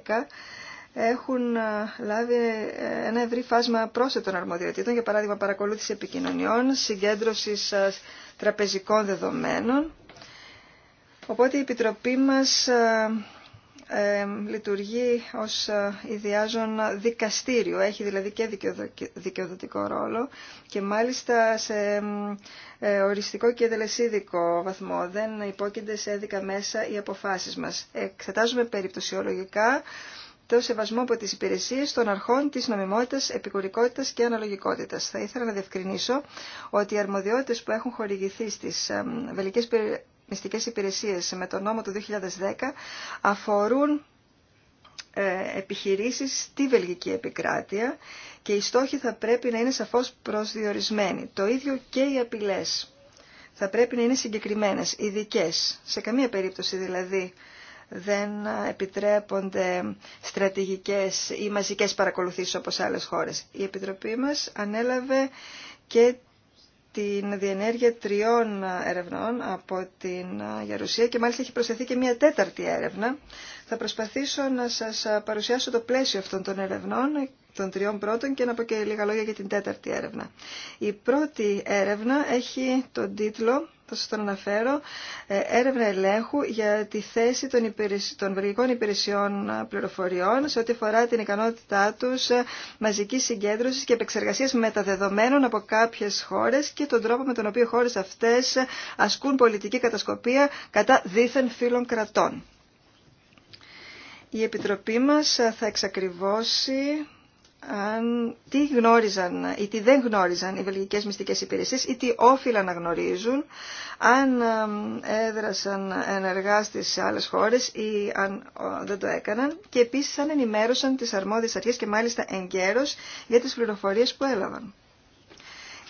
έχουν ε, λάβει ε, ένα ευρύ φάσμα πρόσθετων αρμοδιοτήτων, για παράδειγμα παρακολούθηση επικοινωνιών, συγκέντρωσης ε, τραπεζικών δεδομένων Οπότε η Επιτροπή μας ε, ε, λειτουργεί ως ε, ιδιάζων δικαστήριο. Έχει δηλαδή και δικαιοδοτικό ρόλο και μάλιστα σε οριστικό και τελεσίδικο βαθμό. Δεν υπόκεινται σε έδικα μέσα οι αποφάσεις μας. Εξετάζουμε περιπτωσιολογικά το σεβασμό από τις υπηρεσίες των αρχών της νομιμότητας, επικουρικότητας και αναλογικότητας. Θα ήθελα να διευκρινίσω ότι οι αρμοδιότητες που έχουν χορηγηθεί στις βελικές μυστικές υπηρεσίες με τον νόμο του 2010 αφορούν ε, επιχειρήσεις στη Βελγική επικράτεια και οι στόχοι θα πρέπει να είναι σαφώς προσδιορισμένοι. Το ίδιο και οι απειλές θα πρέπει να είναι συγκεκριμένες, ειδικέ. Σε καμία περίπτωση δηλαδή δεν επιτρέπονται στρατηγικές ή μαζικές παρακολουθήσεις όπως σε άλλες χώρες. Η Επιτροπή μας ανέλαβε και την διενέργεια τριών ερευνών από την Γερουσία και μάλιστα έχει προσθεθεί και μια τέταρτη έρευνα. Θα προσπαθήσω να σας παρουσιάσω το πλαίσιο αυτών των ερευνών, των τριών πρώτων και να πω και λίγα λόγια για την τέταρτη έρευνα. Η πρώτη έρευνα έχει τον τίτλο θα σας τον αναφέρω, ε, έρευνα ελέγχου για τη θέση των, υπηρεσι... των υπηρεσιών ε, πληροφοριών σε ό,τι αφορά την ικανότητά τους ε, μαζικής συγκέντρωσης και επεξεργασίας μεταδεδομένων από κάποιες χώρες και τον τρόπο με τον οποίο χώρες αυτές ασκούν πολιτική κατασκοπία κατά δίθεν φύλων κρατών. Η Επιτροπή μας θα εξακριβώσει αν τι γνώριζαν ή τι δεν γνώριζαν οι βελγικές μυστικές υπηρεσίες ή τι όφυλαν να γνωρίζουν αν έδρασαν ενεργά στις άλλες χώρες ή αν δεν το έκαναν και επίσης αν ενημέρωσαν τις αρμόδιες αρχές και μάλιστα εγκαίρως για τις πληροφορίες που έλαβαν.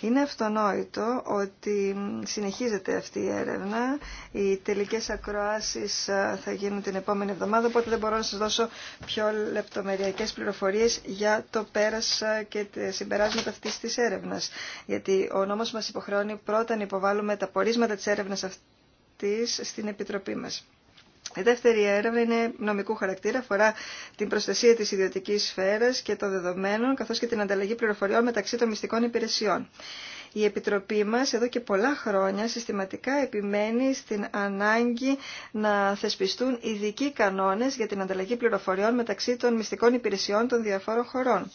Είναι αυτονόητο ότι συνεχίζεται αυτή η έρευνα. Οι τελικές ακροάσεις ε, θα γίνουν την επόμενη εβδομάδα, οπότε δεν μπορώ να σας δώσω πιο λεπτομεριακές πληροφορίες για το πέρας ε, και τα συμπεράσματα αυτής της έρευνας. Γιατί ο νόμος μας υποχρεώνει πρώτα να υποβάλουμε τα πορίσματα της έρευνας αυτής στην Επιτροπή μας. Η δεύτερη έρευνα είναι νομικού χαρακτήρα, αφορά την προστασία της ιδιωτικής σφαίρας και των δεδομένων, καθώς και την ανταλλαγή πληροφοριών μεταξύ των μυστικών υπηρεσιών. Η Επιτροπή μας εδώ και πολλά χρόνια συστηματικά επιμένει στην ανάγκη να θεσπιστούν ειδικοί κανόνες για την ανταλλαγή πληροφοριών μεταξύ των μυστικών υπηρεσιών των διαφόρων χωρών.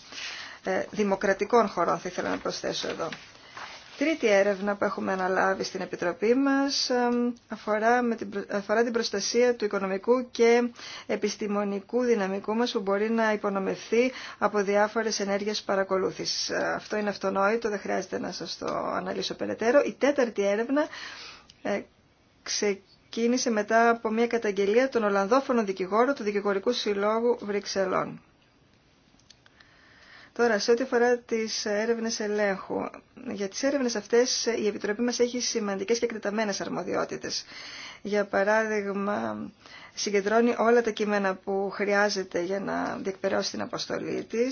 Ε, δημοκρατικών χωρών θα ήθελα να προσθέσω εδώ. Τρίτη έρευνα που έχουμε αναλάβει στην Επιτροπή μας αφορά, με την, αφορά την προστασία του οικονομικού και επιστημονικού δυναμικού μας που μπορεί να υπονομευθεί από διάφορες ενέργειες παρακολούθησης. Ε, αυτό είναι αυτονόητο, δεν χρειάζεται να σας το αναλύσω περαιτέρω. Η τέταρτη έρευνα ε, ξεκίνησε μετά από μια καταγγελία των Ολλανδόφωνων δικηγόρων του Δικηγορικού Συλλόγου Βρυξελών. Τώρα, σε ό,τι αφορά τι έρευνε ελέγχου, για τι έρευνε αυτέ, η Επιτροπή μα έχει σημαντικέ και εκτεταμένε αρμοδιότητε. Για παράδειγμα, συγκεντρώνει όλα τα κείμενα που χρειάζεται για να διεκπαιρεώσει την αποστολή τη.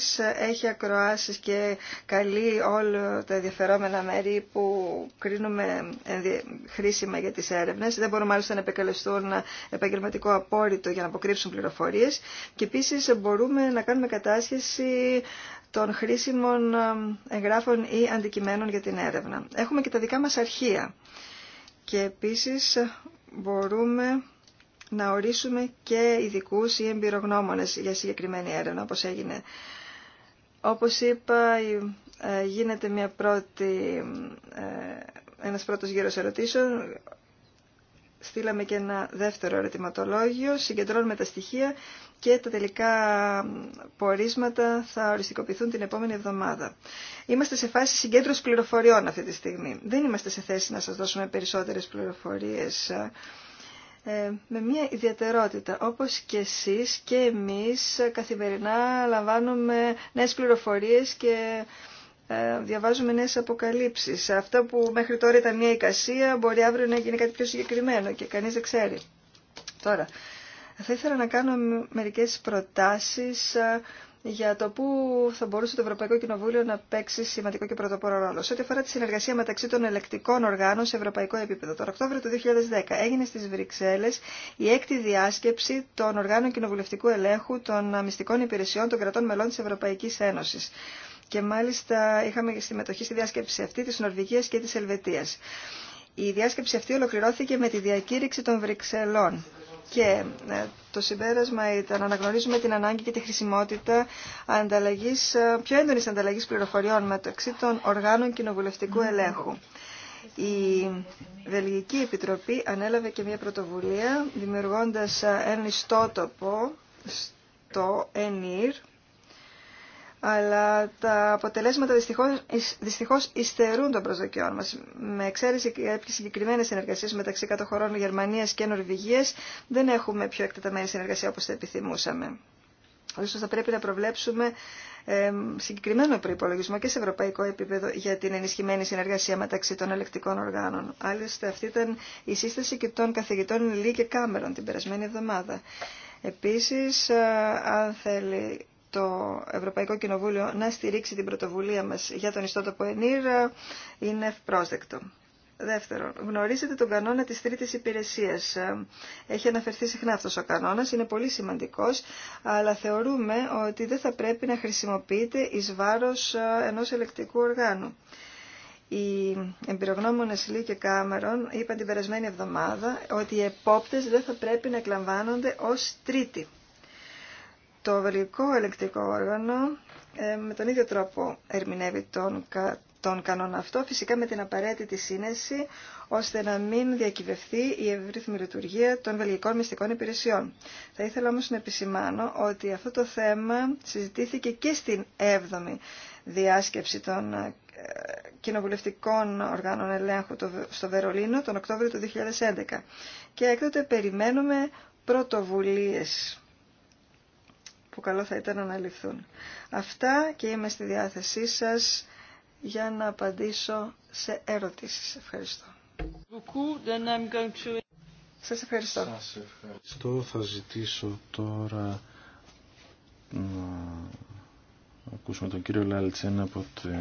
Έχει ακροάσει και καλεί όλα τα ενδιαφερόμενα μέρη που κρίνουμε χρήσιμα για τι έρευνε. Δεν μπορούν μάλιστα να επεκαλεστούν επαγγελματικό απόρριτο για να αποκρύψουν πληροφορίε. Και επίση μπορούμε να κάνουμε κατάσχεση των χρήσιμων εγγράφων ή αντικειμένων για την έρευνα. Έχουμε και τα δικά μας αρχεία και επίσης ε, μπορούμε να ορίσουμε και ειδικού ή εμπειρογνώμονες για συγκεκριμένη έρευνα, όπως έγινε. Όπως είπα, ε, γίνεται μια πρώτη, ε, ένας πρώτος γύρος ερωτήσεων στείλαμε και ένα δεύτερο ερωτηματολόγιο, συγκεντρώνουμε τα στοιχεία και τα τελικά πορίσματα θα οριστικοποιηθούν την επόμενη εβδομάδα. Είμαστε σε φάση συγκέντρωση πληροφοριών αυτή τη στιγμή. Δεν είμαστε σε θέση να σας δώσουμε περισσότερες πληροφορίες ε, με μια ιδιαιτερότητα. Όπως και εσείς και εμείς καθημερινά λαμβάνουμε νέες πληροφορίες και ε, διαβάζουμε νέες αποκαλύψεις. Αυτό που μέχρι τώρα ήταν μια εικασία μπορεί αύριο να γίνει κάτι πιο συγκεκριμένο και κανείς δεν ξέρει. Τώρα, θα ήθελα να κάνω μερικές προτάσεις ε, για το πού θα μπορούσε το Ευρωπαϊκό Κοινοβούλιο να παίξει σημαντικό και πρωτοπόρο ρόλο. Σε ό,τι αφορά τη συνεργασία μεταξύ των ελεκτικών οργάνων σε ευρωπαϊκό επίπεδο. Τον Οκτώβριο του 2010 έγινε στι Βρυξέλλε η έκτη διάσκεψη των οργάνων κοινοβουλευτικού ελέγχου των μυστικών υπηρεσιών των κρατών μελών τη Ευρωπαϊκή Ένωση και μάλιστα είχαμε συμμετοχή στη διάσκεψη αυτή της Νορβηγίας και της Ελβετίας. Η διάσκεψη αυτή ολοκληρώθηκε με τη διακήρυξη των Βρυξελών και ε, το συμπέρασμα ήταν να αναγνωρίζουμε την ανάγκη και τη χρησιμότητα ανταλλαγής, ε, πιο έντονης ανταλλαγής πληροφοριών μεταξύ των οργάνων κοινοβουλευτικού ελέγχου. Η Βελγική Επιτροπή ανέλαβε και μια πρωτοβουλία δημιουργώντας ε, ένα ιστότοπο στο ΕΝΙΡ αλλά τα αποτελέσματα δυστυχώς, δυστυχώς υστερούν των προσδοκιών μας. Με εξαίρεση κάποιες συγκεκριμένες συνεργασίες μεταξύ κατοχωρών Γερμανίας και Νορβηγίας δεν έχουμε πιο εκτεταμένη συνεργασία όπως θα επιθυμούσαμε. Ωστόσο θα πρέπει να προβλέψουμε συγκεκριμένο προπολογισμό και σε ευρωπαϊκό επίπεδο για την ενισχυμένη συνεργασία μεταξύ των ελεκτικών οργάνων. Άλλωστε αυτή ήταν η σύσταση και των καθηγητών Λί και Κάμερον την περασμένη εβδομάδα. Επίσης, αν θέλει το Ευρωπαϊκό Κοινοβούλιο να στηρίξει την πρωτοβουλία μας για τον ιστότοπο ΕΝΗΡ είναι ευπρόσδεκτο. Δεύτερον, γνωρίζετε τον κανόνα της τρίτης υπηρεσίας. Έχει αναφερθεί συχνά αυτός ο κανόνας, είναι πολύ σημαντικός, αλλά θεωρούμε ότι δεν θα πρέπει να χρησιμοποιείται εις βάρος ε, ενός ελεκτικού οργάνου. Οι εμπειρογνώμονες Λί και Κάμερον είπαν την περασμένη εβδομάδα ότι οι επόπτες δεν θα πρέπει να εκλαμβάνονται ως τρίτη. Το βελγικό Ελεκτρικό όργανο ε, με τον ίδιο τρόπο ερμηνεύει τον, τον κανόνα αυτό, φυσικά με την απαραίτητη σύνεση, ώστε να μην διακυβευτεί η ευρύθμη λειτουργία των βελγικών μυστικών υπηρεσιών. Θα ήθελα όμως να επισημάνω ότι αυτό το θέμα συζητήθηκε και στην 7η διάσκεψη των ε, κοινοβουλευτικών οργάνων ελέγχου στο Βερολίνο τον Οκτώβριο του 2011. Και έκτοτε περιμένουμε πρωτοβουλίες που καλό θα ήταν να αναλυφθούν. Αυτά και είμαι στη διάθεσή σας για να απαντήσω σε ερωτήσεις. Ευχαριστώ. Σας ευχαριστώ. Σας ευχαριστώ. Θα ζητήσω τώρα να ακούσουμε τον κύριο Λάλτσεν από την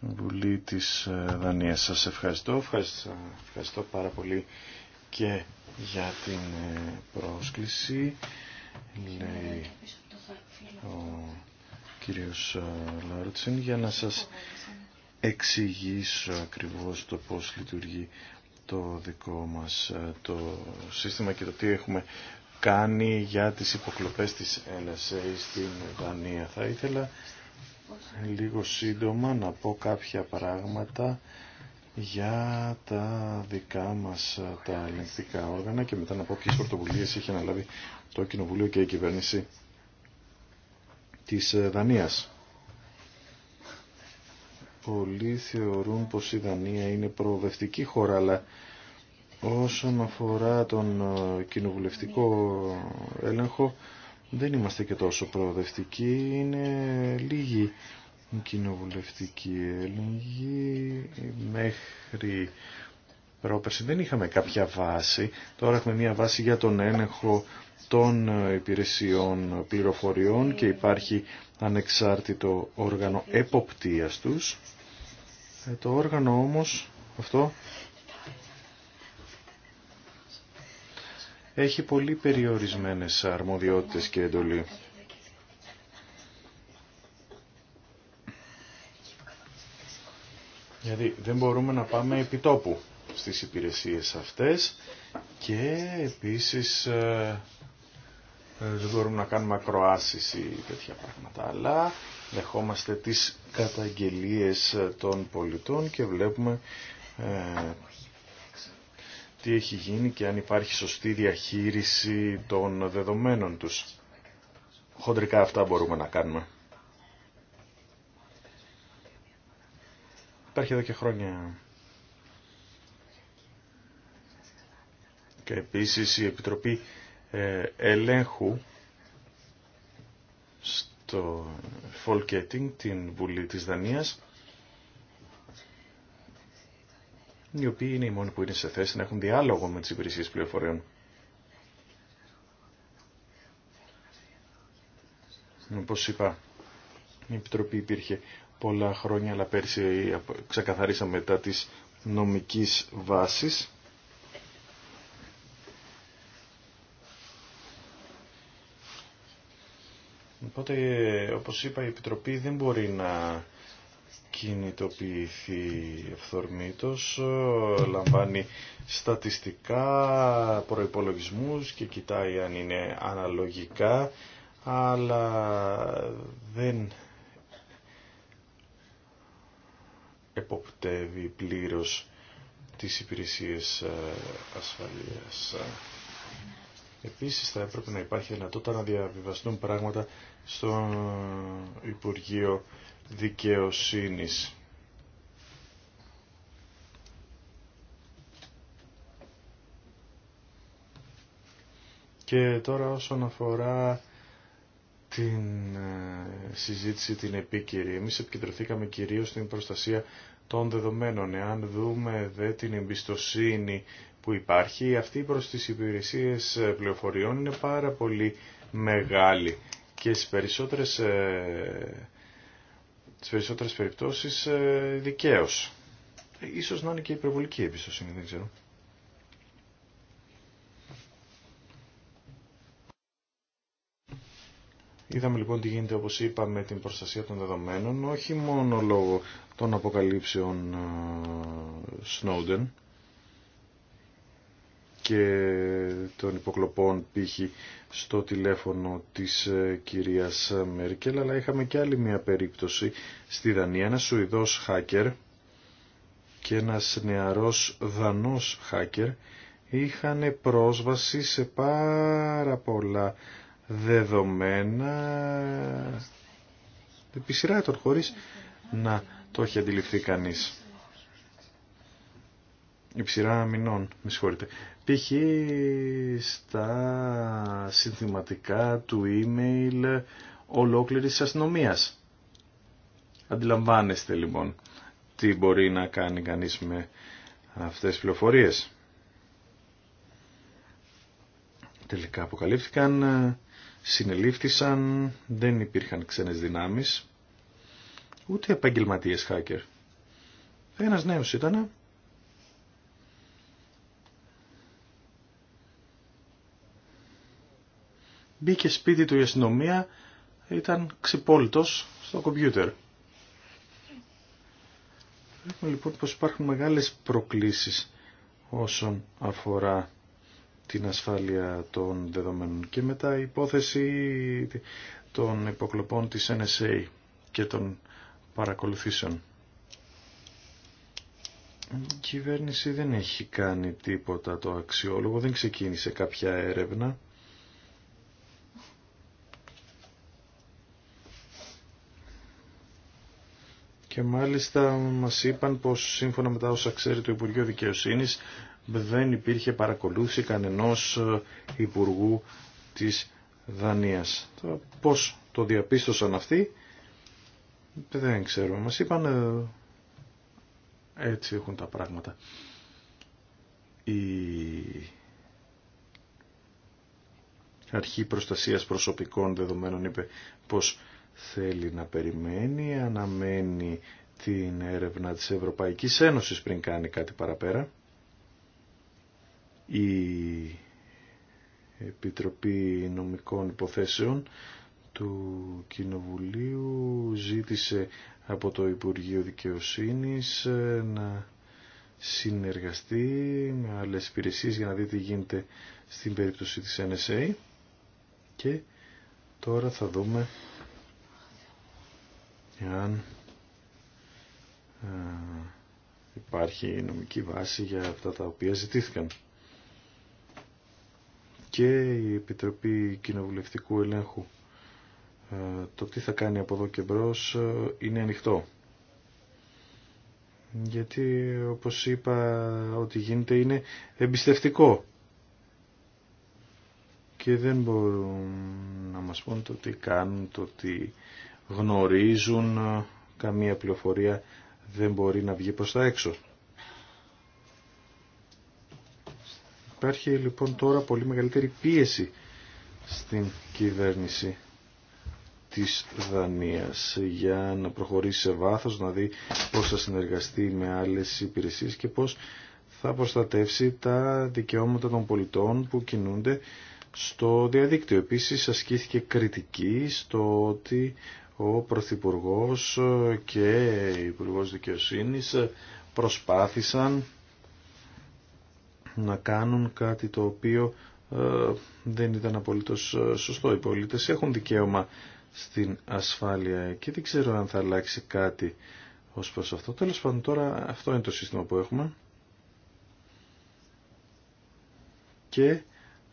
Βουλή της ε, Δανίας. Σας ευχαριστώ. Ευχαριστώ, ευχαριστώ πάρα πολύ και για την ε, πρόσκληση λέει ο κύριος ε, Λάρτσιν, για να σας εξηγήσω ακριβώς το πώς λειτουργεί το δικό μας ε, το σύστημα και το τι έχουμε κάνει για τις υποκλοπές της NSA στην Δανία. Θα ήθελα λίγο σύντομα να πω κάποια πράγματα για τα δικά μας ε, τα ελεγκτικά όργανα και μετά να πω ποιες πρωτοβουλίες έχει αναλάβει το Κοινοβουλίο και η κυβέρνηση της ε, Δανίας. Πολλοί θεωρούν πως η Δανία είναι προοδευτική χώρα, αλλά όσον αφορά τον ε, κοινοβουλευτικό έλεγχο δεν είμαστε και τόσο προοδευτικοί, είναι λίγοι κοινοβουλευτικοί έλεγχοι μέχρι πρόπερση δεν είχαμε κάποια βάση. Τώρα έχουμε μια βάση για τον έλεγχο των ε, υπηρεσιών πληροφοριών και υπάρχει ανεξάρτητο όργανο εποπτείας τους. Ε, το όργανο όμως αυτό έχει πολύ περιορισμένες αρμοδιότητες και εντολή. Δηλαδή δεν μπορούμε να πάμε επιτόπου στις υπηρεσίες αυτές και επίσης ε, ε, δεν μπορούμε να κάνουμε ακροάσεις ή τέτοια πράγματα, αλλά δεχόμαστε τις καταγγελίες ε, των πολιτών και βλέπουμε τι έχει γίνει και αν υπάρχει σωστή διαχείριση των δεδομένων τους. Χοντρικά αυτά μπορούμε να κάνουμε. Υπάρχει εδώ και χρόνια Και επίσης η Επιτροπή ε, Ελέγχου στο Φολκέτινγκ, την Βουλή της Δανίας, οι οποίοι είναι οι μόνοι που είναι σε θέση να έχουν διάλογο με τις υπηρεσίες πληροφοριών. Όπως είπα, η Επιτροπή υπήρχε πολλά χρόνια, αλλά πέρσι ξεκαθαρίσαμε μετά της νομικής βάσης. Οπότε, όπως είπα, η Επιτροπή δεν μπορεί να κινητοποιηθεί ευθορμήτως, λαμβάνει στατιστικά προϋπολογισμούς και κοιτάει αν είναι αναλογικά, αλλά δεν εποπτεύει πλήρως τις υπηρεσίες ε, ασφαλείας. Επίσης θα έπρεπε να υπάρχει δυνατότητα να διαβιβαστούν πράγματα στο Υπουργείο Δικαιοσύνης. Και τώρα όσον αφορά την ε, συζήτηση την επίκυρη. εμείς επικεντρωθήκαμε κυρίως στην προστασία των δεδομένων. Εάν δούμε δε την εμπιστοσύνη που υπάρχει, αυτή προς τις υπηρεσίες ε, πληροφοριών είναι πάρα πολύ μεγάλη. Και στις περισσότερες, ε, περισσότερες περιπτώσεις ε, δικαίως. Ε, ίσως να είναι και υπερβολική εμπιστοσύνη, δεν ξέρω. Είδαμε λοιπόν τι γίνεται όπως είπα με την προστασία των δεδομένων, όχι μόνο λόγω των αποκαλύψεων ε, Snowden, και των υποκλοπών π.χ. στο τηλέφωνο της ε, κυρίας Μέρκελ, αλλά είχαμε και άλλη μια περίπτωση στη Δανία, ένας Σουηδός χάκερ και ένας νεαρός Δανός χάκερ είχαν πρόσβαση σε πάρα πολλά δεδομένα επί σειρά των χωρίς να το έχει αντιληφθεί κανείς. Η μηνών, με συγχωρείτε π.χ. στα συνθηματικά του email ολόκληρης της αστυνομίας. Αντιλαμβάνεστε λοιπόν τι μπορεί να κάνει κανείς με αυτές τις πληροφορίες. Τελικά αποκαλύφθηκαν, συνελήφθησαν, δεν υπήρχαν ξένες δυνάμεις, ούτε επαγγελματίες hacker. Ένας νέος ήταν Μπήκε σπίτι του η αστυνομία, ήταν ξυπόλυτος στο κομπιούτερ. Βλέπουμε λοιπόν πως υπάρχουν μεγάλες προκλήσεις όσον αφορά την ασφάλεια των δεδομένων και μετά η υπόθεση των υποκλοπών της NSA και των παρακολουθήσεων. Η κυβέρνηση δεν έχει κάνει τίποτα το αξιόλογο, δεν ξεκίνησε κάποια έρευνα. Και μάλιστα μας είπαν πως σύμφωνα με τα όσα ξέρει το Υπουργείο Δικαιοσύνης δεν υπήρχε παρακολούθηση κανενός ε, Υπουργού της Δανίας. Πώς το διαπίστωσαν αυτοί δεν ξέρω. Μας είπαν ε, έτσι έχουν τα πράγματα. Η αρχή προστασίας προσωπικών δεδομένων είπε πως το διαπιστωσαν αυτοι δεν ξερω μας ειπαν ετσι εχουν τα πραγματα η αρχη προστασιας προσωπικων δεδομενων ειπε πως θέλει να περιμένει, αναμένει την έρευνα της Ευρωπαϊκής Ένωσης πριν κάνει κάτι παραπέρα. Η Επιτροπή Νομικών Υποθέσεων του Κοινοβουλίου ζήτησε από το Υπουργείο Δικαιοσύνης ε, να συνεργαστεί με άλλες υπηρεσίες για να δει τι γίνεται στην περίπτωση της NSA και τώρα θα δούμε εάν ε, υπάρχει νομική βάση για αυτά τα οποία ζητήθηκαν. Και η Επιτροπή Κοινοβουλευτικού Ελέγχου ε, το τι θα κάνει από εδώ και μπρος ε, είναι ανοιχτό. Γιατί όπως είπα ό,τι γίνεται είναι εμπιστευτικό και δεν μπορούν να μας πούν το τι κάνουν, το τι γνωρίζουν καμία πληροφορία δεν μπορεί να βγει προς τα έξω. Υπάρχει λοιπόν τώρα πολύ μεγαλύτερη πίεση στην κυβέρνηση της Δανίας για να προχωρήσει σε βάθος, να δει πώς θα συνεργαστεί με άλλες υπηρεσίες και πώς θα προστατεύσει τα δικαιώματα των πολιτών που κινούνται στο διαδίκτυο. Επίσης ασκήθηκε κριτική στο ότι ο Πρωθυπουργό και Υπουργό Δικαιοσύνη προσπάθησαν να κάνουν κάτι το οποίο ε, δεν ήταν απολύτως ε, σωστό. Οι πολίτες έχουν δικαίωμα στην ασφάλεια και δεν ξέρω αν θα αλλάξει κάτι ως προς αυτό. Τέλος πάντων τώρα αυτό είναι το σύστημα που έχουμε και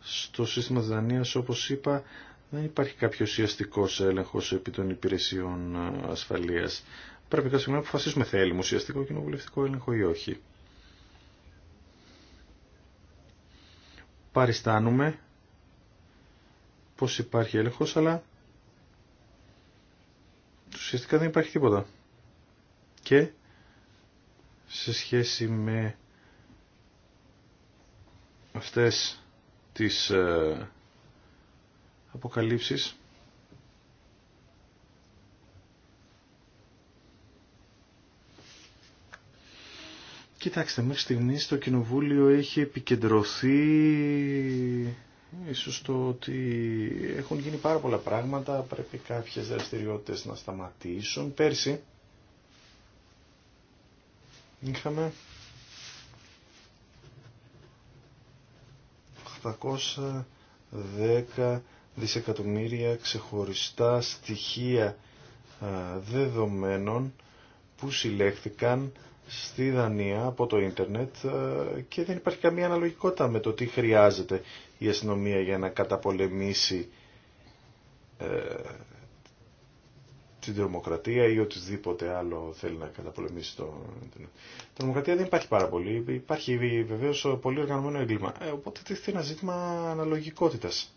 στο σύστημα της Δανίας όπως είπα δεν υπάρχει κάποιο ουσιαστικό έλεγχο επί των υπηρεσιών ε, ασφαλεία. Πρέπει κάποια στιγμή να αποφασίσουμε θέλουμε ουσιαστικό κοινοβουλευτικό έλεγχο ή όχι. Παριστάνουμε πως υπάρχει έλεγχος, αλλά ουσιαστικά δεν υπάρχει τίποτα. Και σε σχέση με αυτές τις ε, αποκαλύψεις. Κοιτάξτε, μέχρι στιγμής το Κοινοβούλιο έχει επικεντρωθεί ίσως το ότι έχουν γίνει πάρα πολλά πράγματα, πρέπει κάποιες δραστηριότητες να σταματήσουν. Πέρσι είχαμε 810 δισεκατομμύρια ξεχωριστά στοιχεία ε, δεδομένων που συλλέχθηκαν στη Δανία από το ίντερνετ ε, και δεν υπάρχει καμία αναλογικότητα με το τι χρειάζεται η αστυνομία για να καταπολεμήσει ε, την τρομοκρατία ή οτιδήποτε άλλο θέλει να καταπολεμήσει το ίντερνετ. Η τρομοκρατία δεν υπάρχει πάρα πολύ. Υπάρχει βεβαίω πολύ οργανωμένο έγκλημα. Ε, οπότε τίθεται ένα ζήτημα αναλογικότητας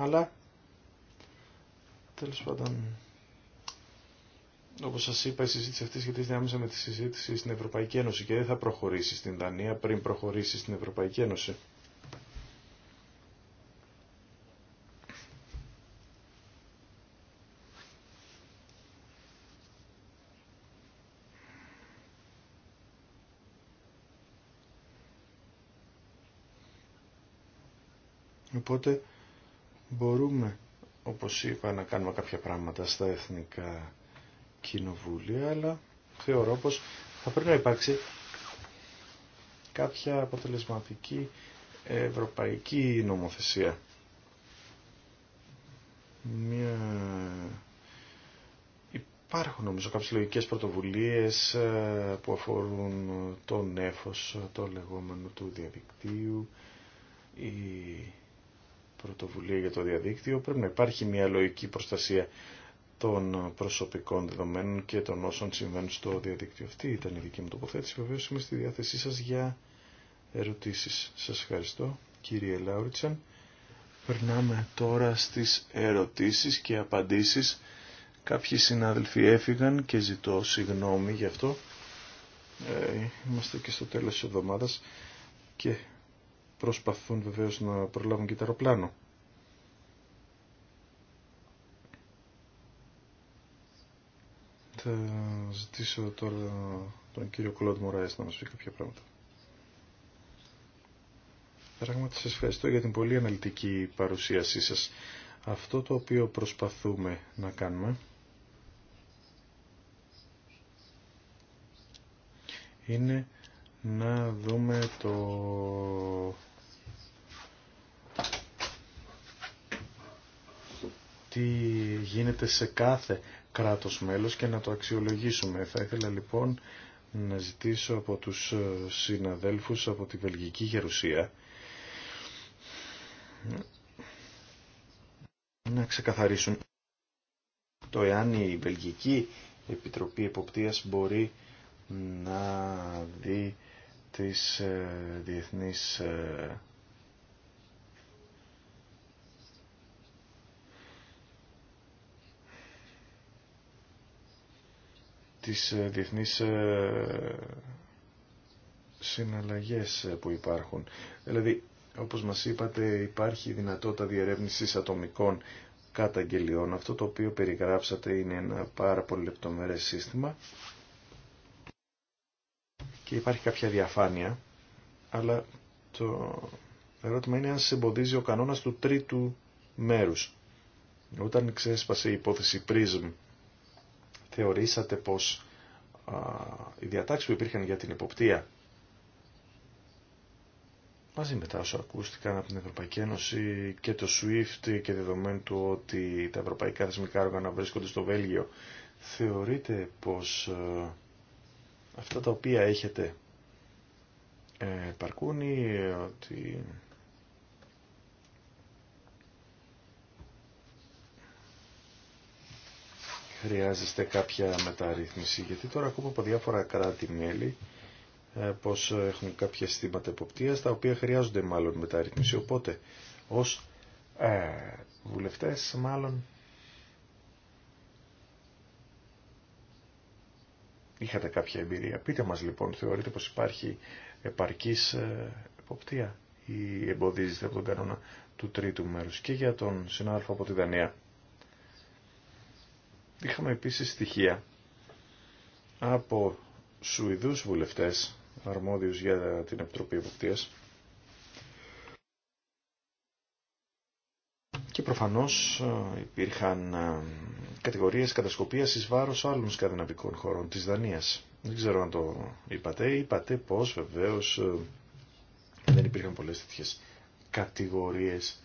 αλλά τέλος πάντων όπως σας είπα η συζήτηση αυτή σχετίζεται άμεσα με τη συζήτηση στην Ευρωπαϊκή Ένωση και δεν θα προχωρήσει στην Δανία πριν προχωρήσει στην Ευρωπαϊκή Ένωση. Οπότε Μπορούμε, όπως είπα, να κάνουμε κάποια πράγματα στα εθνικά κοινοβούλια, αλλά θεωρώ πως θα πρέπει να υπάρξει κάποια αποτελεσματική ευρωπαϊκή νομοθεσία. Μια... Υπάρχουν νομίζω κάποιες λογικές πρωτοβουλίες ε, που αφορούν τον νέφος, το λεγόμενο του διαδικτύου, η πρωτοβουλία για το διαδίκτυο, πρέπει να υπάρχει μια λογική προστασία των προσωπικών δεδομένων και των όσων συμβαίνουν στο διαδίκτυο. Αυτή ήταν η δική μου τοποθέτηση. Βεβαίως είμαι στη διάθεσή σας για ερωτήσεις. Σας ευχαριστώ κύριε Λάουριτσαν. Περνάμε τώρα στις ερωτήσεις και απαντήσεις. Κάποιοι συνάδελφοι έφυγαν και ζητώ συγγνώμη γι' αυτό. Ε, είμαστε και στο τέλος της εβδομάδας και προσπαθούν βεβαίως να προλάβουν και το αεροπλάνο. Θα ζητήσω τώρα τον κύριο Κλοντ Μωράες να μας πει κάποια πράγματα. Πράγματι σας ευχαριστώ για την πολύ αναλυτική παρουσίασή σας. Αυτό το οποίο προσπαθούμε να κάνουμε είναι να δούμε το τι γίνεται σε κάθε κράτος μέλος και να το αξιολογήσουμε. Θα ήθελα λοιπόν να ζητήσω από τους ε, συναδέλφους από τη Βελγική Γερουσία να ξεκαθαρίσουν το εάν η Βελγική Επιτροπή Εποπτείας μπορεί να δει της ε, διεθνής ε, τις ε, διεθνείς συναλλαγές που υπάρχουν. Δηλαδή, όπως μας είπατε, υπάρχει δυνατότητα διερεύνησης ατομικών καταγγελιών. Αυτό το οποίο περιγράψατε είναι ένα πάρα πολύ λεπτομερές σύστημα και υπάρχει κάποια διαφάνεια, αλλά το ερώτημα είναι αν σε εμποδίζει ο κανόνας του τρίτου μέρους. Όταν ξέσπασε η υπόθεση PRISM, θεωρήσατε πως α, οι διατάξεις που υπήρχαν για την υποπτία μαζί με τα όσα ακούστηκαν από την Ευρωπαϊκή Ένωση και το SWIFT και δεδομένου του ότι τα ευρωπαϊκά θεσμικά όργανα βρίσκονται στο Βέλγιο, θεωρείτε πως αυτά τα οποία έχετε ε, παρκούνι, ότι χρειάζεστε κάποια μεταρρύθμιση, γιατί τώρα ακούμε από διάφορα κράτη-μέλη ε, πως έχουν κάποια συστήματα εποπτείας, τα οποία χρειάζονται μάλλον μεταρρύθμιση, οπότε ως ε, βουλευτές μάλλον είχατε κάποια εμπειρία. Πείτε μας λοιπόν, θεωρείτε πως υπάρχει επαρκής ε, εποπτεία ή εμποδίζεται από τον κανόνα του τρίτου μέρους και για τον συνάδελφο από τη Δανία. Είχαμε επίσης στοιχεία από Σουηδούς βουλευτές αρμόδιους για την Επιτροπή Εποπτείας και προφανώς ε, υπήρχαν ε, κατηγορίες κατασκοπία ει βάρος άλλων σκανδιναβικών χωρών της Δανίας. Δεν ξέρω αν το είπατε. Είπατε πως βεβαίως ε, δεν υπήρχαν πολλές τέτοιε κατηγορίες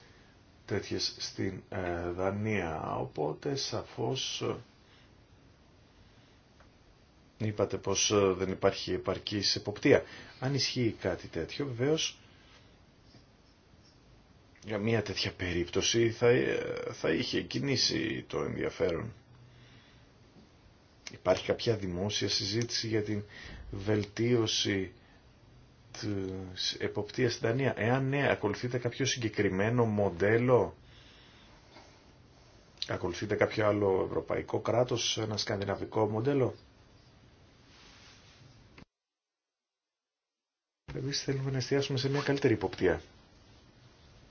τέτοιε στην ε, Δανία. Οπότε σαφώς ε, είπατε πως δεν υπάρχει επαρκής εποπτεία. Αν ισχύει κάτι τέτοιο βεβαίως για μια τέτοια περίπτωση θα, ε, θα είχε κινήσει το ενδιαφέρον. Υπάρχει κάποια δημόσια συζήτηση για την βελτίωση της εποπτείας στην Δανία. Εάν ναι, ακολουθείτε κάποιο συγκεκριμένο μοντέλο, ακολουθείτε κάποιο άλλο ευρωπαϊκό κράτος, ένα σκανδιναβικό μοντέλο. Εμείς θέλουμε να εστιάσουμε σε μια καλύτερη υποπτία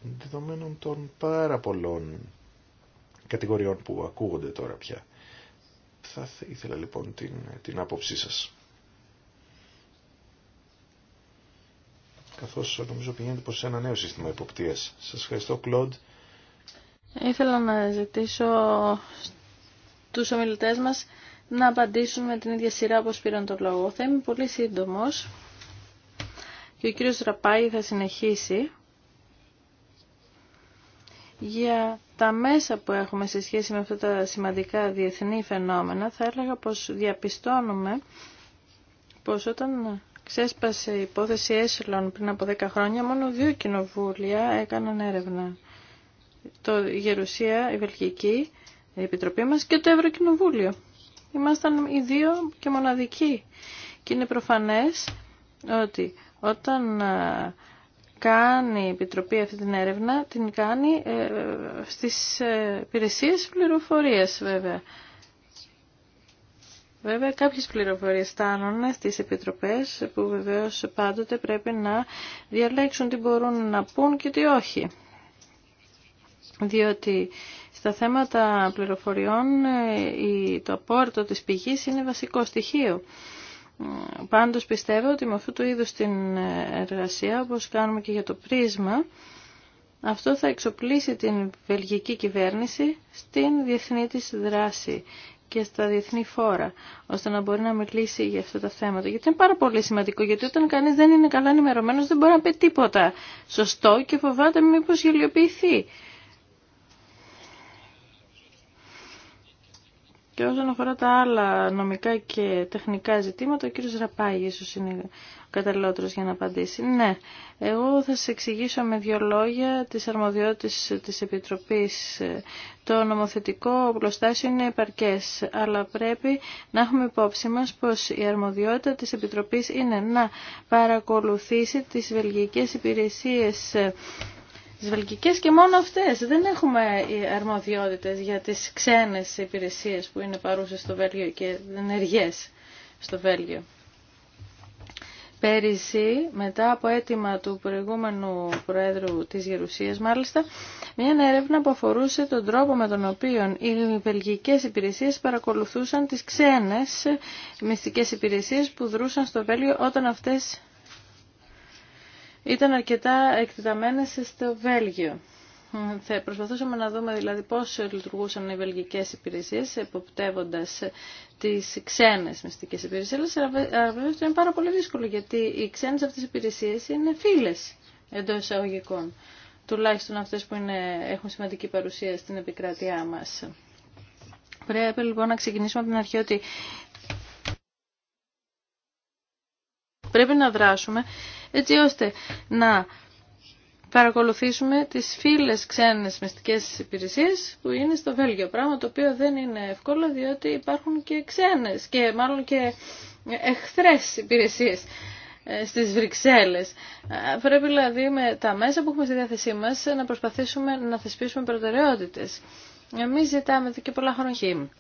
δεδομένων των πάρα πολλών κατηγοριών που ακούγονται τώρα πια. Θα ήθελα λοιπόν την, την άποψή σας. Καθώς νομίζω πηγαίνετε προς ένα νέο σύστημα υποπτίας. Σας ευχαριστώ Κλοντ. Ήθελα να ζητήσω τους ομιλητές μας να απαντήσουν με την ίδια σειρά όπως πήραν το λόγο. Θα είμαι πολύ σύντομος και ο κύριος Ραπάη θα συνεχίσει για τα μέσα που έχουμε σε σχέση με αυτά τα σημαντικά διεθνή φαινόμενα, θα έλεγα πως διαπιστώνουμε πως όταν ξέσπασε η υπόθεση Έσυλων πριν από 10 χρόνια, μόνο δύο κοινοβούλια έκαναν έρευνα. Το Γερουσία, η Βελγική, η Επιτροπή μας και το Ευρωκοινοβούλιο. Ήμασταν οι δύο και μοναδικοί. Και είναι προφανές ότι όταν κάνει η Επιτροπή αυτή την έρευνα, την κάνει ε, στις ε, υπηρεσίε πληροφορίες βέβαια. Βέβαια κάποιες πληροφορίες στάνουν στις επιτροπές που βεβαίως πάντοτε πρέπει να διαλέξουν τι μπορούν να πούν και τι όχι. Διότι στα θέματα πληροφοριών ε, το απόρριτο της πηγής είναι βασικό στοιχείο. Πάντως πιστεύω ότι με αυτού του είδους την εργασία, όπως κάνουμε και για το πρίσμα, αυτό θα εξοπλίσει την βελγική κυβέρνηση στην διεθνή της δράση και στα διεθνή φόρα, ώστε να μπορεί να μιλήσει για αυτά τα θέματα. Γιατί είναι πάρα πολύ σημαντικό, γιατί όταν κανείς δεν είναι καλά ενημερωμένος δεν μπορεί να πει τίποτα σωστό και φοβάται μήπως γελιοποιηθεί. Και όσον αφορά τα άλλα νομικά και τεχνικά ζητήματα, ο κύριος Ραπάγη ίσω είναι ο καταλληλότερος για να απαντήσει. Ναι, εγώ θα σα εξηγήσω με δύο λόγια τις αρμοδιότητε της Επιτροπής. Το νομοθετικό οπλοστάσιο είναι επαρκές, αλλά πρέπει να έχουμε υπόψη μα πως η αρμοδιότητα της Επιτροπής είναι να παρακολουθήσει τι βελγικές υπηρεσίε τις βελγικές και μόνο αυτές. Δεν έχουμε αρμοδιότητες για τις ξένες υπηρεσίες που είναι παρούσες στο Βέλγιο και ενεργές στο Βέλγιο. Πέρυσι, μετά από αίτημα του προηγούμενου Προέδρου της Γερουσίας μάλιστα, μια έρευνα που αφορούσε τον τρόπο με τον οποίο οι βελγικές υπηρεσίες παρακολουθούσαν τις ξένες μυστικές υπηρεσίες που δρούσαν στο Βέλγιο όταν αυτές ήταν αρκετά εκτεταμένε στο Βέλγιο. Θα προσπαθούσαμε να δούμε δηλαδή πώς λειτουργούσαν οι βελγικές υπηρεσίες εποπτεύοντας τις ξένες μυστικές υπηρεσίες, αλλά αυτό είναι πάρα πολύ δύσκολο γιατί οι ξένες αυτές υπηρεσίες είναι φίλες εντός εισαγωγικών, τουλάχιστον αυτές που είναι, έχουν σημαντική παρουσία στην επικράτειά μας. Πρέπει λοιπόν να ξεκινήσουμε από την αρχή ότι Πρέπει να δράσουμε έτσι ώστε να παρακολουθήσουμε τις φίλες ξένες μυστικές υπηρεσίες που είναι στο Βέλγιο. Πράγμα το οποίο δεν είναι εύκολο διότι υπάρχουν και ξένες και μάλλον και εχθρές υπηρεσίες ε, στις Βρυξέλλες. Ε, πρέπει δηλαδή με τα μέσα που έχουμε στη διάθεσή μας να προσπαθήσουμε να θεσπίσουμε προτεραιότητες. Εμείς ζητάμε και πολλά χρονχή.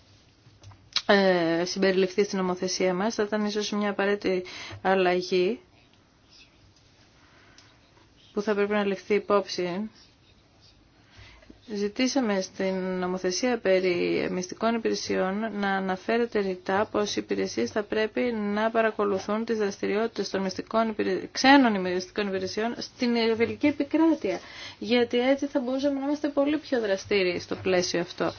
Ε, συμπεριληφθεί στην νομοθεσία μας. Θα ήταν ίσως μια απαραίτητη αλλαγή που θα πρέπει να ληφθεί υπόψη. Ζητήσαμε στην νομοθεσία περί μυστικών υπηρεσιών να αναφέρεται ρητά πως οι υπηρεσίες θα πρέπει να παρακολουθούν τις δραστηριότητες των μυστικών ξένων μυστικών υπηρεσιών στην ευελική επικράτεια, γιατί έτσι θα μπορούσαμε να είμαστε πολύ πιο δραστήριοι στο πλαίσιο αυτό.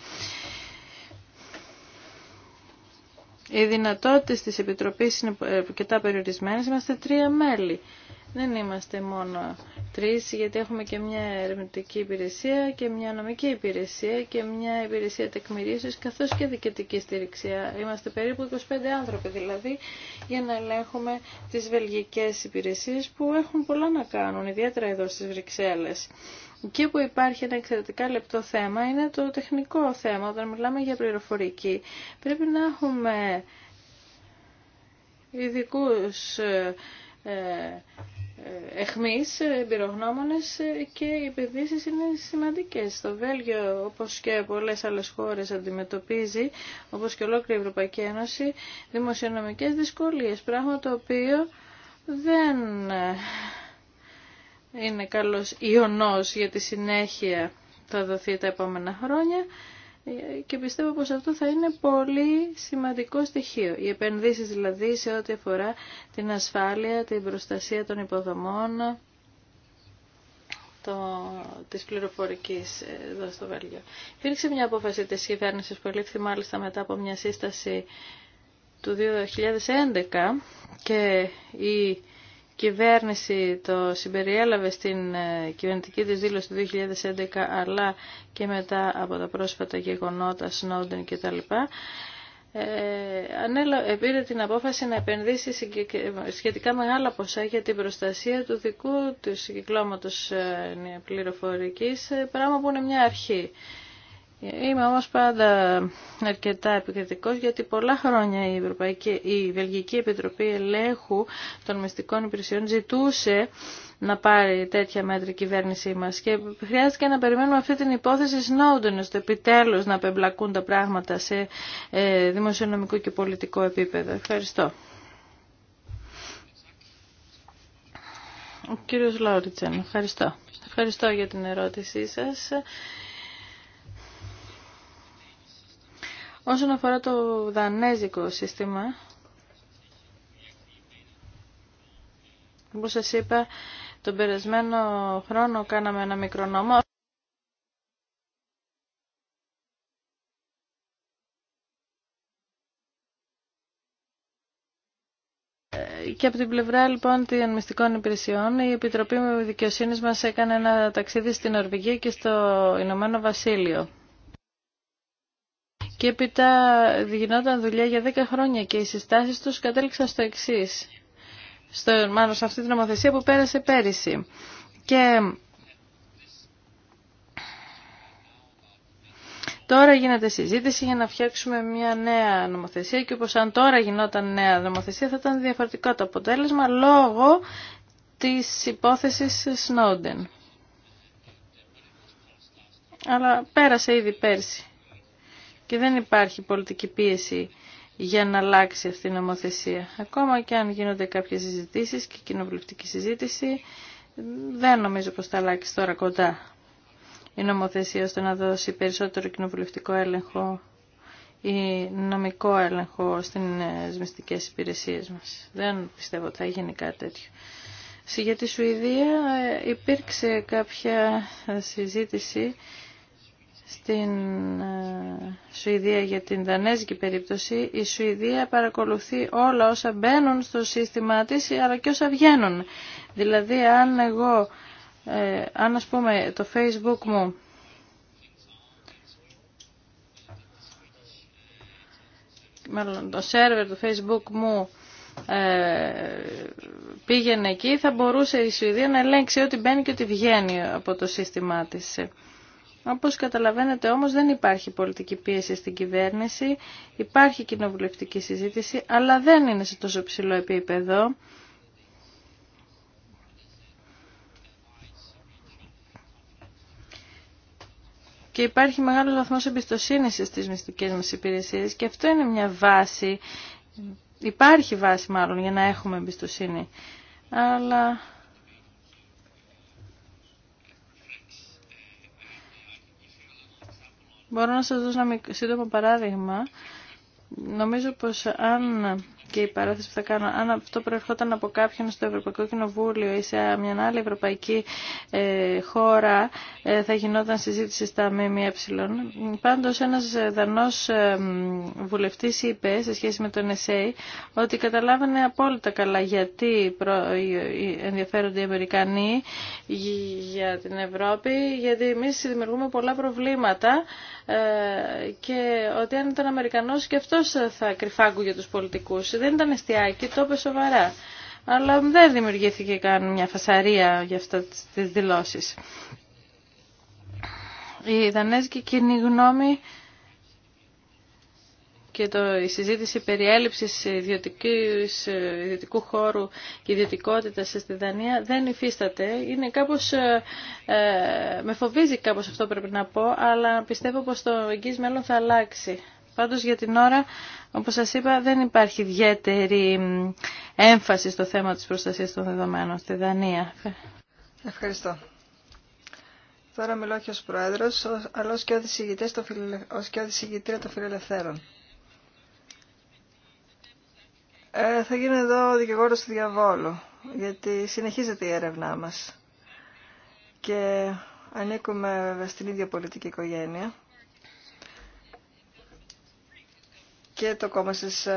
Οι δυνατότητες της επιτροπή είναι αρκετά περιορισμένες. Είμαστε τρία μέλη. Δεν είμαστε μόνο τρεις, γιατί έχουμε και μια ερευνητική υπηρεσία και μια νομική υπηρεσία και μια υπηρεσία τεκμηρίωσης καθώς και δικαιωτική στήριξη. Είμαστε περίπου 25 άνθρωποι δηλαδή για να ελέγχουμε τις βελγικές υπηρεσίες που έχουν πολλά να κάνουν, ιδιαίτερα εδώ στις Βρυξέλλες. Εκεί που υπάρχει ένα εξαιρετικά λεπτό θέμα είναι το τεχνικό θέμα. Όταν μιλάμε για πληροφορική, πρέπει να έχουμε ειδικού ε, ε, εχμής, εμπειρογνώμονες και οι επενδύσει είναι σημαντικές. Το Βέλγιο, όπως και πολλές άλλες χώρες, αντιμετωπίζει, όπως και ολόκληρη η Ευρωπαϊκή Ένωση, δημοσιονομικές δυσκολίες, πράγμα το οποίο δεν ε, είναι καλός ιονός για τη συνέχεια θα δοθεί τα επόμενα χρόνια και πιστεύω πως αυτό θα είναι πολύ σημαντικό στοιχείο. Οι επενδύσεις δηλαδή σε ό,τι αφορά την ασφάλεια, την προστασία των υποδομών, το, της πληροφορικής εδώ στο Βέλγιο. Υπήρξε μια απόφαση της κυβέρνησης που ελήφθη μάλιστα μετά από μια σύσταση του 2011 και η κυβέρνηση το συμπεριέλαβε στην ε, κυβερνητική της δήλωση του 2011 αλλά και μετά από τα πρόσφατα γεγονότα Σνόντεν κτλ. Ε, πήρε την απόφαση να επενδύσει σχετικά μεγάλα ποσά για την προστασία του δικού του κυκλώματος ε, πληροφορικής, ε, πράγμα που είναι μια αρχή. Είμαι όμως πάντα αρκετά επικριτικός γιατί πολλά χρόνια η, Ευρωπαϊκή, η Βελγική Επιτροπή Ελέγχου των Μυστικών Υπηρεσιών ζητούσε να πάρει τέτοια μέτρα η κυβέρνησή μας και χρειάστηκε να περιμένουμε αυτή την υπόθεση Snowden ώστε επιτέλους να απεμπλακούν τα πράγματα σε ε, δημοσιονομικό και πολιτικό επίπεδο. Ευχαριστώ. Ο κύριος Λόριτσεν, ευχαριστώ. Ευχαριστώ για την ερώτησή σας. Όσον αφορά το δανέζικο σύστημα, όπως σας είπα, τον περασμένο χρόνο κάναμε ένα μικρό νόμο. Και από την πλευρά λοιπόν των μυστικών υπηρεσιών, η Επιτροπή Δικαιοσύνης μας έκανε ένα ταξίδι στην Ορβηγία και στο Ηνωμένο Βασίλειο. Και έπειτα γινόταν δουλειά για 10 χρόνια και οι συστάσεις τους κατέληξαν στο εξή. Στο, μάλλον σε αυτή την νομοθεσία που πέρασε πέρυσι. Και Τώρα γίνεται συζήτηση για να φτιάξουμε μια νέα νομοθεσία και όπως αν τώρα γινόταν νέα νομοθεσία θα ήταν διαφορετικό το αποτέλεσμα λόγω της υπόθεσης Σνόντεν. Αλλά πέρασε ήδη πέρσι και δεν υπάρχει πολιτική πίεση για να αλλάξει αυτή η νομοθεσία. Ακόμα και αν γίνονται κάποιες συζητήσεις και κοινοβουλευτική συζήτηση, δεν νομίζω πως θα αλλάξει τώρα κοντά η νομοθεσία ώστε να δώσει περισσότερο κοινοβουλευτικό έλεγχο ή νομικό έλεγχο στις ε, μυστικές υπηρεσίες μας. Δεν πιστεύω ότι θα γίνει κάτι τέτοιο. Για τη Σουηδία ε, υπήρξε κάποια συζήτηση στην ε, Σουηδία για την δανέζικη περίπτωση, η Σουηδία παρακολουθεί όλα όσα μπαίνουν στο σύστημά της, αλλά και όσα βγαίνουν. Δηλαδή, αν εγώ, ε, αν ας πούμε το facebook μου μάλλον το σερβερ του facebook μου ε, πήγαινε εκεί, θα μπορούσε η Σουηδία να ελέγξει ό,τι μπαίνει και ό,τι βγαίνει από το σύστημά της. Όπως καταλαβαίνετε όμως δεν υπάρχει πολιτική πίεση στην κυβέρνηση, υπάρχει κοινοβουλευτική συζήτηση, αλλά δεν είναι σε τόσο ψηλό επίπεδο. Και υπάρχει μεγάλος βαθμός εμπιστοσύνης στις μυστικές μας υπηρεσίες και αυτό είναι μια βάση, υπάρχει βάση μάλλον για να έχουμε εμπιστοσύνη. Αλλά Μπορώ να σας δώσω ένα σύντομο παράδειγμα. Νομίζω πως αν και η παράθεση που θα κάνω, αν αυτό προερχόταν από κάποιον στο Ευρωπαϊκό Κοινοβούλιο ή σε μια άλλη ευρωπαϊκή ε, χώρα, ε, θα γινόταν συζήτηση στα ΜΜΕ. Πάντως, ένας Δανός ε, βουλευτής είπε, σε σχέση με τον ΕΣΕΙ, ότι καταλάβαινε απόλυτα καλά γιατί ενδιαφέρονται οι Αμερικανοί για την Ευρώπη, γιατί εμεί δημιουργούμε πολλά προβλήματα και ότι αν ήταν Αμερικανό και αυτό θα κρυφάγκουγε για τους δεν ήταν εστιάκι, το είπε σοβαρά. Αλλά δεν δημιουργήθηκε καν μια φασαρία για αυτά τις δηλώσεις. Η Δανέζικη κοινή γνώμη και η συζήτηση περί έλλειψης ε, ιδιωτικού χώρου και ιδιωτικότητας στη Δανία δεν υφίσταται. Είναι κάπως, ε, ε με φοβίζει κάπως αυτό πρέπει να πω, αλλά πιστεύω πως το εγγύς μέλλον θα αλλάξει. Πάντως για την ώρα, όπως σας είπα, δεν υπάρχει ιδιαίτερη έμφαση στο θέμα της προστασίας των δεδομένων στη Δανία. Ευχαριστώ. Τώρα μιλώ και ως Πρόεδρος, αλλά ως και οδησηγητρία των φιλελευθέρων. Ε, θα γίνω εδώ ο δικηγόρος του διαβόλου, γιατί συνεχίζεται η έρευνά μας. Και ανήκουμε στην ίδια πολιτική οικογένεια. και το κόμμα σας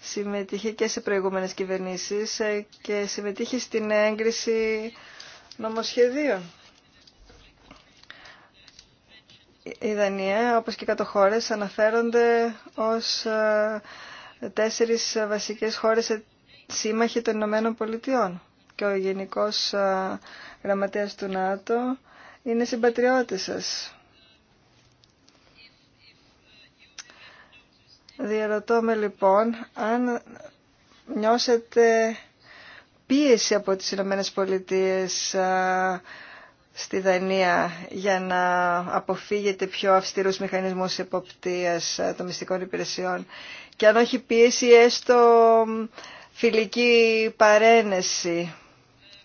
συμμετείχε και σε προηγούμενες κυβερνήσεις ε, και συμμετείχε στην έγκριση νομοσχεδίων. Η Δανία, όπως και κάτω χώρες, αναφέρονται ως τέσσερις βασικές χώρες σύμμαχοι των Ηνωμένων Πολιτειών. Και ο Γενικός Γραμματέας του ΝΑΤΟ είναι συμπατριώτης σας. Διαρωτώ με λοιπόν αν νιώσετε πίεση από τις Ηνωμένες Πολιτείες στη Δανία για να αποφύγετε πιο αυστηρούς μηχανισμούς εποπτείας των μυστικών υπηρεσιών και αν όχι πίεση έστω φιλική παρένεση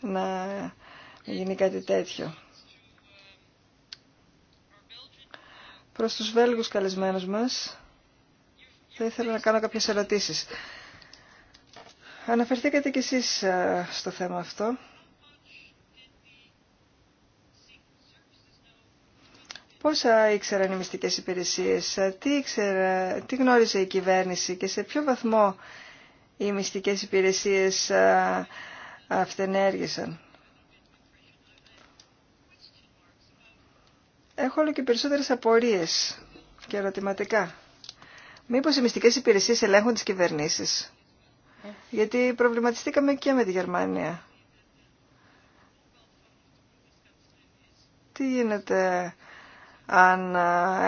να γίνει κάτι τέτοιο. Προς τους Βέλγους καλεσμένους μας θα ήθελα να κάνω κάποιες ερωτήσεις. Αναφερθήκατε κι εσείς ε, στο θέμα αυτό. Πόσα ήξεραν οι μυστικές υπηρεσίες, ε, τι, ήξερα, τι γνώριζε η κυβέρνηση και σε ποιο βαθμό οι μυστικές υπηρεσίες ε, αυτενέργησαν. Έχω όλο και περισσότερες απορίες και ερωτηματικά Μήπως οι μυστικές υπηρεσίες ελέγχουν τις κυβερνήσεις. Γιατί προβληματιστήκαμε και με τη Γερμανία. Τι γίνεται αν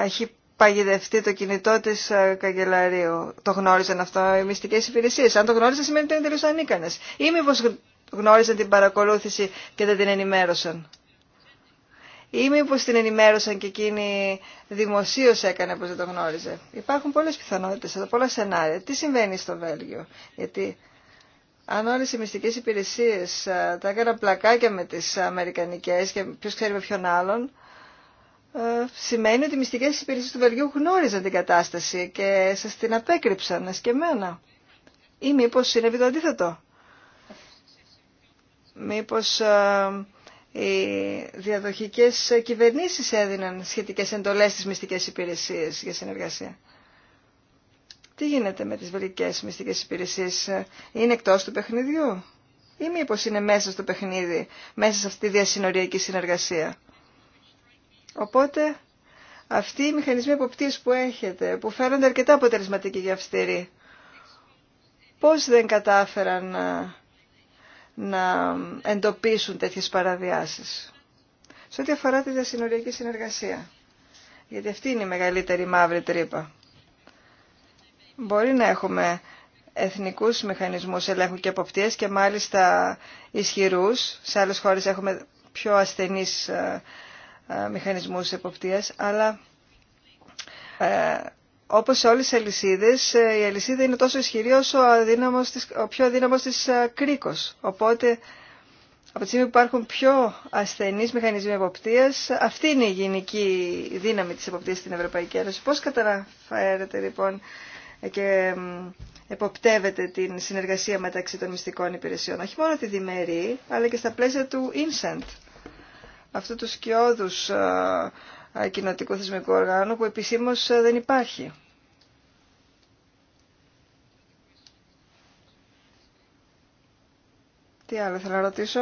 έχει παγιδευτεί το κινητό τη καγκελαρίου. Το γνώριζαν αυτό οι μυστικές υπηρεσίες. Αν το γνώριζαν σημαίνει ότι είναι τελείω ανίκανε. Ή μήπως γνώριζαν την παρακολούθηση και δεν την ενημέρωσαν ή μήπω την ενημέρωσαν και εκείνη δημοσίω έκανε πω δεν το γνώριζε. Υπάρχουν πολλέ πιθανότητε εδώ, πολλά σενάρια. Τι συμβαίνει στο Βέλγιο, γιατί αν όλε οι μυστικέ υπηρεσίε, ε, τα έκαναν πλακάκια με τι αμερικανικέ και ποιο ξέρει με ποιον άλλον, ε, σημαίνει ότι οι μυστικέ υπηρεσίε του Βελγίου γνώριζαν την κατάσταση και σα την απέκρυψαν εμένα. Ή μήπω είναι το αντίθετο. Μήπως ε, οι διαδοχικές κυβερνήσεις έδιναν σχετικές εντολές στις μυστικές υπηρεσίες για συνεργασία. Τι γίνεται με τις βελικές μυστικές υπηρεσίες, είναι εκτός του παιχνιδιού ή μήπω είναι μέσα στο παιχνίδι, μέσα σε αυτή τη διασυνοριακή συνεργασία. Οπότε αυτοί οι μηχανισμοί εποπτείας που έχετε, που φαίνονται αρκετά αποτελεσματικοί για αυστηροί, πώς δεν κατάφεραν να να εντοπίσουν τέτοιες παραβιάσεις. Σε ό,τι αφορά τη διασυνοριακή συνεργασία, γιατί αυτή είναι η μεγαλύτερη μαύρη τρύπα. Μπορεί να έχουμε εθνικούς μηχανισμούς ελέγχου και εποπτείας και μάλιστα ισχυρούς. Σε άλλες χώρες έχουμε πιο ασθενείς ε, ε, μηχανισμούς εποπτείας, αλλά ε, όπως σε όλες τις αλυσίδες, ε, η αλυσίδα είναι τόσο ισχυρή όσο ο πιο αδύναμος της ε, κρίκος. Οπότε, από τη στιγμή που υπάρχουν πιο ασθενείς μηχανισμοί εποπτείας, αυτή είναι η γενική δύναμη της εποπτείας στην Ευρωπαϊκή Ένωση. Πώς καταφέρετε λοιπόν ε, και εποπτεύετε την συνεργασία μεταξύ των μυστικών υπηρεσιών, όχι μόνο τη διμερή, αλλά και στα πλαίσια του INSENT, αυτού του σκιώδους κοινοτικού θεσμικού οργάνου που επισήμως δεν υπάρχει. Τι άλλο θέλω να ρωτήσω.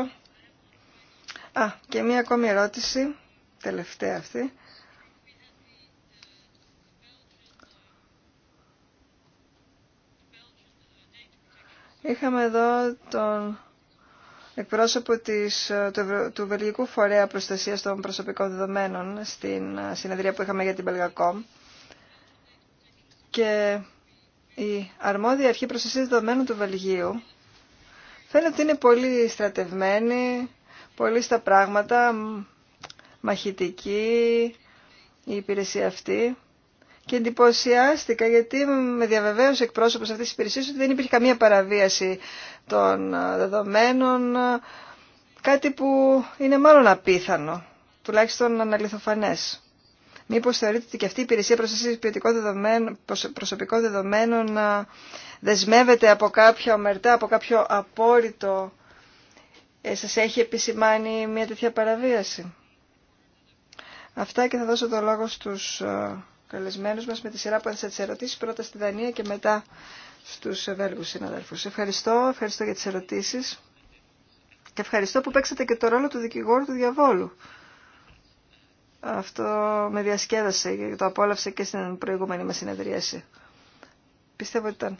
Α, και μία ακόμη ερώτηση, τελευταία αυτή. Είχαμε εδώ τον εκπρόσωπο της, ε, του, του Βελγικού Φορέα Προστασίας των Προσωπικών Δεδομένων στην ε, συνεδρία που είχαμε για την Belgacom και η αρμόδια αρχή προστασίας δεδομένων του Βελγίου φαίνεται ότι είναι πολύ στρατευμένη, πολύ στα πράγματα, μαχητική η υπηρεσία αυτή και εντυπωσιάστηκα γιατί με διαβεβαίωσε εκπρόσωπο αυτής τη υπηρεσία ότι δεν υπήρχε καμία παραβίαση των ε, δεδομένων, ε, κάτι που είναι μάλλον απίθανο, τουλάχιστον αναλυθοφανέ. Μήπως θεωρείτε ότι και αυτή η υπηρεσία προστασία δεδομένων, προσωπικών δεδομένων ε, δεσμεύεται από κάποια ομερτά, από κάποιο απόρριτο, ε, σας έχει επισημάνει μια τέτοια παραβίαση. Αυτά και θα δώσω το λόγο στους Καλεσμένου μας με τη σειρά που έθεσα τις ερωτήσεις, πρώτα στη Δανία και μετά στους Βέλγους συναδέλφου. Ευχαριστώ, ευχαριστώ για τις ερωτήσει και ευχαριστώ που παίξατε και το ρόλο του δικηγόρου του διαβόλου. Αυτό με διασκέδασε και το απόλαυσε και στην προηγούμενη μα συνεδρίαση. Πιστεύω ότι ήταν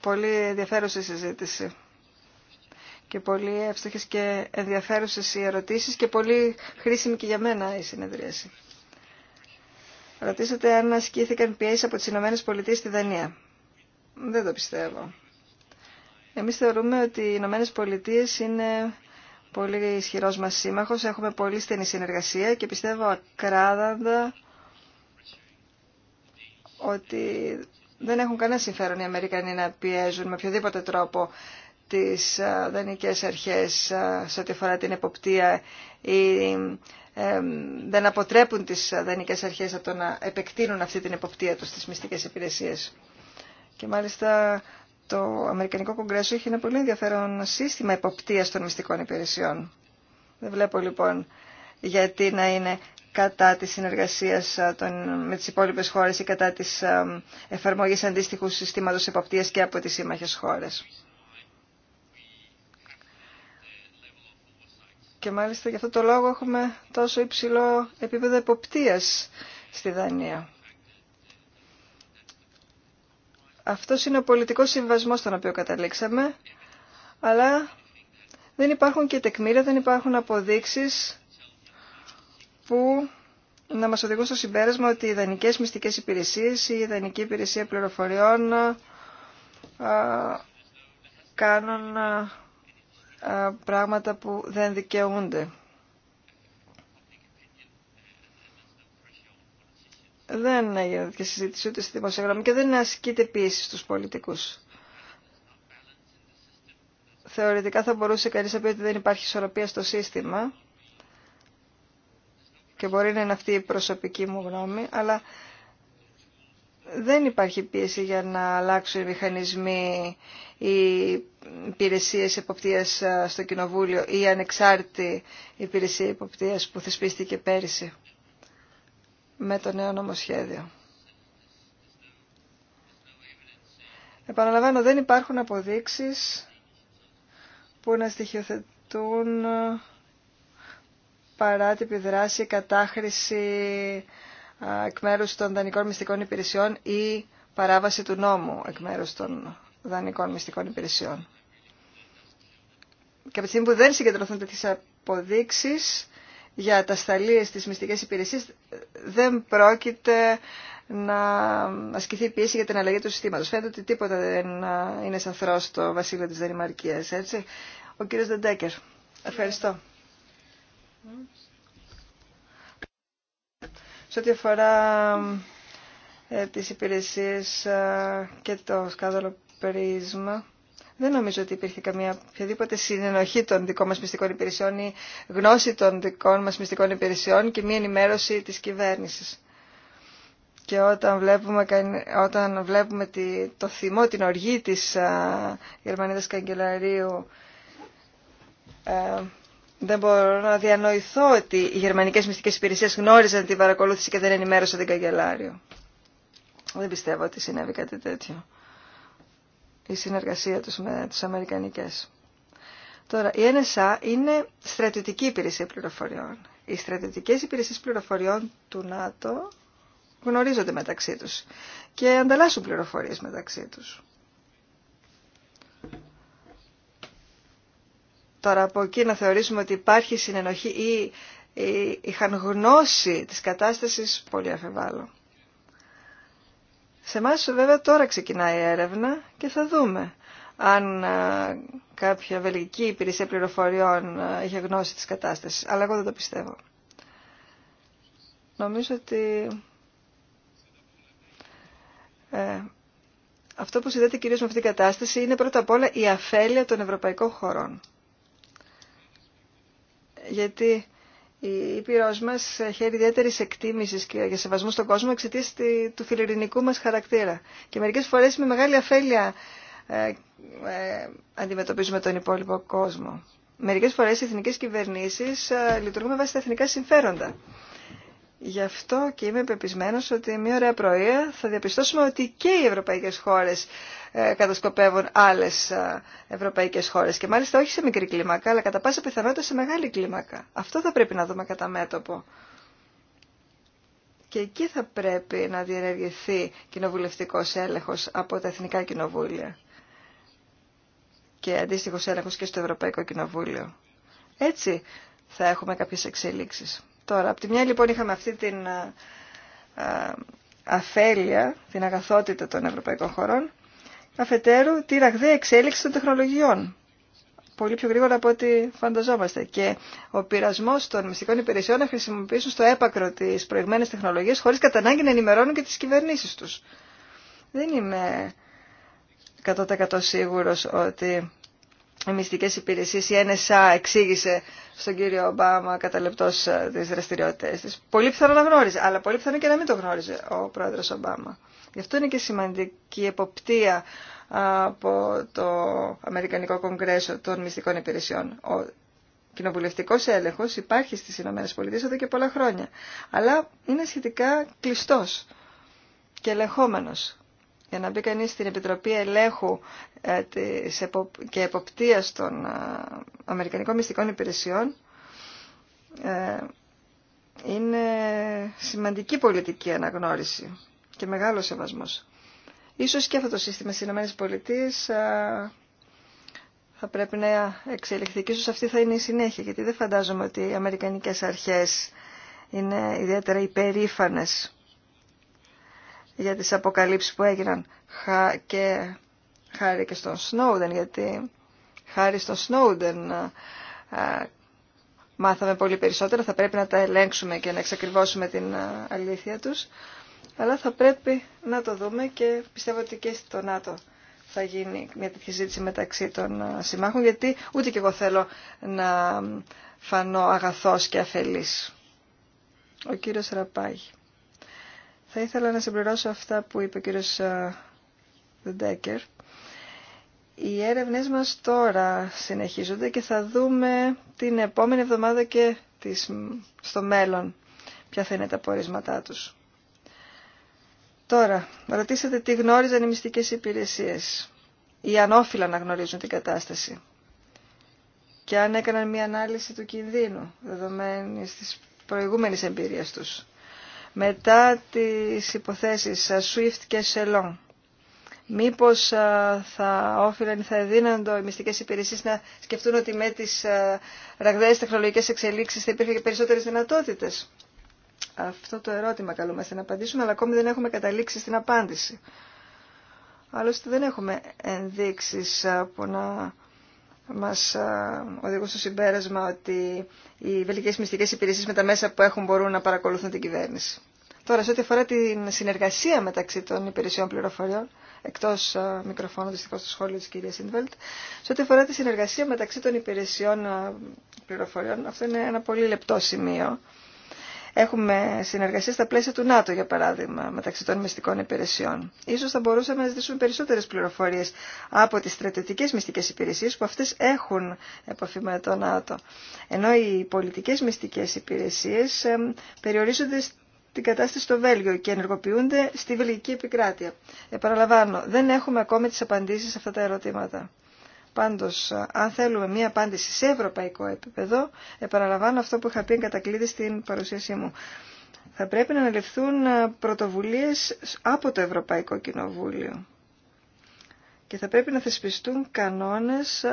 πολύ ενδιαφέρουσα η συζήτηση και πολύ εύστοχες και ενδιαφέρουσες οι ερωτήσεις και πολύ χρήσιμη και για μένα η συνεδρίαση. Ρωτήσατε αν ασκήθηκαν πιέσει από τις Ηνωμένες Πολιτείες στη Δανία. Δεν το πιστεύω. Εμείς θεωρούμε ότι οι Ηνωμένες Πολιτείες είναι πολύ ισχυρός μας σύμμαχος, έχουμε πολύ στενή συνεργασία και πιστεύω ακράδαντα ότι δεν έχουν κανένα συμφέρον οι Αμερικανοί να πιέζουν με οποιοδήποτε τρόπο τις δανεικές αρχές σε ό,τι αφορά την εποπτεία ή δεν αποτρέπουν τις δανεικές αρχές από το να επεκτείνουν αυτή την εποπτεία τους στις μυστικές υπηρεσίες. Και μάλιστα το Αμερικανικό Κογκρέσο έχει ένα πολύ ενδιαφέρον σύστημα εποπτείας των μυστικών υπηρεσιών. Δεν βλέπω λοιπόν γιατί να είναι κατά της συνεργασίας των, με τις υπόλοιπες χώρες ή κατά της εφαρμογής αντίστοιχου συστήματος εποπτείας και από τις σύμμαχες χώρες. Και μάλιστα γι' αυτό το λόγο έχουμε τόσο υψηλό επίπεδο εποπτείας στη Δανία. Αυτό είναι ο πολιτικός συμβασμός στον οποίο καταλήξαμε, αλλά δεν υπάρχουν και τεκμήρια, δεν υπάρχουν αποδείξεις που να μας οδηγούν στο συμπέρασμα ότι οι ιδανικές μυστικές υπηρεσίες ή η ιδανική υπηρεσία πληροφοριών κάνουν πράγματα που δεν δικαιούνται. Δεν έγινε και συζήτηση ούτε στη δημοσιογραμμή και δεν ασκείται πίεση στους πολιτικούς. Θεωρητικά θα μπορούσε κανείς να πει ότι δεν υπάρχει ισορροπία στο σύστημα και μπορεί να είναι αυτή η προσωπική μου γνώμη, αλλά δεν υπάρχει πίεση για να αλλάξουν οι μηχανισμοί, οι υπηρεσίε εποπτείας ε, στο Κοινοβούλιο ή η ανεξάρτητη υπηρεσία εποπτείας που θεσπίστηκε πέρυσι με το νέο νομοσχέδιο. Επαναλαμβάνω, δεν υπάρχουν αποδείξεις που να στοιχειοθετούν ε, παράτυπη δράση, κατάχρηση εκ μέρους των δανεικών μυστικών υπηρεσιών ή παράβαση του νόμου εκ μέρους των δανεικών μυστικών υπηρεσιών. Και από τη στιγμή που δεν συγκεντρωθούν τέτοιες αποδείξεις για τα σταλίες της μυστικής υπηρεσίας δεν πρόκειται να ασκηθεί πίεση για την αλλαγή του συστήματος. Φαίνεται ότι τίποτα δεν είναι σαθρό στο βασίλειο της Δανημαρκίας, έτσι. Ο κύριος Δεντέκερ. Ευχαριστώ σε ό,τι αφορά ε, τις υπηρεσίες ε, και το σκάδαλο πρίσμα. Δεν νομίζω ότι υπήρχε καμία οποιαδήποτε συνενοχή των δικών μας μυστικών υπηρεσιών ή γνώση των δικών μας μυστικών υπηρεσιών και μία ενημέρωση της κυβέρνησης. Και όταν βλέπουμε, όταν βλέπουμε τη, το θυμό, την οργή της α, ε, Γερμανίδας Καγκελαρίου ε, δεν μπορώ να διανοηθώ ότι οι γερμανικές μυστικές υπηρεσίες γνώριζαν την παρακολούθηση και δεν ενημέρωσαν την καγκελάριο. Δεν πιστεύω ότι συνέβη κάτι τέτοιο. Η συνεργασία τους με τους Αμερικανικές. Τώρα, η NSA είναι στρατιωτική υπηρεσία πληροφοριών. Οι στρατιωτικές υπηρεσίες πληροφοριών του ΝΑΤΟ γνωρίζονται μεταξύ τους και ανταλλάσσουν πληροφορίες μεταξύ τους. Τώρα από εκεί να θεωρήσουμε ότι υπάρχει συνενοχή ή είχαν γνώση της κατάστασης, πολύ αφεβάλλω. Σε εμά βέβαια τώρα ξεκινάει η έρευνα και θα δούμε αν κάποια βελγική υπηρεσία πληροφοριών είχε γνώση της κατάστασης. Αλλά εγώ δεν το πιστεύω. Νομίζω ότι ε, αυτό που συνδέεται κυρίως με αυτή την κατάσταση είναι πρώτα απ' όλα η αφέλεια των ευρωπαϊκών χωρών γιατί η Ήπειρος μας έχει ιδιαίτερη εκτίμηση και σεβασμού στον κόσμο εξαιτία του φιλερινικού μας χαρακτήρα. Και μερικές φορές με μεγάλη αφέλεια ε, ε, αντιμετωπίζουμε τον υπόλοιπο κόσμο. Μερικές φορές οι εθνικές κυβερνήσεις ε, λειτουργούν με βάση τα εθνικά συμφέροντα. Γι' αυτό και είμαι πεπισμένος ότι μια ωραία πρωία θα διαπιστώσουμε ότι και οι ευρωπαϊκές χώρες ε, κατασκοπεύουν άλλες ε, ευρωπαϊκές χώρες και μάλιστα όχι σε μικρή κλίμακα αλλά κατά πάσα πιθανότητα σε μεγάλη κλίμακα. Αυτό θα πρέπει να δούμε κατά μέτωπο. Και εκεί θα πρέπει να διενεργηθεί κοινοβουλευτικός έλεγχος από τα εθνικά κοινοβούλια και αντίστοιχος έλεγχος και στο Ευρωπαϊκό Κοινοβούλιο. Έτσι θα έχουμε κάποιες εξελίξεις. Τώρα, από τη μια λοιπόν είχαμε αυτή την ε, ε, αφέλεια, την αγαθότητα των ευρωπαϊκών χωρών, αφετέρου τη ραγδαία εξέλιξη των τεχνολογιών. Πολύ πιο γρήγορα από ό,τι φανταζόμαστε. Και ο πειρασμό των μυστικών υπηρεσιών να χρησιμοποιήσουν στο έπακρο τι προηγμένε τεχνολογίε χωρί κατά να ενημερώνουν και τι κυβερνήσει του. Δεν είμαι 100% σίγουρο ότι οι μυστικές υπηρεσίες, η NSA εξήγησε στον κύριο Ομπάμα κατά λεπτός ε, τις δραστηριότητες της. Πολύ πιθανό να γνώριζε, αλλά πολύ πιθανό και να μην το γνώριζε ο πρόεδρος Ομπάμα. Γι' αυτό είναι και σημαντική εποπτεία από το Αμερικανικό Κογκρέσο των Μυστικών Υπηρεσιών. Ο κοινοβουλευτικό έλεγχο υπάρχει στι ΗΠΑ εδώ και πολλά χρόνια. Αλλά είναι σχετικά κλειστός και ελεγχόμενος για να μπει κανείς στην Επιτροπή Ελέγχου ε, και Εποπτείας των ε, Αμερικανικών Μυστικών Υπηρεσιών ε, είναι σημαντική πολιτική αναγνώριση και μεγάλο σεβασμός. Ίσως και αυτό το σύστημα στις Ηνωμένες θα πρέπει να εξελιχθεί και ίσως αυτή θα είναι η συνέχεια γιατί δεν φαντάζομαι ότι οι Αμερικανικές αρχές είναι ιδιαίτερα υπερήφανες για τις αποκαλύψεις που έγιναν και χάρη και στον Σνόουδεν, γιατί χάρη στον Σνόουδεν ε, ε, μάθαμε πολύ περισσότερα, θα πρέπει να τα ελέγξουμε και να εξακριβώσουμε την ε, αλήθεια τους, αλλά θα πρέπει να το δούμε και πιστεύω ότι και στο ΝΑΤΟ θα γίνει μια τέτοια ζήτηση μεταξύ των συμμάχων, γιατί ούτε και εγώ θέλω να φανώ αγαθός και αφελής. Ο κύριος Ραπάγη. Θα ήθελα να συμπληρώσω αυτά που είπε ο κύριος ε, Δεντέκερ. Οι έρευνές μας τώρα συνεχίζονται και θα δούμε την επόμενη εβδομάδα και στο μέλλον ποια θα είναι τα πορίσματά τους. Τώρα, ρωτήσατε τι γνώριζαν οι μυστικές υπηρεσίες. αν όφυλα να γνωρίζουν την κατάσταση. Και αν έκαναν μια ανάλυση του κινδύνου, δεδομένης της προηγούμενης εμπειρίας τους μετά τις υποθέσεις SWIFT και Shellon. Μήπως θα όφυλαν ή θα δίναντο οι μυστικές υπηρεσίες να σκεφτούν ότι με τις ραγδαίες τεχνολογικές εξελίξεις θα υπήρχε και περισσότερες δυνατότητες. Αυτό το ερώτημα καλούμαστε να απαντήσουμε, αλλά ακόμη δεν έχουμε καταλήξει στην απάντηση. Άλλωστε δεν έχουμε ενδείξεις που να μας οδηγούν στο συμπέρασμα ότι οι βελικές μυστικές υπηρεσίες με τα μέσα που έχουν μπορούν να παρακολουθούν την κυβέρνηση. Τώρα, σε ό,τι αφορά την συνεργασία μεταξύ των υπηρεσιών πληροφοριών, εκτό ε, μικροφώνου δυστυχώ στο σχόλιο τη κυρία Σίνβελτ, σε ό,τι αφορά τη συνεργασία μεταξύ των υπηρεσιών ε, πληροφοριών, αυτό είναι ένα πολύ λεπτό σημείο. Έχουμε συνεργασία στα πλαίσια του ΝΑΤΟ, για παράδειγμα, μεταξύ των μυστικών υπηρεσιών. Ίσως θα μπορούσαμε να ζητήσουμε περισσότερες πληροφορίες από τις στρατιωτικές μυστικές υπηρεσίες που αυτές έχουν επαφή με το ΝΑΤΟ. Ενώ οι πολιτικές μυστικές υπηρεσίες ε, περιορίζονται την κατάσταση στο Βέλγιο και ενεργοποιούνται στη βελγική επικράτεια. Επαναλαμβάνω, δεν έχουμε ακόμη τις απαντήσεις σε αυτά τα ερωτήματα. Πάντως, αν θέλουμε μία απάντηση σε ευρωπαϊκό επίπεδο, επαναλαμβάνω αυτό που είχα πει κατακλείδη στην παρουσίασή μου. Θα πρέπει να αναλυφθούν πρωτοβουλίες από το Ευρωπαϊκό Κοινοβούλιο και θα πρέπει να θεσπιστούν κανόνες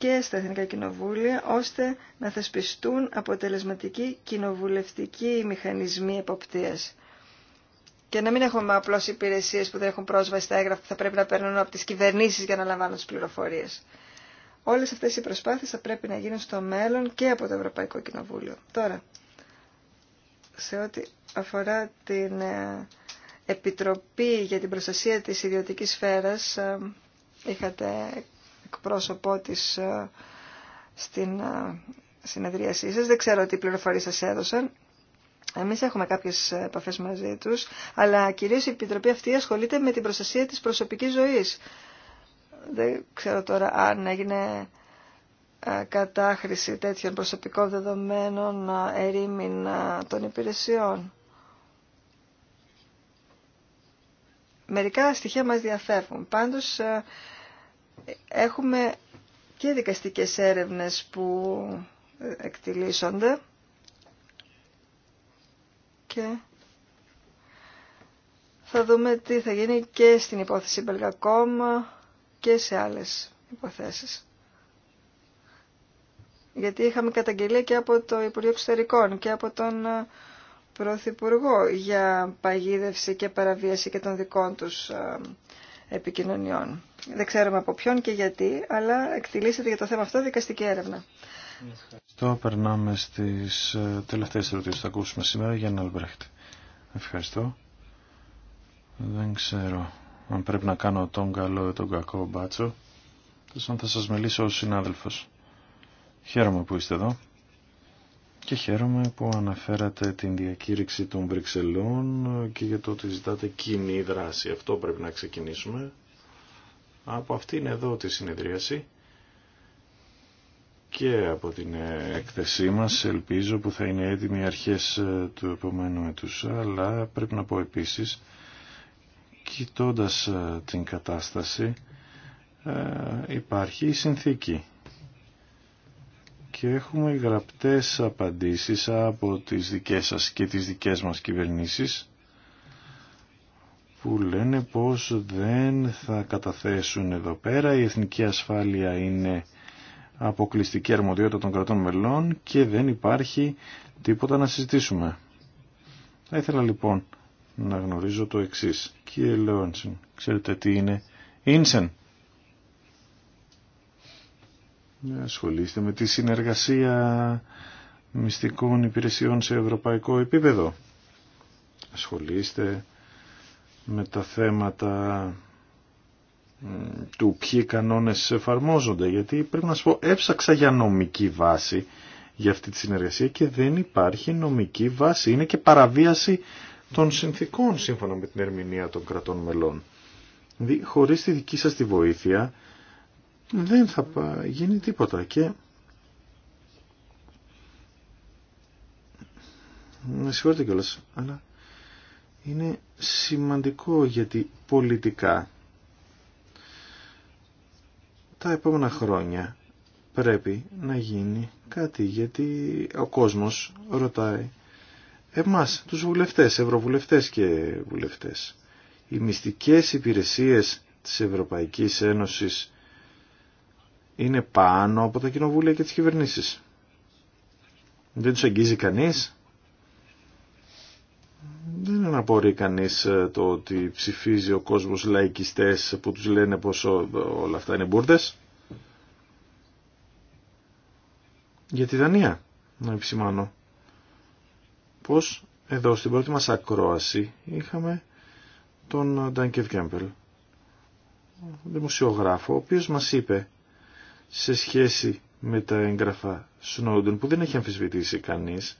και στα Εθνικά Κοινοβούλια, ώστε να θεσπιστούν αποτελεσματικοί κοινοβουλευτικοί μηχανισμοί εποπτείας. Και να μην έχουμε απλώ υπηρεσίε που δεν έχουν πρόσβαση στα έγγραφα που θα πρέπει να παίρνουν από τι κυβερνήσει για να λαμβάνουν τι πληροφορίε. Όλε αυτέ οι προσπάθειε θα πρέπει να γίνουν στο μέλλον και από το Ευρωπαϊκό Κοινοβούλιο. Τώρα, σε ό,τι αφορά την ε, Επιτροπή για την Προστασία της Ιδιωτικής Σφαίρας, ε, είχατε εκπρόσωπό της ε, στην ε, συνεδρίασή σας. Δεν ξέρω τι πληροφορίες σας έδωσαν. Εμείς έχουμε κάποιες επαφές μαζί τους, αλλά κυρίως η Επιτροπή αυτή ασχολείται με την προστασία της προσωπικής ζωής. Δεν ξέρω τώρα αν έγινε ε, κατάχρηση τέτοιων προσωπικών δεδομένων ερήμην των υπηρεσιών. Μερικά στοιχεία μας διαφεύγουν. Πάντως έχουμε και δικαστικές έρευνες που εκτιλήσονται και θα δούμε τι θα γίνει και στην υπόθεση Belgacom και σε άλλες υποθέσεις. Γιατί είχαμε καταγγελία και από το Υπουργείο Εξωτερικών και από τον Πρωθυπουργό για παγίδευση και παραβίαση και των δικών τους ε, επικοινωνιών. Δεν ξέρουμε από ποιον και γιατί, αλλά εκτελήσετε για το θέμα αυτό δικαστική έρευνα. Ευχαριστώ. Περνάμε στις ε, τελευταίες ερωτήσει που θα ακούσουμε σήμερα για να Αλμπρέχτη. Ευχαριστώ. Δεν ξέρω αν πρέπει να κάνω τον καλό ή τον κακό μπάτσο. θα σας μιλήσω ως συνάδελφο. Χαίρομαι που είστε εδώ. Και χαίρομαι που αναφέρατε την διακήρυξη των Βρυξελών και για το ότι ζητάτε κοινή δράση. Αυτό πρέπει να ξεκινήσουμε. Από αυτήν εδώ τη συνεδρίαση και από την έκθεσή μας ελπίζω που θα είναι έτοιμη αρχές ε, του επόμενου έτους αλλά πρέπει να πω επίσης κοιτώντας ε, την κατάσταση ε, υπάρχει η συνθήκη και έχουμε γραπτές απαντήσεις από τις δικές σας και τις δικές μας κυβερνήσεις που λένε πως δεν θα καταθέσουν εδώ πέρα. Η εθνική ασφάλεια είναι αποκλειστική αρμοδιότητα των κρατών μελών και δεν υπάρχει τίποτα να συζητήσουμε. Θα ήθελα λοιπόν να γνωρίζω το εξής. Κύριε Λεόνσεν, ξέρετε τι είναι. Ίνσεν ασχολείστε με τη συνεργασία μυστικών υπηρεσιών σε ευρωπαϊκό επίπεδο. Ασχολείστε με τα θέματα του ποιοι κανόνες εφαρμόζονται γιατί πρέπει να σου πω έψαξα για νομική βάση για αυτή τη συνεργασία και δεν υπάρχει νομική βάση είναι και παραβίαση των συνθήκων σύμφωνα με την ερμηνεία των κρατών μελών δηλαδή χωρίς τη δική σας τη βοήθεια δεν θα γίνει τίποτα και με συγχωρείτε κιόλας αλλά είναι σημαντικό γιατί πολιτικά τα επόμενα χρόνια πρέπει να γίνει κάτι γιατί ο κόσμος ρωτάει εμάς τους βουλευτές, ευρωβουλευτές και βουλευτές. Οι μυστικές υπηρεσίες της Ευρωπαϊκής Ένωσης είναι πάνω από τα κοινοβούλια και τις κυβερνήσεις. Δεν τους αγγίζει κανείς. Δεν αναπορεί κανείς ε, το ότι ψηφίζει ο κόσμος λαϊκιστές που τους λένε πως ε, όλα αυτά είναι μπουρδες. Για τη Δανία, να επισημάνω. Πως εδώ στην πρώτη μας ακρόαση είχαμε τον Ντάνκεβ Κέμπελ, δημοσιογράφο, ο οποίος μας είπε σε σχέση με τα έγγραφα Σνόντον που δεν έχει αμφισβητήσει κανείς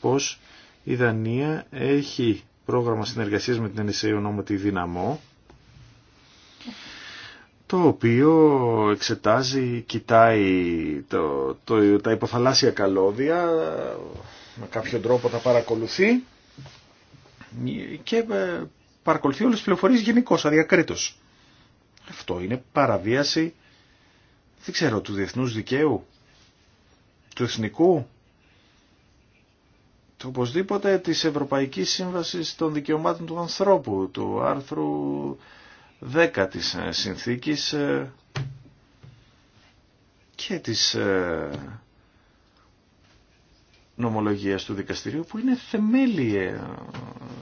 πως η Δανία έχει πρόγραμμα συνεργασίας με την ΕΝΕΣΕ ονόματι Δυναμό το οποίο εξετάζει, κοιτάει το, το, τα υποθαλάσσια καλώδια, με κάποιο τρόπο τα παρακολουθεί και ε, παρακολουθεί όλες τις πληροφορίες γενικώς, αδιακρίτως. Αυτό είναι παραβίαση δεν ξέρω, του διεθνούς δικαίου, του εθνικού, του οπωσδήποτε της Ευρωπαϊκής Σύμβασης των Δικαιωμάτων του Ανθρώπου, του άρθρου 10 της ε, Συνθήκης ε, και της ε, νομολογίας του δικαστηρίου που είναι θεμέλια,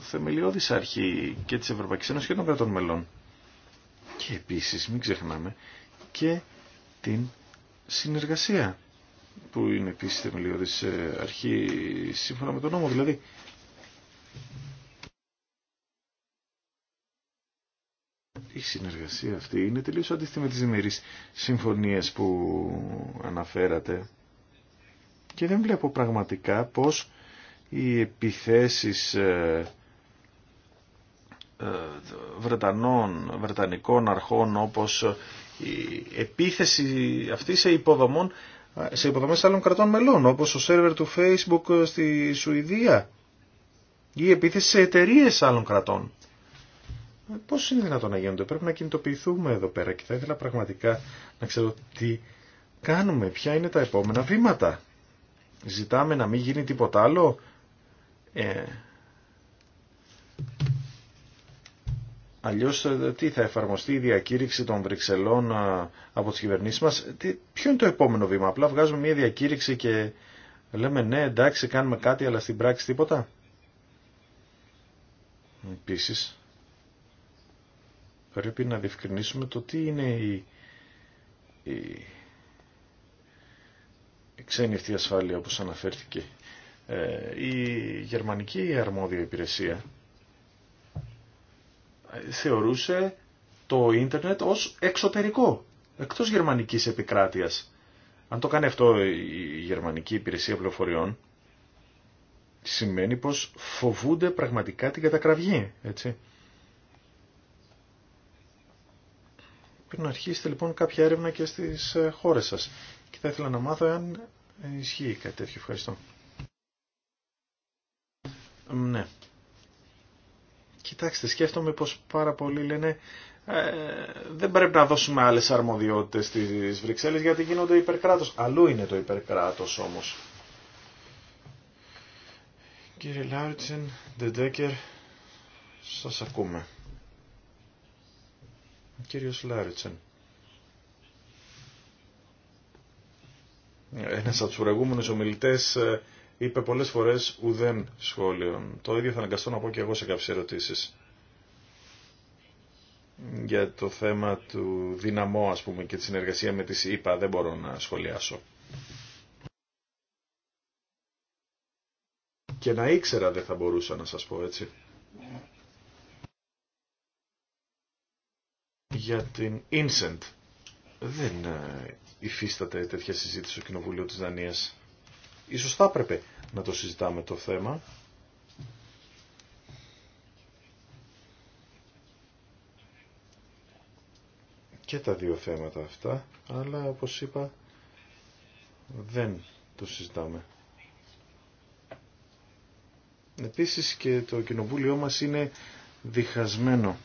θεμελιώδης αρχή και της Ευρωπαϊκής Ένωσης και των κρατών μελών. Και επίσης, μην ξεχνάμε, και την συνεργασία που είναι επίσης θεμελιώδης ε, αρχή σύμφωνα με τον νόμο. Δηλαδή, η συνεργασία αυτή είναι τελείως αντίθετη με τις διμερείς συμφωνίες που αναφέρατε και δεν βλέπω πραγματικά πως οι επιθέσεις ε, ε, Βρετανών, Βρετανικών αρχών όπως η επίθεση αυτή σε, υποδομών, σε υποδομές άλλων κρατών μελών, όπως ο σερβερ του Facebook στη Σουηδία ή η επίθεση σε εταιρείε άλλων κρατών. Πώς είναι δυνατόν να γίνονται, πρέπει να κινητοποιηθούμε εδώ πέρα και θα ήθελα πραγματικά να ξέρω τι κάνουμε, ποια είναι τα επόμενα βήματα. Ζητάμε να μην γίνει τίποτα άλλο. Ε, Αλλιώς ε, τι θα εφαρμοστεί η διακήρυξη των Βρυξελών ε, από τις κυβερνήσεις μας. ποιο είναι το επόμενο βήμα. Απλά βγάζουμε μια διακήρυξη και λέμε ναι εντάξει κάνουμε κάτι αλλά στην πράξη τίποτα. Επίσης πρέπει να διευκρινίσουμε το τι είναι η, η, η ξένη αυτή ασφάλεια όπως αναφέρθηκε. Ε, η γερμανική αρμόδια υπηρεσία θεωρούσε το ίντερνετ ως εξωτερικό, εκτός γερμανικής επικράτειας. Αν το κάνει αυτό η γερμανική υπηρεσία πληροφοριών, σημαίνει πως φοβούνται πραγματικά την κατακραυγή, έτσι. Πρέπει να αρχίσετε λοιπόν κάποια έρευνα και στις ε, χώρες σας. Και θα ήθελα να μάθω αν ε, ισχύει κάτι τέτοιο. Ευχαριστώ. Ναι, Κοιτάξτε, σκέφτομαι πως πάρα πολλοί λένε ε, δεν πρέπει να δώσουμε άλλες αρμοδιότητες στις Βρυξέλλες γιατί γίνονται υπερκράτος. Αλλού είναι το υπερκράτος όμως. Κύριε Λάριτσεν, Ντεντέκερ, σας ακούμε. Κύριος Λάριτσεν. Ένας από τους προηγούμενους ομιλητές ε, είπε πολλές φορές ουδέν σχόλιον. Το ίδιο θα αναγκαστώ να πω και εγώ σε κάποιες ερωτήσεις για το θέμα του δυναμό ας πούμε και τη συνεργασία με τη ΣΥΠΑ. δεν μπορώ να σχολιάσω. Και να ήξερα δεν θα μπορούσα να σας πω έτσι. Για την Ίνσεντ δεν ε, υφίσταται τέτοια συζήτηση στο Κοινοβούλιο της Δανίας. Ίσως θα έπρεπε να το συζητάμε το θέμα. Και τα δύο θέματα αυτά, αλλά όπως είπα δεν το συζητάμε. Επίσης και το κοινοβούλιο μας είναι διχασμένο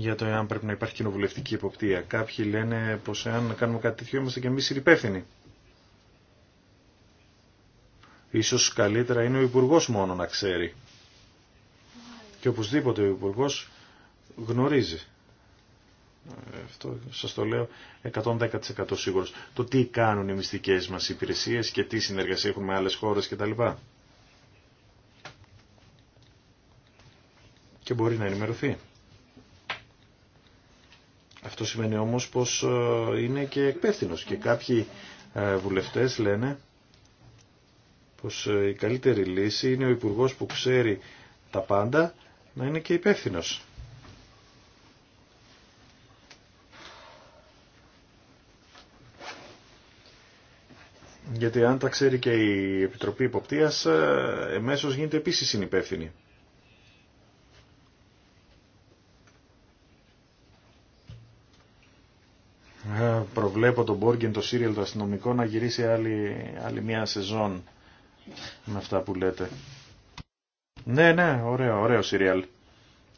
για το εάν πρέπει να υπάρχει κοινοβουλευτική εποπτεία. Κάποιοι λένε πως εάν κάνουμε κάτι τέτοιο είμαστε και εμείς υπεύθυνοι. Ίσως καλύτερα είναι ο υπουργό μόνο να ξέρει. Και οπωσδήποτε ο υπουργό γνωρίζει. Ε, αυτό σας το λέω 110% σίγουρος. Το τι κάνουν οι μυστικές μας υπηρεσίες και τι συνεργασία έχουν με άλλες χώρες κτλ. Και μπορεί να ενημερωθεί. Το σημαίνει όμως πως ε, είναι και υπεύθυνο και κάποιοι ε, βουλευτές λένε πως ε, η καλύτερη λύση είναι ο υπουργός που ξέρει τα πάντα να είναι και υπεύθυνο. Γιατί αν τα ξέρει και η Επιτροπή Υποπτείας, εμέσως γίνεται επίσης συνυπεύθυνη. προβλέπω τον Μπόργκεν, το σύριαλ το αστυνομικό να γυρίσει άλλη, άλλη μια σεζόν με αυτά που λέτε. Ναι, ναι, ωραίο, ωραίο σύριαλ.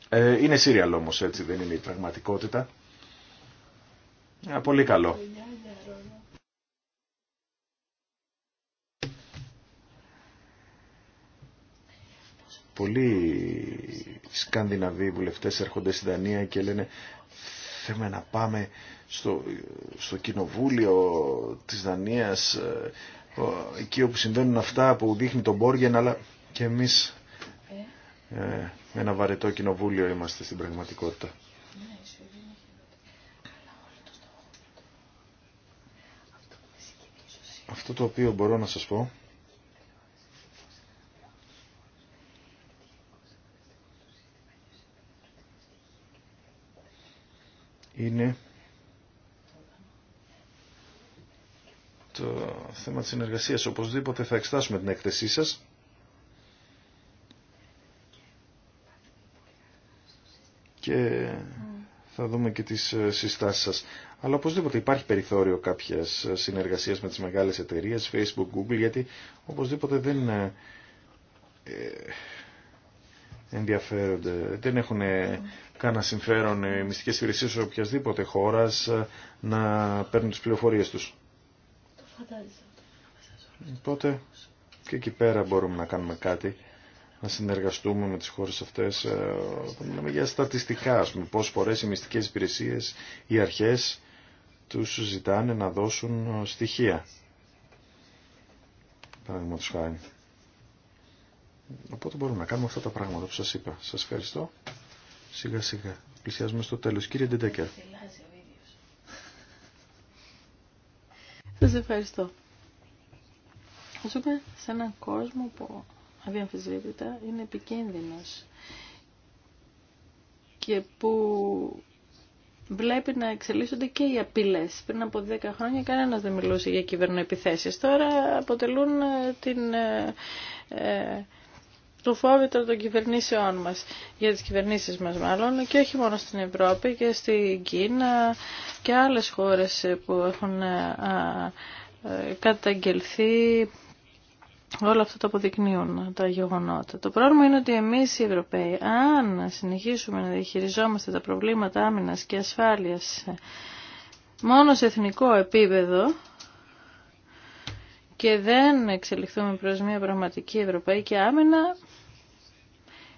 Ε, είναι σύριαλ όμως έτσι, δεν είναι η πραγματικότητα. πολύ καλό. πολλοί Σκανδιναβοί βουλευτές έρχονται στην Δανία και λένε θέλουμε να πάμε στο, στο κοινοβούλιο της Δανίας ε, εκεί όπου συμβαίνουν αυτά που δείχνει τον Μπόργεν αλλά και εμείς ε, ένα βαρετό κοινοβούλιο είμαστε στην πραγματικότητα. Αυτό το οποίο μπορώ να σας πω είναι το θέμα της συνεργασίας. Οπωσδήποτε θα εξτάσουμε την έκθεσή σας. Και θα δούμε και τις ε, συστάσεις σας. Αλλά οπωσδήποτε υπάρχει περιθώριο κάποιας ε, συνεργασίας με τις μεγάλες εταιρείες, Facebook, Google, γιατί οπωσδήποτε δεν ε, ενδιαφέρονται. Δεν έχουν κανένα συμφέρον οι μυστικές υπηρεσίες οποιασδήποτε χώρας να παίρνουν τις πληροφορίες τους. Οπότε και εκεί πέρα μπορούμε να κάνουμε κάτι, να συνεργαστούμε με τις χώρες αυτές. Ε, μιλάμε για στατιστικά, ας πούμε, πόσες φορές οι μυστικές υπηρεσίες, οι αρχές τους ζητάνε να δώσουν στοιχεία. Παραδείγματος χάρη. Οπότε μπορούμε να κάνουμε αυτά τα πράγματα που σας είπα. Σας ευχαριστώ. Σιγά σιγά. Πλησιάζουμε στο τέλος. Κύριε Ντεντέκερ. Σας ευχαριστώ. Ζούμε σε έναν κόσμο που αδιαμφισβήτητα είναι επικίνδυνος και που βλέπει να εξελίσσονται και οι απειλέ. Πριν από 10 χρόνια κανένα δεν μιλούσε για κυβερνοεπιθέσει. Τώρα αποτελούν ε, την. ε, ε του φόβητρο των κυβερνήσεών μας, για τις κυβερνήσεις μας μάλλον, και όχι μόνο στην Ευρώπη και στην Κίνα και άλλες χώρες που έχουν ε, ε, καταγγελθεί Όλα αυτά τα αποδεικνύουν τα γεγονότα. Το πρόβλημα είναι ότι εμείς οι Ευρωπαίοι, αν συνεχίσουμε να διαχειριζόμαστε τα προβλήματα άμυνας και ασφάλειας μόνο σε εθνικό επίπεδο, και δεν εξελιχθούμε προς μια πραγματική ευρωπαϊκή άμυνα,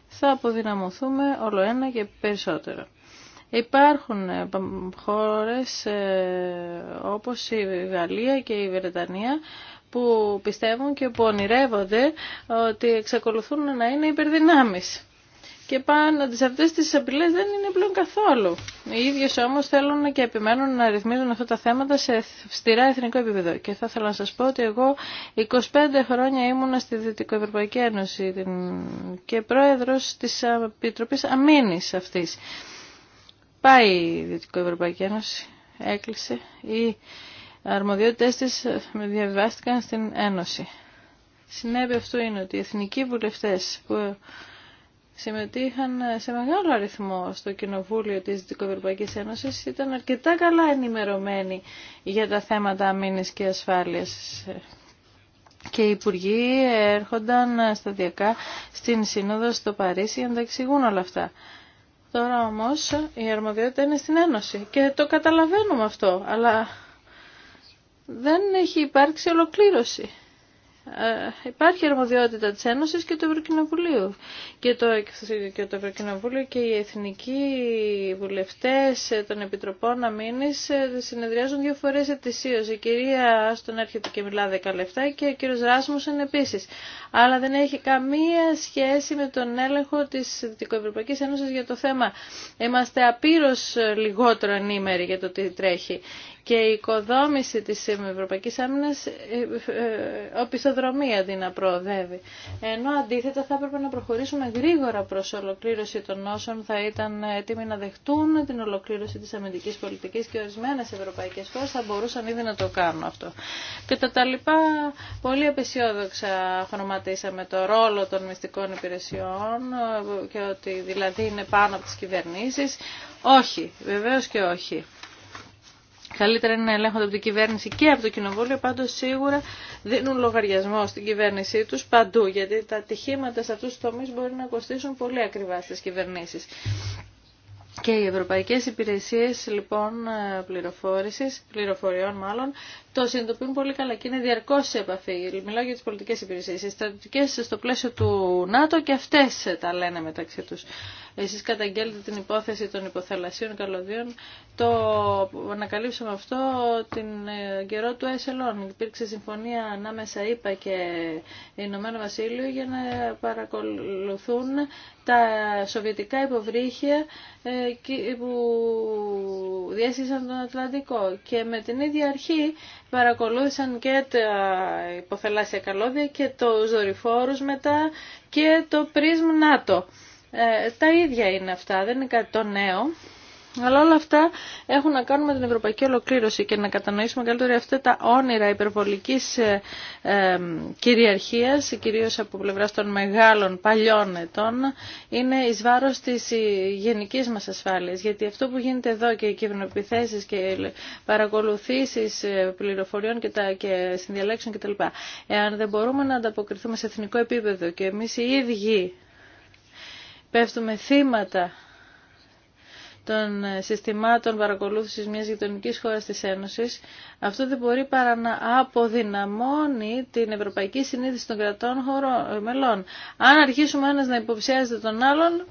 θα αποδυναμωθούμε όλο ένα και περισσότερο. Υπάρχουν ε, χώρες ε, όπως η Γαλλία και η Βρετανία που πιστεύουν και που ονειρεύονται ότι εξακολουθούν να είναι υπερδυνάμεις και πάνω σε αυτές τις απειλές δεν είναι πλέον καθόλου. Οι ίδιες όμως θέλουν και επιμένουν να ρυθμίζουν αυτά τα θέματα σε στηρά εθνικό επίπεδο. Και θα ήθελα να σας πω ότι εγώ 25 χρόνια ήμουνα στη Δυτικοευρωπαϊκή Ένωση και πρόεδρος της Επιτροπής Αμήνης αυτής. Πάει η Δυτικοευρωπαϊκή Ένωση, έκλεισε, οι αρμοδιότητες της διαβιβάστηκαν στην Ένωση. Συνέπεια αυτό είναι ότι οι εθνικοί βουλευτές που συμμετείχαν σε μεγάλο αριθμό στο Κοινοβούλιο της Δυτικοευρωπαϊκής Ένωσης ήταν αρκετά καλά ενημερωμένοι για τα θέματα αμήνης και ασφάλειας. Και οι υπουργοί έρχονταν σταδιακά στην Σύνοδο στο Παρίσι για να τα εξηγούν όλα αυτά. Τώρα όμως η αρμοδιότητα είναι στην Ένωση και το καταλαβαίνουμε αυτό, αλλά δεν έχει υπάρξει ολοκλήρωση υπάρχει αρμοδιότητα της Ένωσης και του Ευρωκοινοβουλίου. Και το, και το Ευρωκοινοβούλιο και οι εθνικοί βουλευτές των Επιτροπών Αμήνης συνεδριάζουν δύο φορές ετησίως. Η κυρία Άστον έρχεται και μιλά 10 και ο κύριος Ράσμουσεν επίσης. Αλλά δεν έχει καμία σχέση με τον έλεγχο της Δυτικοευρωπαϊκής Ένωσης για το θέμα. Είμαστε απείρως λιγότερο ενήμεροι για το τι τρέχει. Και η οικοδόμηση της Ευρωπαϊκής Άμυνας, ε, αντί να προοδεύει. Ενώ αντίθετα θα έπρεπε να προχωρήσουμε γρήγορα προς ολοκλήρωση των όσων θα ήταν έτοιμοι να δεχτούν την ολοκλήρωση της αμυντικής πολιτικής και ορισμένες ευρωπαϊκές χώρε θα μπορούσαν ήδη να το κάνουν αυτό. Και τα λοιπά, πολύ απεσιόδοξα χρωματίσαμε το ρόλο των μυστικών υπηρεσιών και ότι δηλαδή είναι πάνω από τις κυβερνήσεις. Όχι, βεβαίως και όχι. Καλύτερα είναι να ελέγχονται από την κυβέρνηση και από το κοινοβούλιο, πάντως σίγουρα δίνουν λογαριασμό στην κυβέρνησή τους παντού, γιατί τα ατυχήματα σε αυτούς τους τομείς μπορεί να κοστίσουν πολύ ακριβά στις κυβερνήσεις. Και οι ευρωπαϊκές υπηρεσίες λοιπόν ε, πληροφόρησης, πληροφοριών μάλλον, το συνειδητοποιούν πολύ καλά και είναι διαρκώ σε επαφή. Μιλάω για τις πολιτικές υπηρεσίες. Οι στρατιωτικές στο πλαίσιο του ΝΑΤΟ και αυτές τα λένε μεταξύ τους. Εσείς καταγγέλλετε την υπόθεση των υποθαλασσίων καλωδίων. Το ανακαλύψαμε αυτό την ε, καιρό του ΕΣΕΛΟΝ. Υπήρξε συμφωνία ανάμεσα είπα και Ηνωμένο Βασίλειο για να παρακολουθούν τα σοβιετικά υποβρύχια ε, που διέστησαν τον Ατλαντικό και με την ίδια αρχή παρακολούθησαν και τα υποθελάσια καλώδια και τους δορυφόρους μετά και το πρίσμ ΝΑΤΟ. Ε, τα ίδια είναι αυτά, δεν είναι κάτι το νέο. Αλλά όλα αυτά έχουν να κάνουν με την ευρωπαϊκή ολοκλήρωση και να κατανοήσουμε καλύτερα αυτά τα όνειρα υπερβολικής ε, ε, κυριαρχίας, κυρίως από πλευράς των μεγάλων παλιών ετών, είναι εις βάρος της ε, γενικής μας ασφάλειας. Γιατί αυτό που γίνεται εδώ και οι κυβερνοεπιθέσεις και οι παρακολουθήσεις ε, πληροφοριών και, τα, και συνδιαλέξεων κτλ. Εάν δεν μπορούμε να ανταποκριθούμε σε εθνικό επίπεδο και εμείς οι ίδιοι πέφτουμε θύματα των συστημάτων παρακολούθησης μιας γειτονική χώρας της Ένωσης, αυτό δεν μπορεί παρά να αποδυναμώνει την ευρωπαϊκή συνείδηση των κρατών χωρών, μελών. Αν αρχίσουμε ένας να υποψιάζεται τον άλλον,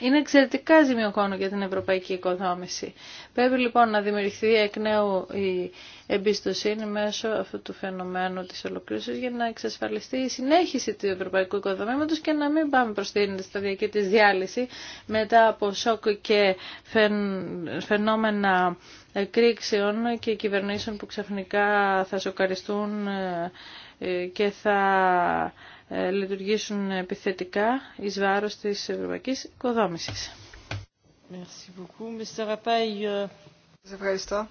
είναι εξαιρετικά ζημιοκόνο για την ευρωπαϊκή οικοδόμηση. Πρέπει λοιπόν να δημιουργηθεί εκ νέου η εμπιστοσύνη μέσω αυτού του φαινομένου της ολοκλήρωσης για να εξασφαλιστεί η συνέχιση του ευρωπαϊκού οικοδομήματος και να μην πάμε προς την σταδιακή της διάλυση μετά από σοκ και φαινόμενα κρίξεων και κυβερνήσεων που ξαφνικά θα σοκαριστούν ε, ε, και θα ε, λειτουργήσουν επιθετικά εις βάρος της ευρωπαϊκής οικοδόμησης. Σας ευχαριστώ.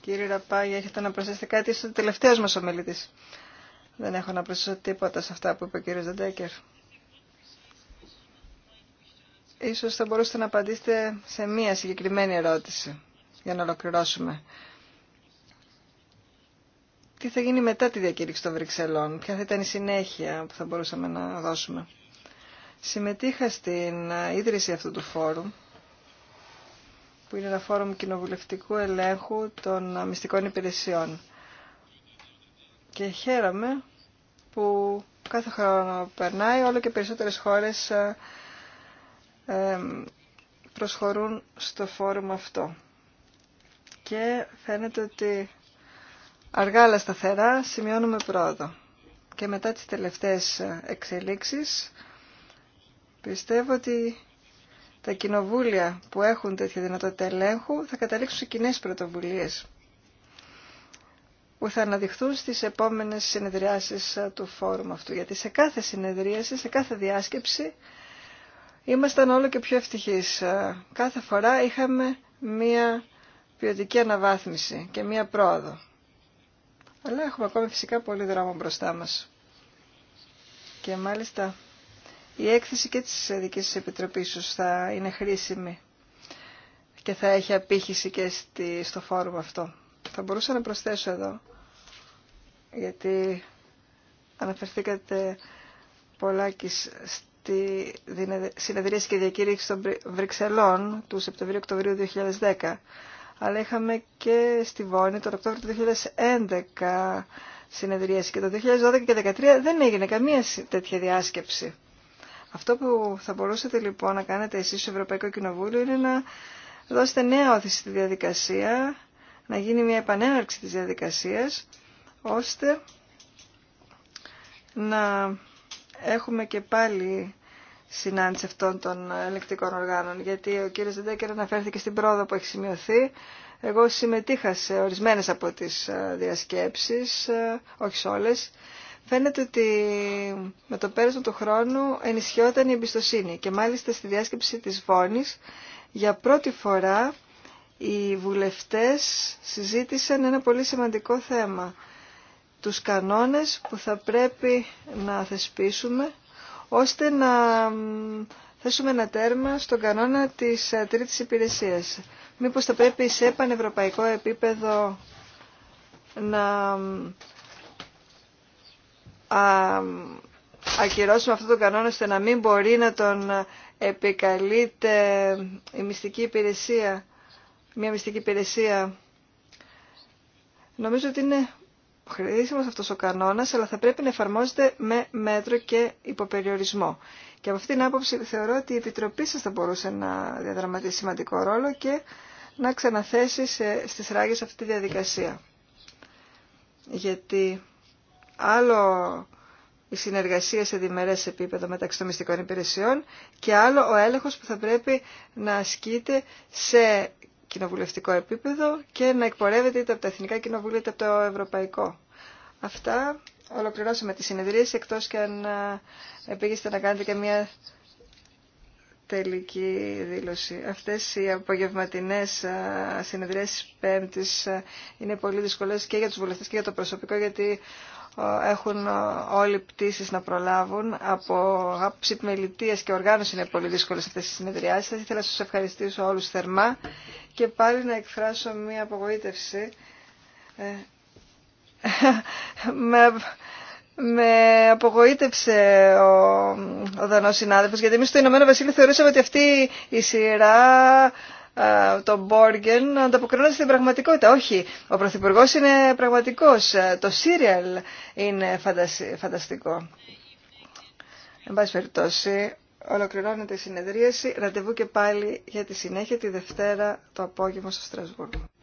Κύριε Ραπάγια, έχετε να προσθέσετε κάτι στο τελευταίο μας ομιλητή. Δεν έχω να προσθέσω τίποτα σε αυτά που είπε ο κύριος Δεντέκερ. Ίσως θα μπορούσατε να απαντήσετε σε μία συγκεκριμένη ερώτηση για να ολοκληρώσουμε τι θα γίνει μετά τη διακήρυξη των Βρυξελών, ποια θα ήταν η συνέχεια που θα μπορούσαμε να δώσουμε. Συμμετείχα στην ε, ίδρυση αυτού του φόρουμ, που είναι ένα φόρουμ κοινοβουλευτικού ελέγχου των ε, μυστικών υπηρεσιών. Και χαίρομαι που κάθε χρόνο περνάει όλο και περισσότερες χώρες ε, προσχωρούν στο φόρουμ αυτό. Και φαίνεται ότι Αργά αλλά σταθερά σημειώνουμε πρόοδο. Και μετά τις τελευταίες εξελίξεις πιστεύω ότι τα κοινοβούλια που έχουν τέτοια δυνατότητα ελέγχου θα καταλήξουν σε κοινέ πρωτοβουλίες που θα αναδειχθούν στις επόμενες συνεδριάσεις του φόρουμ αυτού. Γιατί σε κάθε συνεδρίαση, σε κάθε διάσκεψη ήμασταν όλο και πιο ευτυχείς. Κάθε φορά είχαμε μία ποιοτική αναβάθμιση και μία πρόοδο. Αλλά έχουμε ακόμη φυσικά πολύ δρόμο μπροστά μας. Και μάλιστα η έκθεση και της δικής της επιτροπής σου θα είναι χρήσιμη και θα έχει απήχηση και στο φόρουμ αυτό. Θα μπορούσα να προσθέσω εδώ, γιατί αναφερθήκατε πολλά και στη συνεδρίαση και διακήρυξη των Βρυξελών του Σεπτεμβρίου-Οκτωβρίου 2010 αλλά είχαμε και στη Βόνη τον Οκτώβριο του 2011 συνεδρίαση και το 2012 και 2013 δεν έγινε καμία τέτοια διάσκεψη. Αυτό που θα μπορούσατε λοιπόν να κάνετε εσείς στο Ευρωπαϊκό Κοινοβούλιο είναι να δώσετε νέα όθηση στη διαδικασία, να γίνει μια επανέναρξη της διαδικασίας, ώστε να έχουμε και πάλι συνάντηση αυτών των ελεκτικών οργάνων, γιατί ο κύριος Δεντέκερ αναφέρθηκε στην πρόοδο που έχει σημειωθεί. Εγώ συμμετείχα σε ορισμένες από τις ε, διασκέψεις, ε, όχι σε όλες. Φαίνεται ότι με το πέρασμα του χρόνου ενισχυόταν η εμπιστοσύνη και μάλιστα στη διάσκεψη της Βόνης για πρώτη φορά οι βουλευτές συζήτησαν ένα πολύ σημαντικό θέμα. Τους κανόνες που θα πρέπει να θεσπίσουμε ώστε να θέσουμε ένα τέρμα στον κανόνα της ε, τρίτης υπηρεσίας. Μήπως θα πρέπει σε πανευρωπαϊκό επίπεδο να ακυρώσουμε αυτόν τον κανόνα ώστε να μην μπορεί να τον επικαλείται η μυστική υπηρεσία, μια μυστική υπηρεσία. Νομίζω ότι είναι χρήσιμος αυτός ο κανόνας, αλλά θα πρέπει να εφαρμόζεται με μέτρο και υποπεριορισμό. Και από αυτήν την άποψη θεωρώ ότι η Επιτροπή σας θα μπορούσε να διαδραματίσει σημαντικό ρόλο και να ξαναθέσει σε, στις ράγες αυτή τη διαδικασία. Γιατί άλλο η συνεργασία σε διμερές επίπεδο μεταξύ των μυστικών υπηρεσιών και άλλο ο έλεγχος που θα πρέπει να ασκείται σε κοινοβουλευτικό επίπεδο και να εκπορεύεται είτε από τα εθνικά κοινοβούλια είτε από το ευρωπαϊκό. Αυτά. Ολοκληρώσαμε τη συνεδρίαση, εκτός και αν ε, επήγεστε να κάνετε και μια τελική δήλωση. Αυτές οι απογευματινές ε, συνεδρίες πέμπτης ε, είναι πολύ δύσκολες και για τους βουλευτές και για το προσωπικό, γιατί έχουν όλοι πτήσεις να προλάβουν. Από άψη και οργάνωση είναι πολύ δύσκολες αυτές οι συνεδριάσεις. Θα ήθελα να σας ευχαριστήσω όλους θερμά και πάλι να εκφράσω μία απογοήτευση με, με απογοήτευσε ο, ο Δανός συνάδελφος, γιατί εμείς στο Ηνωμένο Βασίλειο θεωρούσαμε ότι αυτή η σειρά το Μπόργεν ανταποκρινόταν στην πραγματικότητα. Όχι, ο Πρωθυπουργό είναι πραγματικός. Το σύριαλ είναι φανταστικό. Εν πάση περιπτώσει, ολοκληρώνεται η συνεδρίαση. Ραντεβού και πάλι για τη συνέχεια τη Δευτέρα το απόγευμα στο Στρασβούργο.